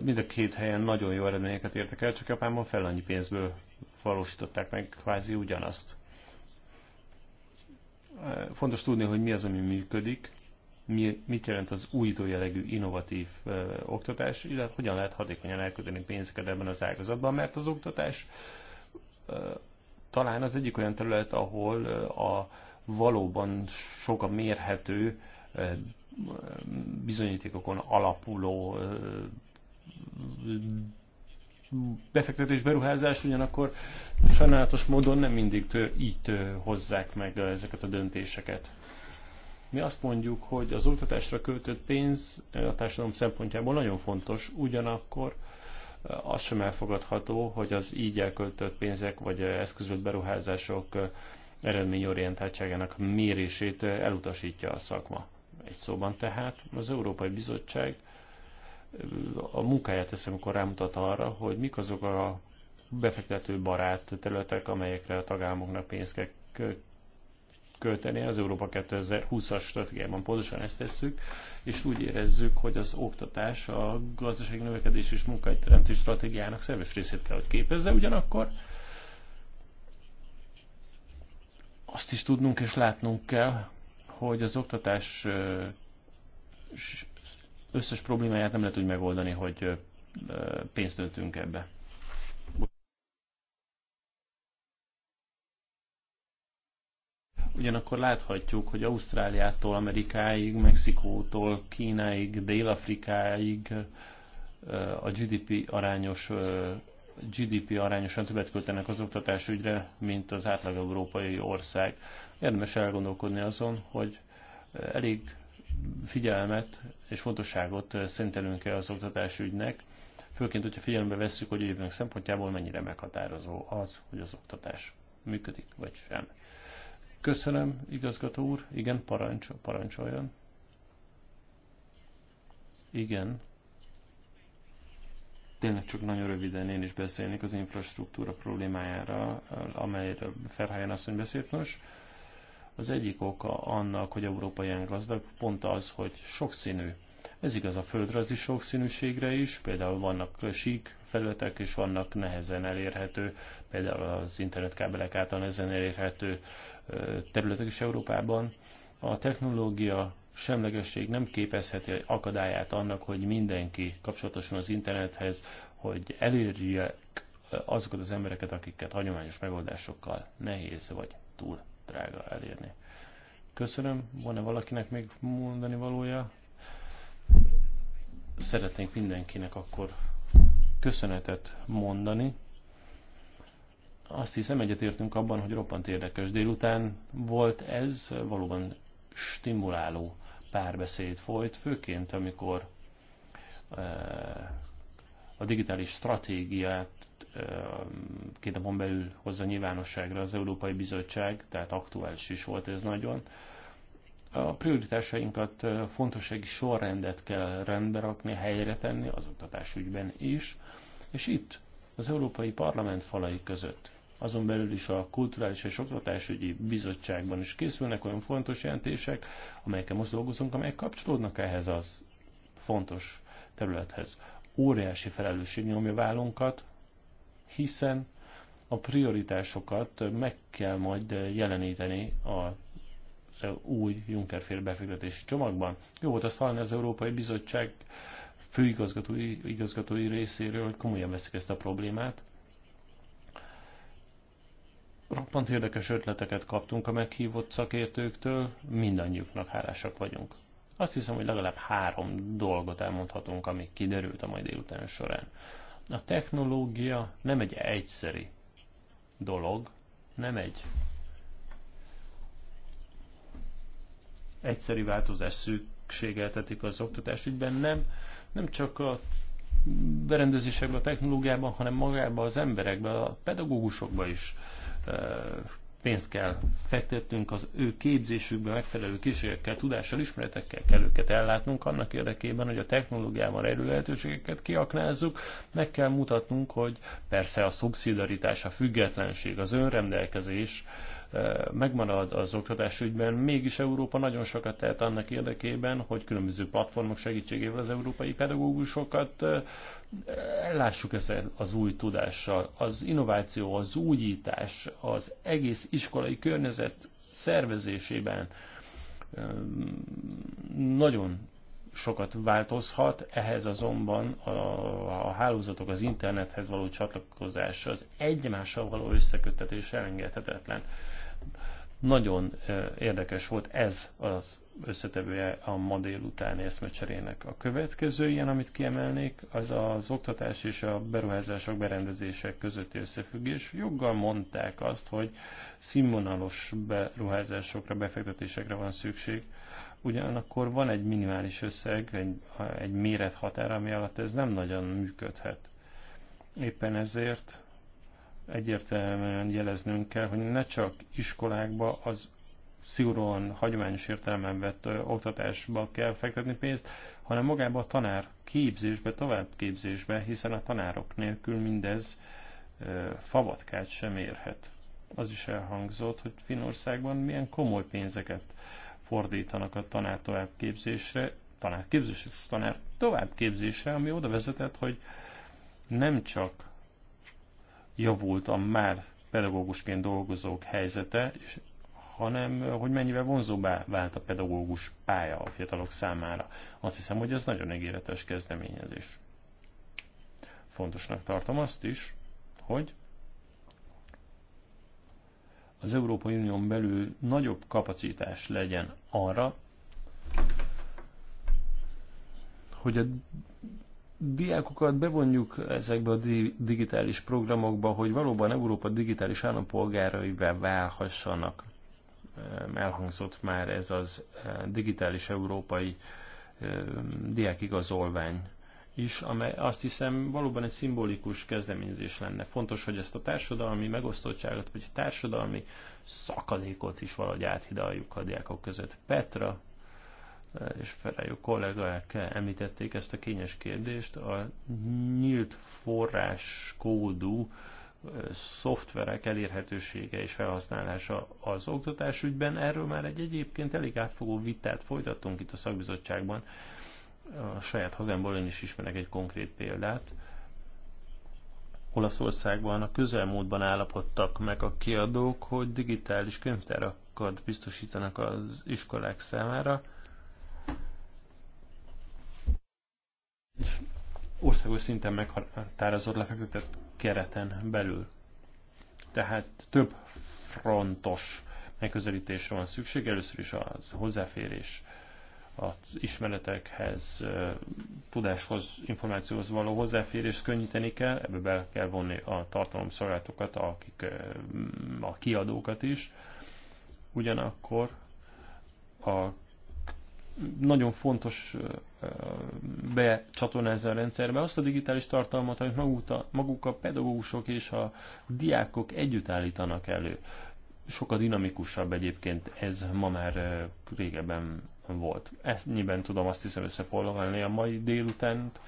Mind a két helyen nagyon jó eredményeket értek el, csak Japánban fel annyi pénzből valósították meg kvázi ugyanazt. Fontos tudni, hogy mi az, ami működik mi, mit jelent az újító jellegű innovatív ö, oktatás, illetve hogyan lehet hatékonyan elkötni pénzeket ebben az ágazatban, mert az oktatás ö, talán az egyik olyan terület, ahol ö, a valóban sok a mérhető ö, bizonyítékokon alapuló ö, befektetés, beruházás, ugyanakkor sajnálatos módon nem mindig tő, így tő, hozzák meg ezeket a döntéseket. Mi azt mondjuk, hogy az oktatásra költött pénz eh, a társadalom szempontjából nagyon fontos, ugyanakkor eh, az sem elfogadható, hogy az így elköltött pénzek vagy eh, eszközölt beruházások eredményorientáltságának mérését elutasítja a szakma. Egy szóban tehát az Európai Bizottság a munkáját teszem, amikor rámutat arra, hogy mik azok a befektető barát területek, amelyekre a tagállamoknak pénzt kell költeni. Az Európa 2020-as stratégiában pontosan ezt tesszük, és úgy érezzük, hogy az oktatás a gazdasági növekedés és munkahelyteremtés stratégiának szerves részét kell, hogy képezze. Ugyanakkor azt is tudnunk és látnunk kell, hogy az oktatás összes problémáját nem lehet úgy megoldani, hogy pénzt öltünk ebbe. Ugyanakkor láthatjuk, hogy Ausztráliától, Amerikáig, Mexikótól, Kínáig, Dél-Afrikáig a GDP arányos GDP arányosan többet költenek az oktatás ügyre, mint az átlag európai ország. Érdemes elgondolkodni azon, hogy elég figyelmet és fontosságot szentelünk-e az ügynek, főként, hogyha figyelembe vesszük, hogy a jövőnk szempontjából mennyire meghatározó az, hogy az oktatás működik, vagy sem. Köszönöm, igazgató úr. Igen, parancsol, parancsoljon. Igen. Tényleg csak nagyon röviden én is beszélnék az infrastruktúra problémájára, amelyre Ferhelyen asszony beszélt most. Az egyik oka annak, hogy európai gazdag, pont az, hogy sokszínű ez igaz a földrajzi sokszínűségre is, például vannak sík felületek, és vannak nehezen elérhető, például az internetkábelek által nehezen elérhető területek is Európában. A technológia semlegesség nem képezheti akadályát annak, hogy mindenki kapcsolatosan az internethez, hogy elérje azokat az embereket, akiket hagyományos megoldásokkal nehéz vagy túl drága elérni. Köszönöm. Van-e valakinek még mondani valója? szeretnénk mindenkinek akkor köszönetet mondani. Azt hiszem egyetértünk abban, hogy roppant érdekes délután volt ez, valóban stimuláló párbeszéd folyt, főként amikor eh, a digitális stratégiát eh, két napon belül hozza nyilvánosságra az Európai Bizottság, tehát aktuális is volt ez nagyon a prioritásainkat, fontossági sorrendet kell rendbe rakni, helyre tenni az oktatás ügyben is, és itt, az Európai Parlament falai között. Azon belül is a Kulturális és Oktatásügyi Bizottságban is készülnek olyan fontos jelentések, amelyekkel most dolgozunk, amelyek kapcsolódnak ehhez az fontos területhez. Óriási felelősség nyomja vállunkat, hiszen a prioritásokat meg kell majd jeleníteni a új Juncker-féle befektetési csomagban. Jó volt azt hallani az Európai Bizottság főigazgatói igazgatói részéről, hogy komolyan veszik ezt a problémát. Roppant érdekes ötleteket kaptunk a meghívott szakértőktől, mindannyiuknak hálásak vagyunk. Azt hiszem, hogy legalább három dolgot elmondhatunk, ami kiderült a mai délután során. A technológia nem egy egyszeri dolog, nem egy egyszerű változás szükségeltetik az oktatás ügyben, nem, nem csak a berendezésekben, a technológiában, hanem magában az emberekben, a pedagógusokban is pénzt kell fektetnünk, az ő képzésükbe megfelelő készségekkel, tudással, ismeretekkel kell őket ellátnunk annak érdekében, hogy a technológiában erő lehetőségeket kiaknázzuk, meg kell mutatnunk, hogy persze a szubszidaritás, a függetlenség, az önrendelkezés, megmarad az oktatás ügyben, mégis Európa nagyon sokat tehet annak érdekében, hogy különböző platformok segítségével az európai pedagógusokat lássuk ezzel az új tudással. Az innováció, az újítás, az egész iskolai környezet szervezésében nagyon sokat változhat, ehhez azonban a, a hálózatok, az internethez való csatlakozás, az egymással való összeköttetés elengedhetetlen. Nagyon érdekes volt ez az összetevője a ma délutáni eszmecserének. A következő ilyen, amit kiemelnék, az az oktatás és a beruházások, berendezések közötti összefüggés. Joggal mondták azt, hogy színvonalos beruházásokra, befektetésekre van szükség, ugyanakkor van egy minimális összeg, egy, egy mérethatár, ami alatt ez nem nagyon működhet. Éppen ezért egyértelműen jeleznünk kell, hogy ne csak iskolákba, az szigorúan hagyományos értelemben vett oktatásba kell fektetni pénzt, hanem magába a tanár képzésbe, továbbképzésbe, hiszen a tanárok nélkül mindez ö, favatkát sem érhet. Az is elhangzott, hogy Finországban milyen komoly pénzeket fordítanak a tanár továbbképzésre, tanárképzésre, tanár továbbképzésre, ami oda vezetett, hogy nem csak javult a már pedagógusként dolgozók helyzete, és hanem hogy mennyivel vonzóbbá vált a pedagógus pálya a fiatalok számára. Azt hiszem, hogy ez nagyon ígéretes kezdeményezés. Fontosnak tartom azt is, hogy az Európai Unión belül nagyobb kapacitás legyen arra, hogy a diákokat bevonjuk ezekbe a digitális programokba, hogy valóban Európa digitális állampolgáraivá válhassanak. Elhangzott már ez az digitális európai diákigazolvány is, amely azt hiszem valóban egy szimbolikus kezdeményezés lenne. Fontos, hogy ezt a társadalmi megosztottságot, vagy társadalmi szakadékot is valahogy áthidaljuk a diákok között. Petra és felálljuk kollégák említették ezt a kényes kérdést, a nyílt forrás kódú szoftverek elérhetősége és felhasználása az oktatás ügyben. Erről már egy egyébként elég átfogó vitát folytattunk itt a szakbizottságban. A saját hazámból én is ismerek egy konkrét példát. Olaszországban a közelmúltban állapodtak meg a kiadók, hogy digitális könyvtárakat biztosítanak az iskolák számára, országos szinten meghatározott lefektetett kereten belül. Tehát több frontos megközelítésre van szükség. Először is a hozzáférés az ismeretekhez, tudáshoz, információhoz való hozzáférés könnyíteni kell, ebbe be kell vonni a tartalomszolgáltatókat, akik a kiadókat is. Ugyanakkor a nagyon fontos becsatornázza a rendszerbe azt a digitális tartalmat, amit maguk a, pedagógusok és a diákok együtt állítanak elő. Sokkal dinamikusabb egyébként ez ma már régebben volt. Ennyiben tudom azt hiszem összefoglalni a mai délutánt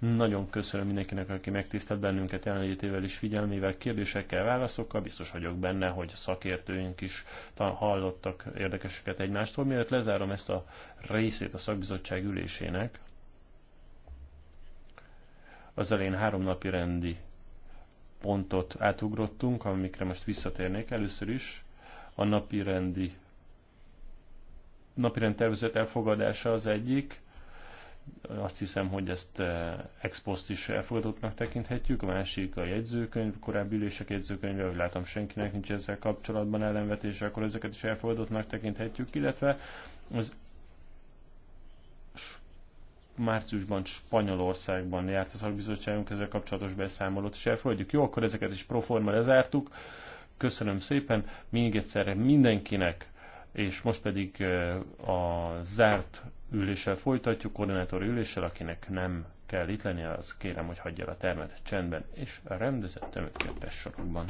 nagyon köszönöm mindenkinek, aki megtisztelt bennünket jelenlétével és figyelmével, kérdésekkel, válaszokkal. Biztos vagyok benne, hogy szakértőink is hallottak érdekeseket egymástól. Mielőtt lezárom ezt a részét a szakbizottság ülésének, az elején három napi rendi pontot átugrottunk, amikre most visszatérnék. Először is a napi rendi napirend tervezet elfogadása az egyik, azt hiszem, hogy ezt eh, expost is elfogadottnak tekinthetjük. A másik a jegyzőkönyv, korábbi ülések jegyzőkönyve, ahogy látom senkinek nincs ezzel kapcsolatban ellenvetése, akkor ezeket is elfogadottnak tekinthetjük, illetve az márciusban Spanyolországban járt a szakbizottságunk ezzel kapcsolatos beszámolót is elfogadjuk. Jó, akkor ezeket is proforma lezártuk. Köszönöm szépen, még egyszerre mindenkinek és most pedig a zárt üléssel folytatjuk, koordinátori üléssel, akinek nem kell itt lennie, az kérem, hogy hagyja a termet csendben, és rendezett tömött sorokban.